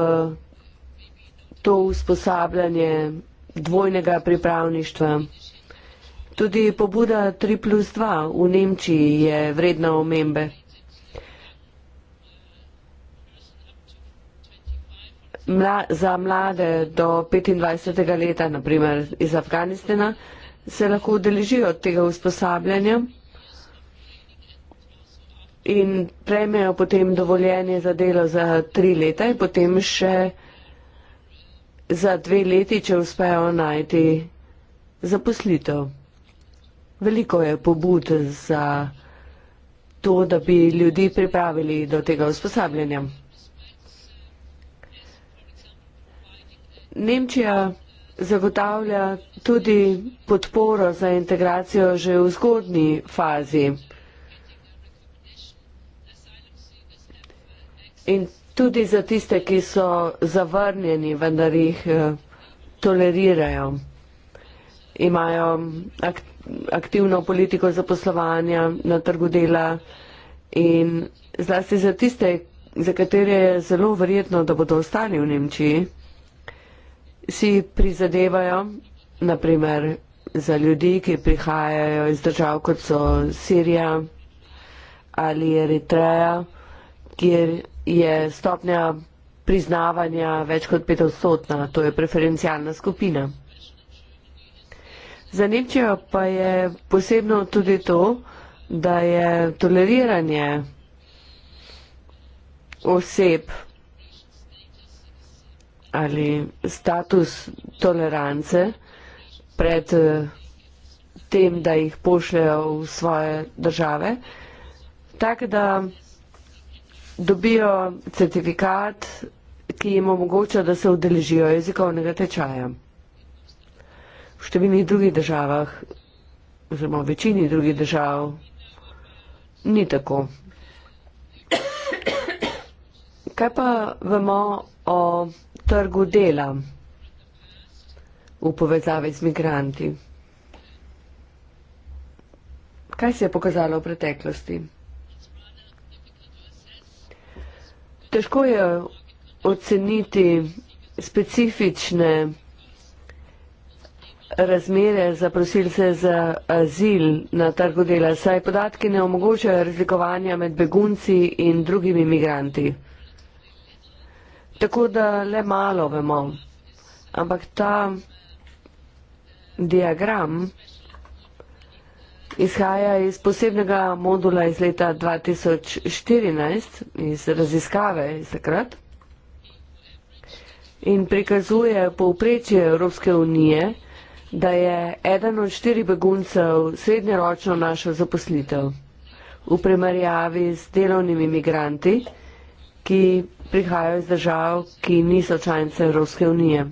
to usposabljanje dvojnega pripravništva. Tudi pobuda 3 plus 2 v Nemčiji je vredna omembe. Mla, za mlade do 25. leta, naprimer iz Afganistana, se lahko udeležijo tega usposabljanja in prejmejo potem dovoljenje za delo za tri leta in potem še za dve leti, če uspejo najti zaposlitev. Veliko je pobud za to, da bi ljudi pripravili do tega usposabljanja. Nemčija zagotavlja tudi podporo za integracijo že v zgodni fazi. In tudi za tiste, ki so zavrnjeni, vendar jih eh, tolerirajo imajo aktivno politiko zaposlovanja na trgu dela in zlasti za tiste, za katere je zelo verjetno, da bodo ostali v Nemčiji, si prizadevajo, naprimer za ljudi, ki prihajajo iz držav, kot so Sirija ali Eritreja, kjer je stopnja priznavanja več kot petodstotna, to je preferencialna skupina. Za Nemčijo pa je posebno tudi to, da je toleriranje oseb ali status tolerance pred eh, tem, da jih pošljajo v svoje države, tak, da dobijo certifikat, ki jim omogoča, da se udeležijo jezikovnega tečaja v številnih drugih državah, oziroma v večini drugih držav, ni tako. Kaj pa vemo o trgu dela v povezavi z migranti? Kaj se je pokazalo v preteklosti? Težko je oceniti specifične razmere za prosilce za azil na trgu dela, saj podatki ne omogočajo razlikovanja med begunci in drugimi imigranti. Tako da le malo vemo, ampak ta diagram izhaja iz posebnega modula iz leta 2014, iz raziskave iz takrat in prikazuje povprečje Evropske unije, da je eden od štirih beguncev srednjeročno našel zaposlitev v primerjavi s delovnimi imigranti, ki prihajajo iz držav, ki niso članice Evropske unije.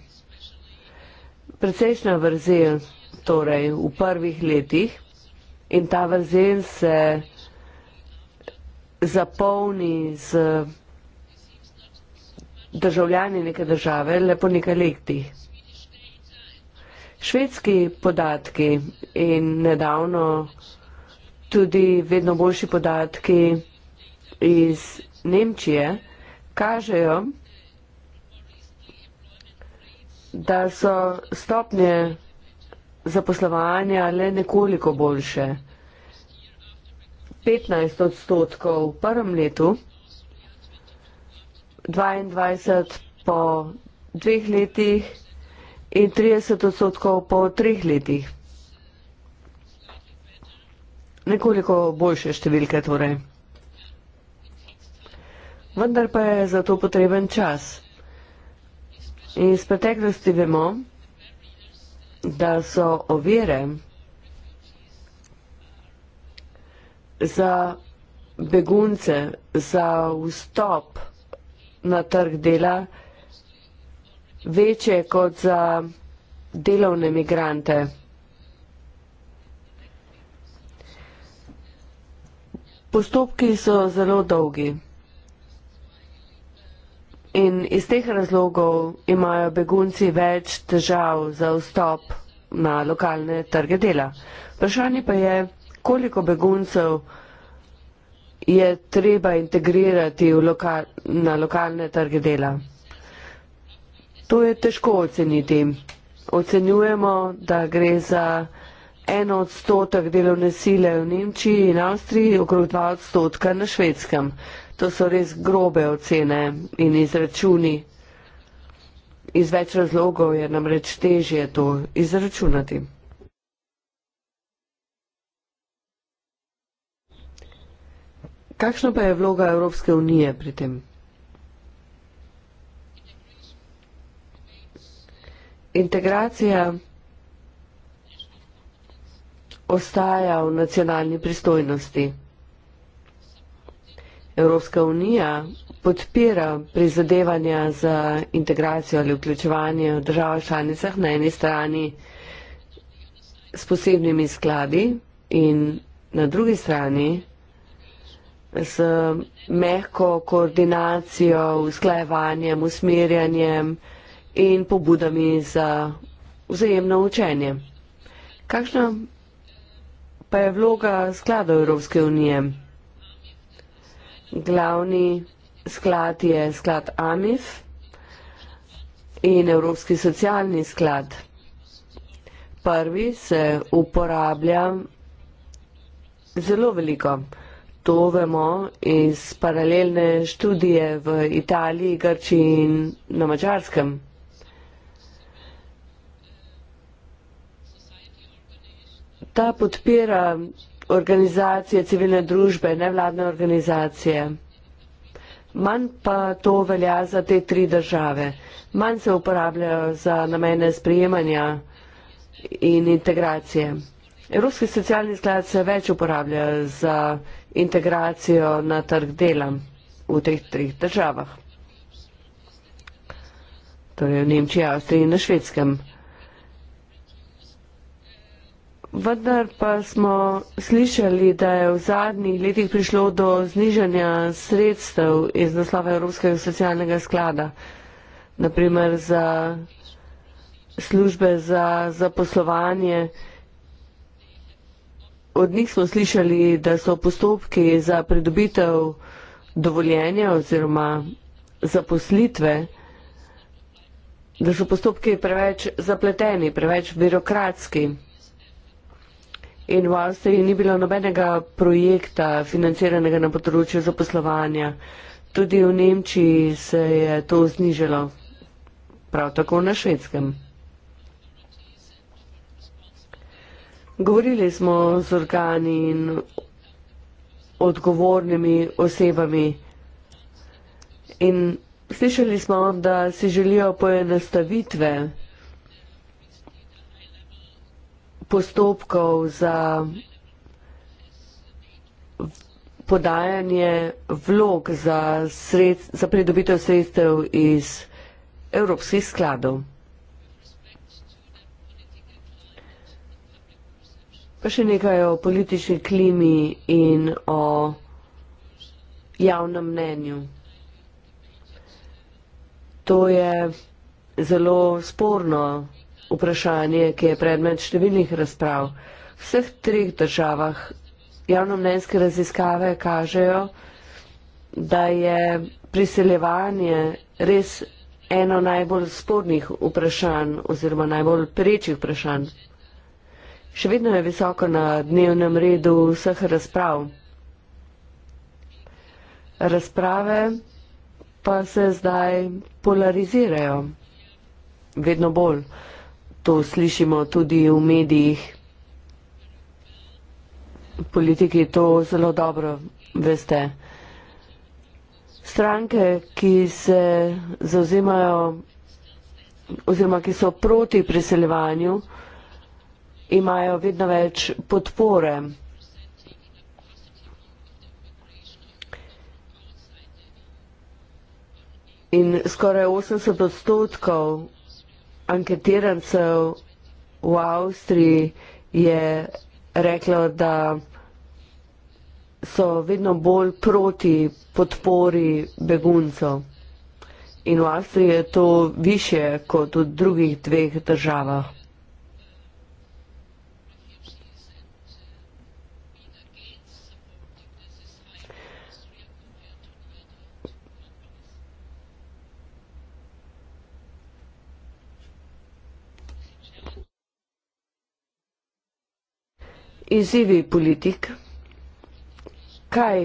Precejšnja vrzel torej v prvih letih in ta vrzel se zapolni z državljani neke države le po nekaj letih. Švedski podatki in nedavno tudi vedno boljši podatki iz Nemčije kažejo, da so stopnje zaposlovanja le nekoliko boljše. 15 odstotkov v prvem letu, 22 po dveh letih in 30 odstotkov po treh letih. Nekoliko boljše številke torej. Vendar pa je za to potreben čas. Iz preteklosti vemo, da so ovire za begunce, za vstop na trg dela, večje kot za delovne migrante. Postopki so zelo dolgi in iz teh razlogov imajo begunci več težav za vstop na lokalne trge dela. Vprašanje pa je, koliko beguncev je treba integrirati v loka na lokalne trge dela. To je težko oceniti. Ocenjujemo, da gre za en odstotek delovne sile v Nemčiji in Avstriji, okrog dva odstotka na švedskem. To so res grobe ocene in izračuni. Iz več razlogov je namreč težje to izračunati. Kakšna pa je vloga Evropske unije pri tem? integracija ostaja v nacionalni pristojnosti. Evropska unija podpira prizadevanja za integracijo ali vključevanje v državah članicah na eni strani s posebnimi skladi in na drugi strani s mehko koordinacijo, usklajevanjem, usmerjanjem, in pobudami za vzajemno učenje. Kakšna pa je vloga sklada Evropske unije? Glavni sklad je sklad AMIF in Evropski socialni sklad. Prvi se uporablja zelo veliko. To vemo iz paralelne študije v Italiji, Grčiji in na Mačarskem. ta podpira organizacije civilne družbe, nevladne organizacije. Manj pa to velja za te tri države. Manj se uporabljajo za namene sprijemanja in integracije. Evropski socialni sklad se več uporablja za integracijo na trg dela v teh treh državah. Torej v Nemčiji, Avstriji in na švedskem. Vendar pa smo slišali, da je v zadnjih letih prišlo do znižanja sredstev iz naslova Evropskega socialnega sklada, naprimer za službe za zaposlovanje. Od njih smo slišali, da so postopki za pridobitev dovoljenja oziroma zaposlitve, da so postopki preveč zapleteni, preveč birokratski. In v Avstriji ni bilo nobenega projekta financiranega na področju zaposlovanja. Tudi v Nemčiji se je to znižalo, prav tako na švedskem. Govorili smo z organi in odgovornimi osebami in slišali smo, da si želijo poenostavitve postopkov za podajanje vlog za, sred, za predobitev sredstev iz evropskih skladov. Pa še nekaj o politični klimi in o javnem mnenju. To je zelo sporno vprašanje, ki je predmet številnih razprav. V vseh treh državah javnomnenjske raziskave kažejo, da je priseljevanje res eno najbolj spornih vprašanj oziroma najbolj prečih vprašanj. Še vedno je visoko na dnevnem redu vseh razprav. Razprave pa se zdaj polarizirajo vedno bolj. To slišimo tudi v medijih. Politiki to zelo dobro veste. Stranke, ki se zauzemajo oziroma ki so proti priseljevanju, imajo vedno več podpore. In skoraj 80 odstotkov anketirancev v Avstriji je reklo, da so vedno bolj proti podpori beguncev. In v Avstriji je to više kot v drugih dveh državah. izzivi politik, kaj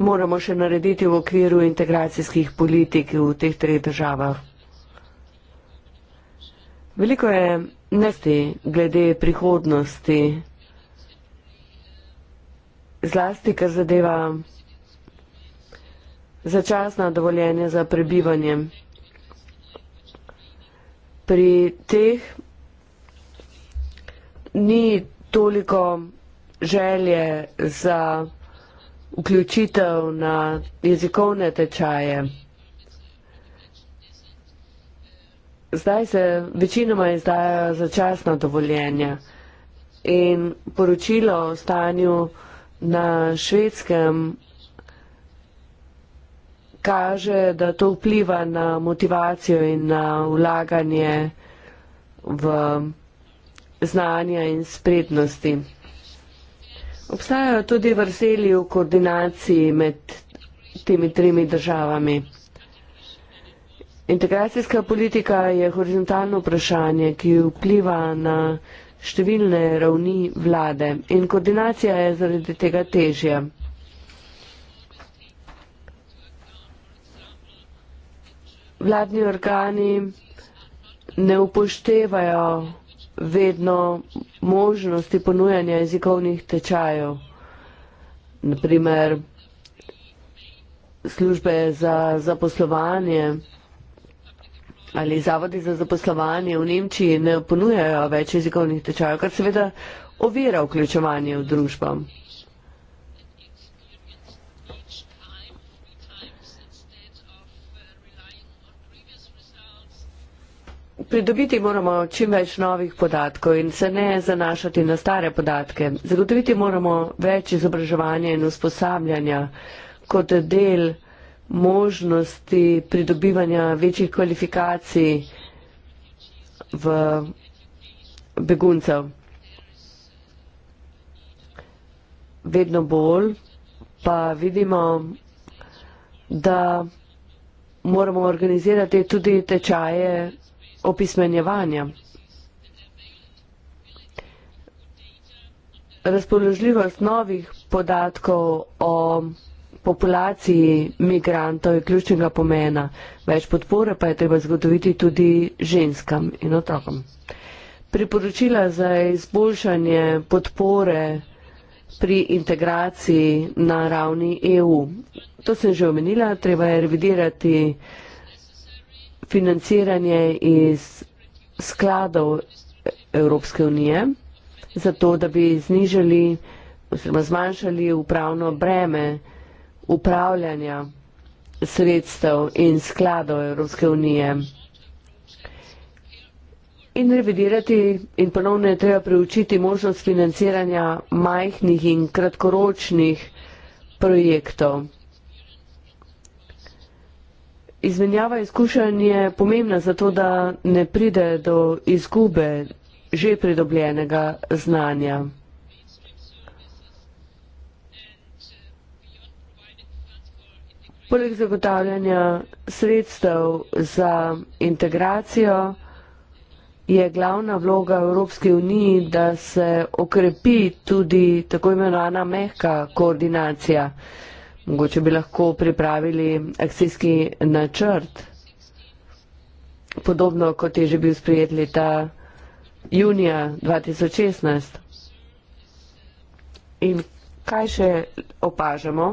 moramo še narediti v okviru integracijskih politik v teh treh državah. Veliko je nesti glede prihodnosti, zlasti, kar zadeva začasna dovoljenja za prebivanje. Pri teh ni toliko želje za vključitev na jezikovne tečaje. Zdaj se večinoma izdajajo začasna dovoljenja in poročilo o stanju na švedskem kaže, da to vpliva na motivacijo in na vlaganje v znanja in sprednosti. Obstajajo tudi vrzeli v koordinaciji med temi tremi državami. Integracijska politika je horizontalno vprašanje, ki vpliva na številne ravni vlade in koordinacija je zaradi tega težja. Vladni organi ne upoštevajo vedno možnosti ponujanja jezikovnih tečajev, naprimer službe za zaposlovanje ali zavodi za zaposlovanje v Nemčiji ne ponujajo več jezikovnih tečajev, kar seveda ovira vključevanje v družbam. Pridobiti moramo čim več novih podatkov in se ne zanašati na stare podatke. Zagotoviti moramo več izobraževanja in usposabljanja kot del možnosti pridobivanja večjih kvalifikacij v beguncev. Vedno bolj pa vidimo, da moramo organizirati tudi tečaje opismenjevanja. Razpoložljivost novih podatkov o populaciji migrantov je ključnega pomena. Več podpore pa je treba zagotoviti tudi ženskam in otrokom. Priporočila za izboljšanje podpore pri integraciji na ravni EU. To sem že omenila, treba je revidirati financiranje iz skladov Evropske unije, zato da bi znižali oziroma zmanjšali upravno breme upravljanja sredstev in skladov Evropske unije. In revidirati in ponovno je treba preučiti možnost financiranja majhnih in kratkoročnih projektov. Izmenjava izkušenj je pomembna zato, da ne pride do izgube že pridobljenega znanja. Poleg zagotavljanja sredstev za integracijo je glavna vloga Evropske unije, da se okrepi tudi tako imenovana mehka koordinacija. Mogoče bi lahko pripravili akcijski načrt, podobno kot je že bil sprijet leta junija 2016. In kaj še opažamo?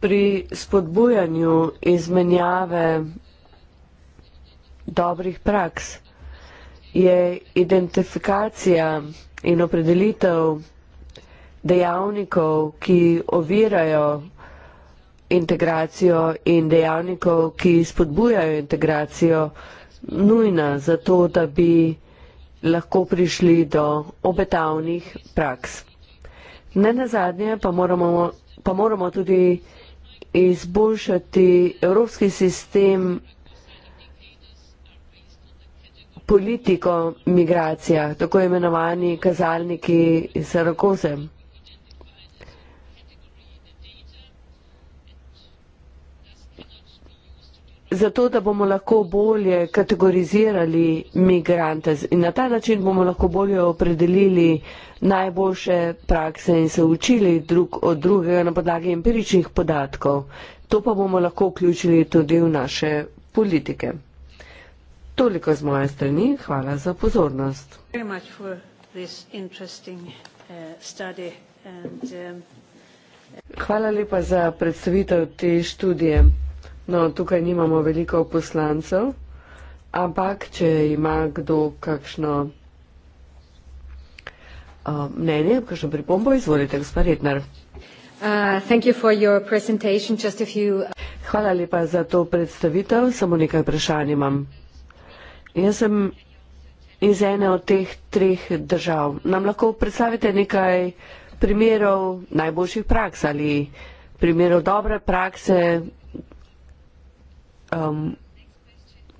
Pri spodbujanju izmenjave dobrih praks je identifikacija in opredelitev dejavnikov, ki ovirajo integracijo in dejavnikov, ki spodbujajo integracijo, nujna za to, da bi lahko prišli do obetavnih praks. Ne nazadnje pa moramo, pa moramo tudi izboljšati evropski sistem politiko migracija, tako imenovani kazalniki Sarakozem. zato da bomo lahko bolje kategorizirali migrante in na ta način bomo lahko bolje opredelili najboljše prakse in se učili drug od drugega na podlagi empiričnih podatkov. To pa bomo lahko vključili tudi v naše politike. Toliko z moje strani. Hvala za pozornost. Uh, um, Hvala lepa za predstavitev te študije. No, tukaj nimamo veliko poslancev, ampak če ima kdo kakšno uh, mnenje, kakšno pripombo, izvolite, gospod Rednar. Uh, few... Uh, Hvala lepa za to predstavitev, samo nekaj vprašanj imam. Jaz sem iz ene od teh treh držav. Nam lahko predstavite nekaj primerov najboljših praks ali primerov dobre prakse, um,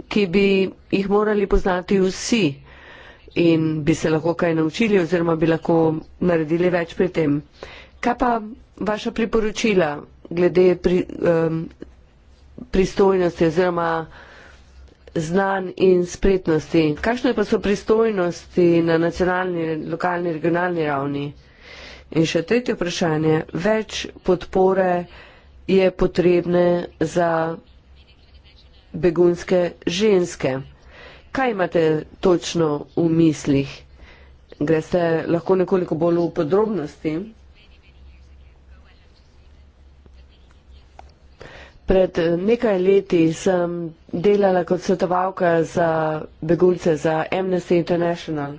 ki bi jih morali poznati vsi in bi se lahko kaj naučili oziroma bi lahko naredili več pri tem. Kaj pa vaša priporočila glede pri, um, pristojnosti oziroma znanj in spretnosti? Kakšne pa so pristojnosti na nacionalni, lokalni, regionalni ravni? In še tretje vprašanje. Več podpore je potrebne za begunske ženske. Kaj imate točno v mislih? Greste lahko nekoliko bolj v podrobnosti? Pred eh, nekaj leti sem delala kot svetovalka za begunce za Amnesty International.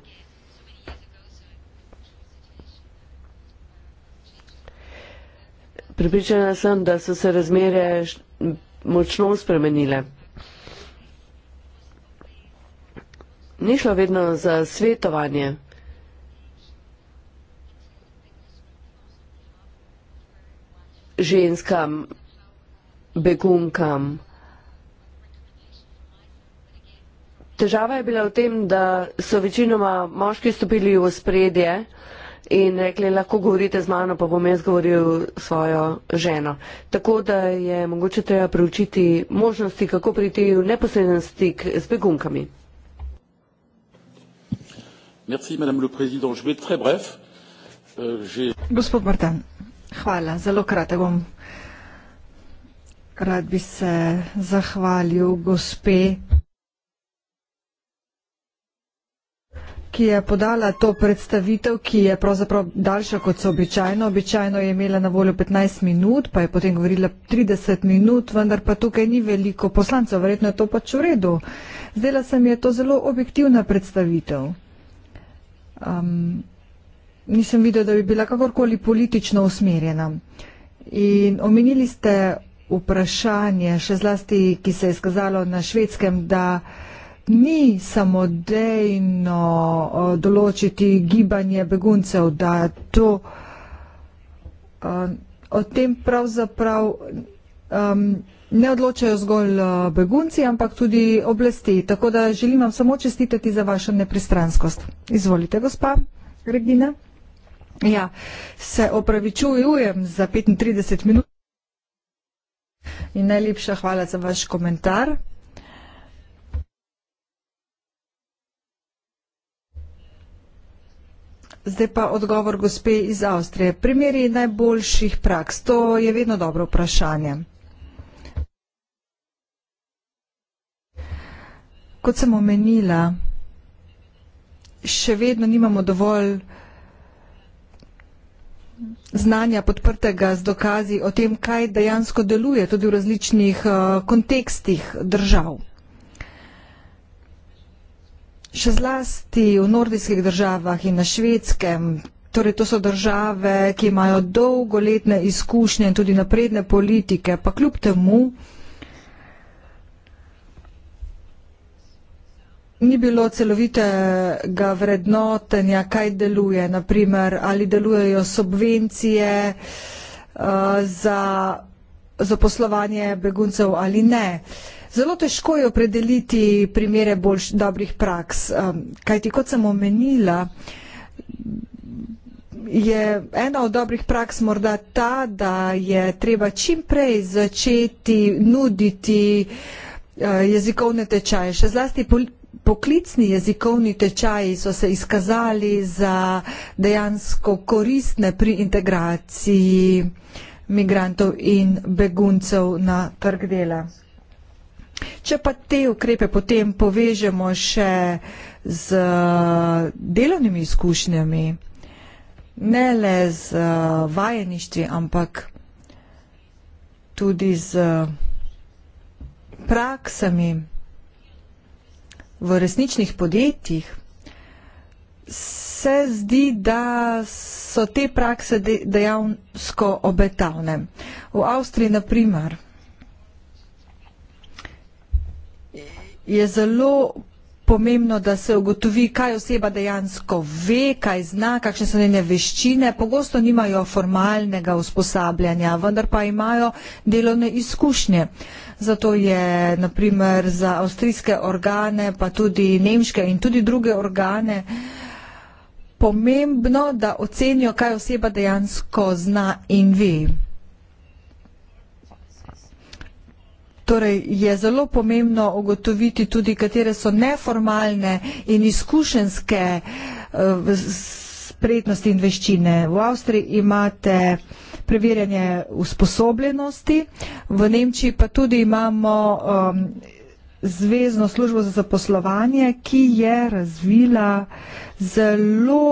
Pripričana sem, da so se razmere močno spremenile. ni šlo vedno za svetovanje. ženskam, begunkam. Težava je bila v tem, da so večinoma moški stopili v spredje in rekli, lahko govorite z mano, pa bom jaz govoril svojo ženo. Tako da je mogoče treba preučiti možnosti, kako priti v neposreden stik z begunkami. Euh, Gospod Martin, hvala, zelo kratek bom. Rad bi se zahvalil gospe, ki je podala to predstavitev, ki je pravzaprav daljša kot so običajno. Običajno je imela na voljo 15 minut, pa je potem govorila 30 minut, vendar pa tukaj ni veliko poslancev, verjetno je to pač v redu. Zdela se mi je to zelo objektivna predstavitev um, nisem videl, da bi bila kakorkoli politično usmerjena. In omenili ste vprašanje, še zlasti, ki se je skazalo na švedskem, da ni samodejno eh, določiti gibanje beguncev, da to um, o tem pravzaprav. Um, ne odločajo zgolj eh, begunci, ampak tudi oblasti. Tako da želim vam samo čestitati za vašo nepristranskost. Izvolite, gospa Regina. Ja, se opravičujem za 35 minut. In najlepša hvala za vaš komentar. Zdaj pa odgovor gospe iz Avstrije. Primeri najboljših praks. To je vedno dobro vprašanje. Kot sem omenila, še vedno nimamo dovolj znanja podprtega z dokazi o tem, kaj dejansko deluje tudi v različnih uh, kontekstih držav. Še zlasti v nordijskih državah in na švedskem, torej to so države, ki imajo dolgoletne izkušnje in tudi napredne politike, pa kljub temu, ni bilo celovitega vrednotenja, kaj deluje, naprimer, ali delujejo subvencije eh, za zaposlovanje beguncev ali ne. Zelo težko je opredeliti primere boljš dobrih praks, eh, kajti kot sem omenila, je ena od dobrih praks morda ta, da je treba čimprej začeti nuditi eh, jezikovne tečaje, še zlasti politične poklicni jezikovni tečaji so se izkazali za dejansko koristne pri integraciji migrantov in beguncev na trg dela. Če pa te ukrepe potem povežemo še z delovnimi izkušnjami, ne le z eh, vajeništvi, ampak tudi z praksami, v resničnih podjetjih, se zdi, da so te prakse dejansko obetavne. V Avstriji, na primer, je zelo pomembno, da se ugotovi, kaj oseba dejansko ve, kaj zna, kakšne so njene veščine. Pogosto nimajo formalnega usposabljanja, vendar pa imajo delovne izkušnje. Zato je naprimer za avstrijske organe, pa tudi nemške in tudi druge organe pomembno, da ocenijo, kaj oseba dejansko zna in ve. Torej je zelo pomembno ugotoviti tudi, katere so neformalne in izkušenske eh, prednosti in veščine. V Avstriji imate preverjanje usposobljenosti, v Nemčiji pa tudi imamo um, eh, zvezno službo za zaposlovanje, ki je razvila zelo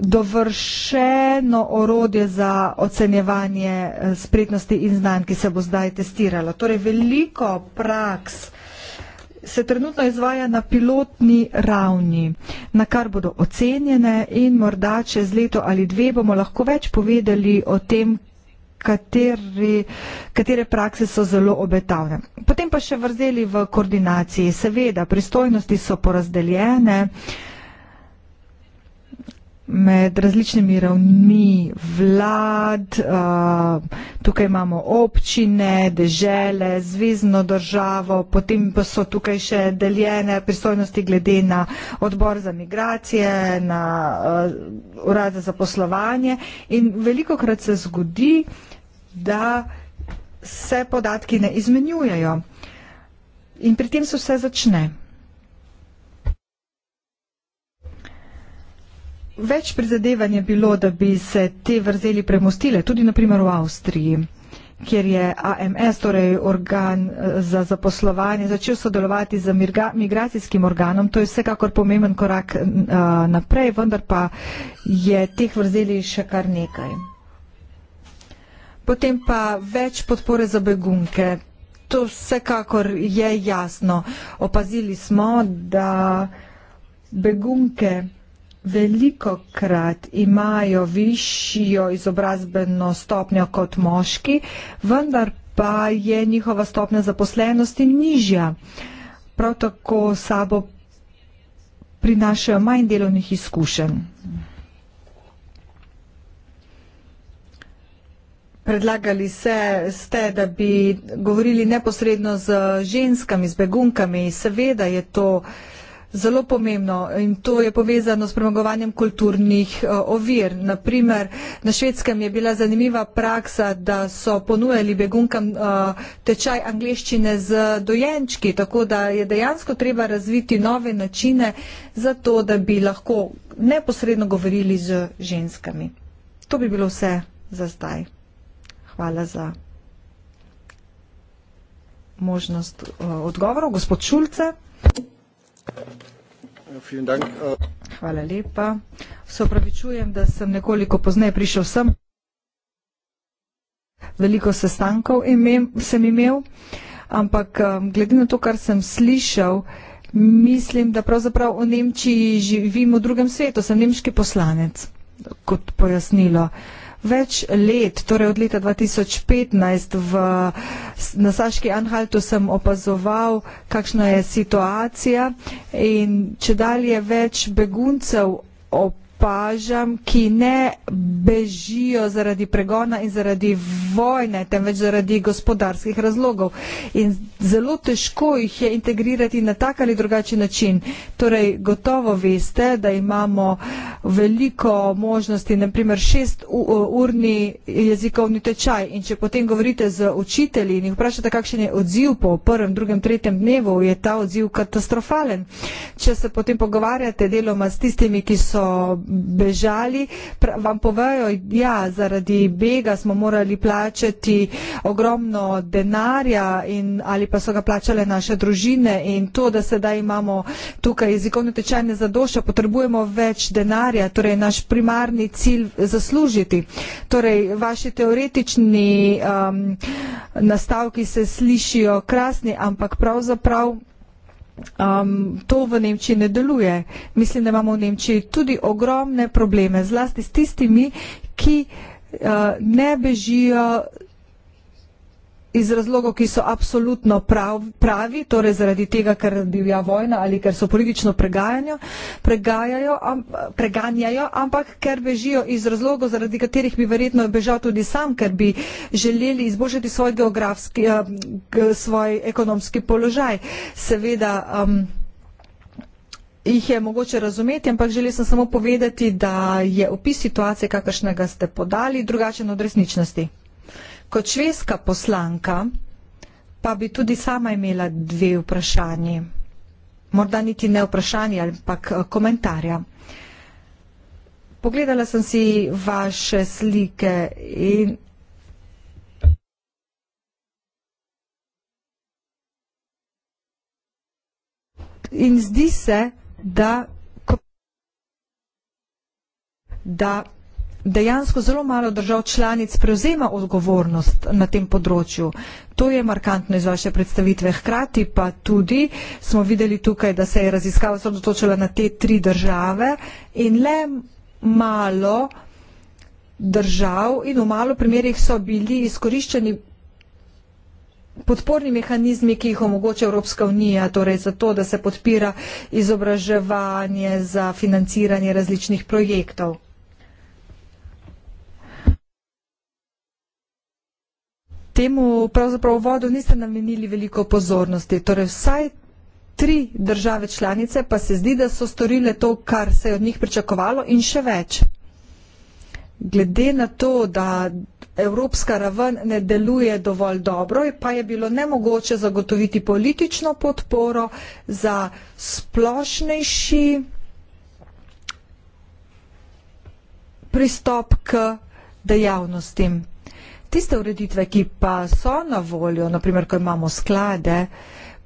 dovršeno orodje za ocenjevanje eh, spretnosti in znanj, ki se bo zdaj testiralo. Torej, veliko praks se trenutno izvaja na pilotni ravni, na kar bodo ocenjene in morda čez leto ali dve bomo lahko več povedali o tem, Kateri, katere prakse so zelo obetavne. Potem pa še vrzeli v koordinaciji. Seveda, pristojnosti so porazdeljene, uh, med različnimi ravnmi vlad, tukaj imamo občine, dežele, zvezno državo, potem pa so tukaj še deljene pristojnosti glede na odbor za migracije, na urad za poslovanje in veliko krat se zgodi, da se podatki ne izmenjujejo. In pri tem se vse začne. Več prizadevanj je bilo, da bi se te vrzeli premostile, tudi naprimer v Avstriji, kjer je AMS, torej organ eh, za zaposlovanje, začel sodelovati z migracijskim organom. To je vsekakor pomemben korak eh, naprej, vendar pa je teh vrzeli še kar nekaj. Potem pa več podpore za begunke. To vsekakor je jasno. Opazili smo, da begunke veliko krat imajo višjo izobrazbeno stopnjo kot moški, vendar pa je njihova stopnja zaposlenosti nižja. Prav tako sabo prinašajo manj delovnih izkušenj. Predlagali se, ste, da bi govorili neposredno z ženskami, z begunkami. Seveda je to uh, zelo pomembno in to je povezano s premagovanjem kulturnih eh, ovir. Naprimer, na švedskem je bila zanimiva praksa, da so ponujali begunkam eh, tečaj angliščine z dojenčki, tako da je dejansko treba razviti nove načine za to, da bi lahko neposredno govorili z ženskami. To bi bilo vse za zdaj. Hvala za možnost eh, odgovorov. Gospod Šulce. Ja, Hvala lepa. Se opravičujem, da sem nekoliko pozneje prišel sem. Veliko sestankov imem, sem imel, ampak um, glede na to, kar sem slišal, mislim, da pravzaprav v Nemčiji živim v drugem svetu. Sem nemški poslanec, kot pojasnilo več let, torej od leta 2015 v, na Saški Anhaltu sem opazoval, kakšna je situacija in če dalje več beguncev opazoval, opažam, ki ne bežijo zaradi pregona in zaradi vojne, temveč zaradi gospodarskih razlogov. In zelo težko jih je integrirati na tak ali drugačen način. Torej, gotovo veste, da imamo veliko možnosti, naprimer šest urni jezikovni tečaj. In če potem govorite z učitelji in jih vprašate, kakšen je odziv po prvem, drugem, tretjem dnevu, je ta odziv katastrofalen. Če se potem pogovarjate deloma s tistimi, ki so bežali, vam povejo, ja, zaradi bega smo morali plačati ogromno denarja in, ali pa so ga plačale naše družine in to, da sedaj imamo tukaj jezikovne tečajne zadošče, potrebujemo več denarja, torej naš primarni cilj zaslužiti. Torej, vaši teoretični um, nastavki se slišijo krasni, ampak pravzaprav prav Um, to v Nemčiji ne deluje. Mislim, da imamo v Nemčiji tudi ogromne probleme, zlasti s tistimi, ki uh, ne bežijo iz razlogov, ki so apsolutno pravi, torej zaradi tega, ker divja vojna ali ker so politično pregajanja, am, preganjajo, ampak ker bežijo iz razlogov, zaradi katerih bi verjetno bežal tudi sam, ker bi želeli izboljšati svoj geografski, eh, svoj ekonomski položaj. Seveda, um, jih je mogoče razumeti, ampak želel sem samo povedati, da je opis situacije, kakršnega ste podali, drugačen od resničnosti. Kot švedska poslanka pa bi tudi sama imela dve vprašanji. Morda niti ne vprašanje, ampak eh, komentarja. Pogledala sem si vaše slike in in zdi se, da da dejansko zelo malo držav članic prevzema odgovornost na tem področju. To je markantno iz vaše predstavitve. Hkrati pa tudi smo videli tukaj, da se je raziskava sredotočila na te tri države in le malo držav in v malo primerjih so bili izkoriščeni podporni mehanizmi, ki jih omogoča Evropska unija, torej za to, da se podpira izobraževanje za financiranje različnih projektov. temu pravzaprav vodu niste namenili veliko pozornosti. Torej vsaj tri države članice pa se zdi, da so storile to, kar se je od njih pričakovalo in še več. Glede na to, da evropska raven ne deluje dovolj dobro, pa je bilo nemogoče zagotoviti politično podporo za splošnejši pristop k dejavnostim, Tiste ureditve, ki pa so na voljo, naprimer, ko imamo sklade,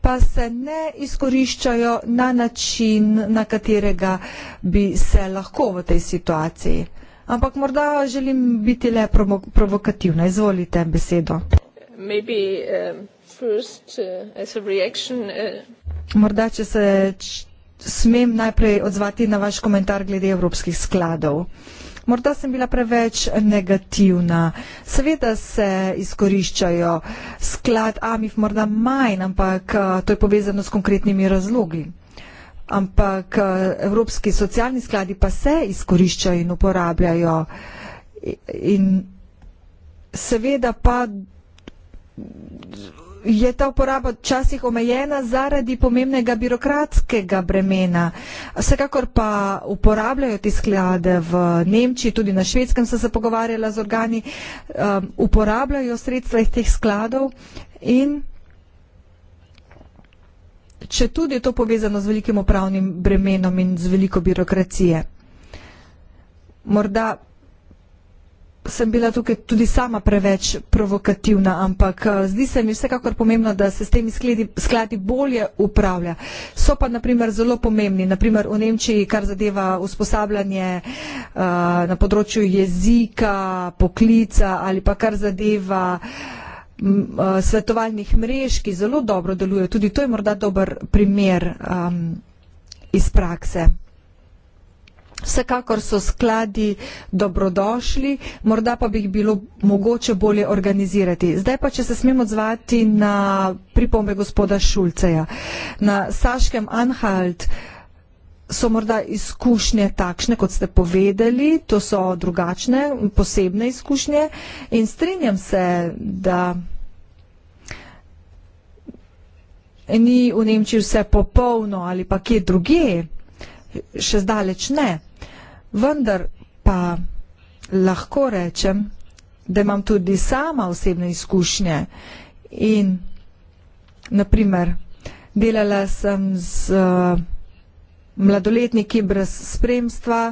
pa se ne izkoriščajo na način, na katerega bi se lahko v tej situaciji. Ampak morda želim biti le provo provokativna. Izvolite besedo. Maybe, um, first, uh, reaction, uh... Morda, če se smem najprej odzvati na vaš komentar glede evropskih skladov. Uh, Morda sem bila preveč negativna. Seveda se izkoriščajo sklad AMIF morda manj, ampak eh, to je povezano s konkretnimi razlogi. Ampak eh, evropski socialni skladi pa se izkoriščajo in uporabljajo. In seveda pa je ta uporaba včasih omejena zaradi pomembnega birokratskega bremena. Vsekakor pa uporabljajo te sklade v Nemčiji, tudi na švedskem sem se pogovarjala z organi, um, uporabljajo sredstva iz teh skladov in če tudi je to povezano z velikim upravnim bremenom in z veliko birokracije. Morda sem bila tukaj tudi sama preveč provokativna, ampak eh, zdi se mi vsekakor pomembno, da se s temi skledi, skladi bolje upravlja. So pa naprimer zelo pomembni, naprimer v Nemčiji, kar zadeva usposabljanje uh, na področju jezika, poklica ali pa kar zadeva eh, svetovalnih mrež, ki zelo dobro delujejo. Tudi to je morda dober primer um, iz prakse. Vsekakor so skladi dobrodošli, morda pa bi jih bilo mogoče bolje organizirati. Zdaj pa, če se smemo odzvati na pripombe gospoda Šulceja. Na Saškem Anhalt so morda izkušnje takšne, kot ste povedali, to so drugačne, posebne izkušnje in strinjam se, da ni v Nemčiji vse popolno ali pa kje druge, še zdaleč ne. Vendar pa lahko rečem, da imam tudi sama osebne izkušnje in naprimer delala sem z eh, mladoletniki brez spremstva.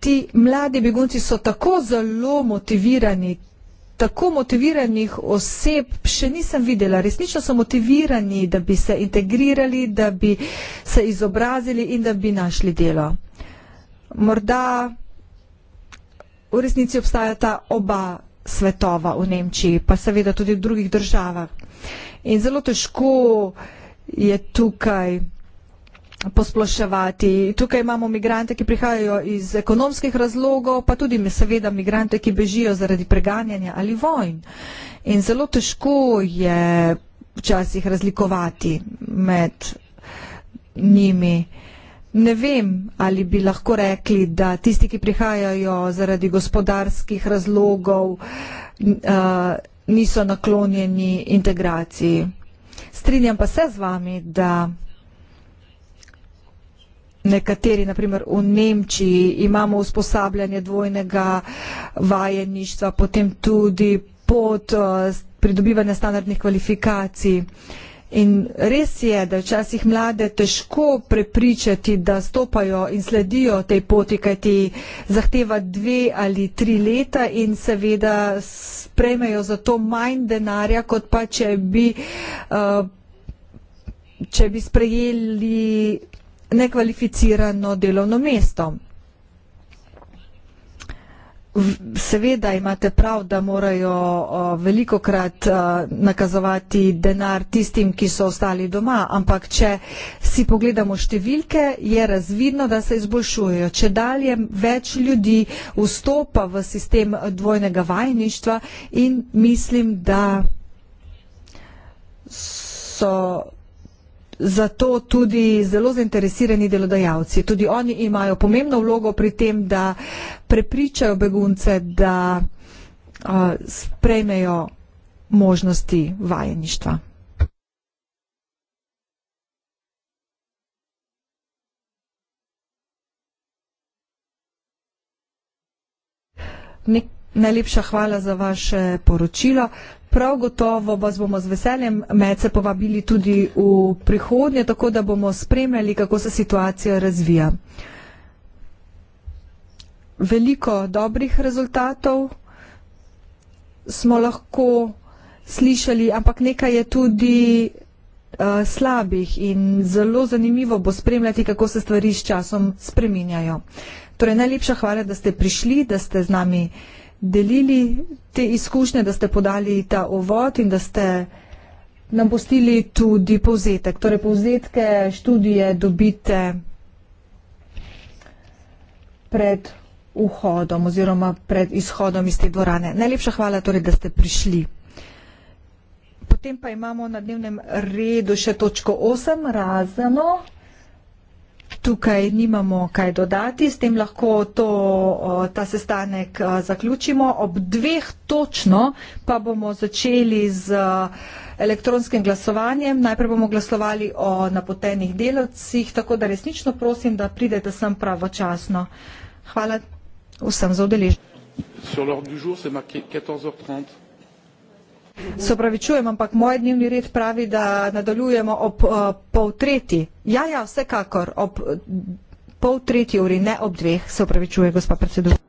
Ti mladi begunci so tako zelo motivirani, tako motiviranih oseb še nisem videla. Resnično so motivirani, da bi se integrirali, da bi se izobrazili in da bi našli delo morda v resnici obstajata oba svetova v Nemčiji, pa seveda tudi v drugih državah. In zelo težko je tukaj posploševati. Tukaj imamo migrante, ki prihajajo iz ekonomskih razlogov, pa tudi seveda migrante, ki bežijo zaradi preganjanja ali vojn. In zelo težko je včasih razlikovati med njimi. Uh, Ne vem, ali bi lahko rekli, da tisti, ki prihajajo zaradi gospodarskih razlogov, niso naklonjeni integraciji. Strinjam pa se z vami, da nekateri, naprimer v Nemčiji, imamo usposabljanje dvojnega vajeništva, potem tudi pod pridobivanje standardnih kvalifikacij. In res je, da včasih mlade težko prepričati, da stopajo in sledijo tej poti, kaj ti zahteva dve ali tri leta in seveda sprejmejo za to manj denarja, kot pa če bi, uh, če bi sprejeli nekvalificirano delovno mesto. Seveda imate prav, da morajo veliko krat nakazovati denar tistim, ki so ostali doma, ampak če si pogledamo številke, je razvidno, da se izboljšujejo. Če dalje več ljudi vstopa v sistem dvojnega vajništva in mislim, da so zato tudi zelo zainteresirani delodajalci. Tudi oni imajo pomembno vlogo pri tem, da prepričajo begunce, da uh, sprejmejo možnosti vajeništva. Najlepša hvala za vaše poročilo. Prav gotovo vas bomo z veseljem med se povabili tudi v prihodnje, tako da bomo spremljali, kako se situacija razvija. Veliko dobrih rezultatov smo lahko slišali, ampak nekaj je tudi uh, slabih in zelo zanimivo bo spremljati, kako se stvari s časom spreminjajo. Torej, najlepša hvala, da ste prišli, da ste z nami. Uh, delili te izkušnje, da ste podali ta ovod in da ste nam postili tudi povzetek. Torej, povzetke študije dobite pred vhodom oziroma pred izhodom iz te dvorane. Najlepša hvala torej, da ste prišli. Potem pa imamo na dnevnem redu še točko 8, razano tukaj nimamo kaj dodati, s tem lahko to, ta sestanek zaključimo. Ob dveh točno pa bomo začeli z elektronskim glasovanjem. Najprej bomo glasovali o napotenih delavcih, tako da resnično prosim, da pridete sem pravočasno. Hvala vsem za odeležbo. Sur l'ordre du jour, c'est marqué 14h30. Se opravičujem, ampak moj dnevni red pravi, da nadaljujemo ob uh, pol tretji. Ja, ja, vsekakor ob uh, pol tretji uri, ne ob dveh, se opravičuje, gospa predsedujoča.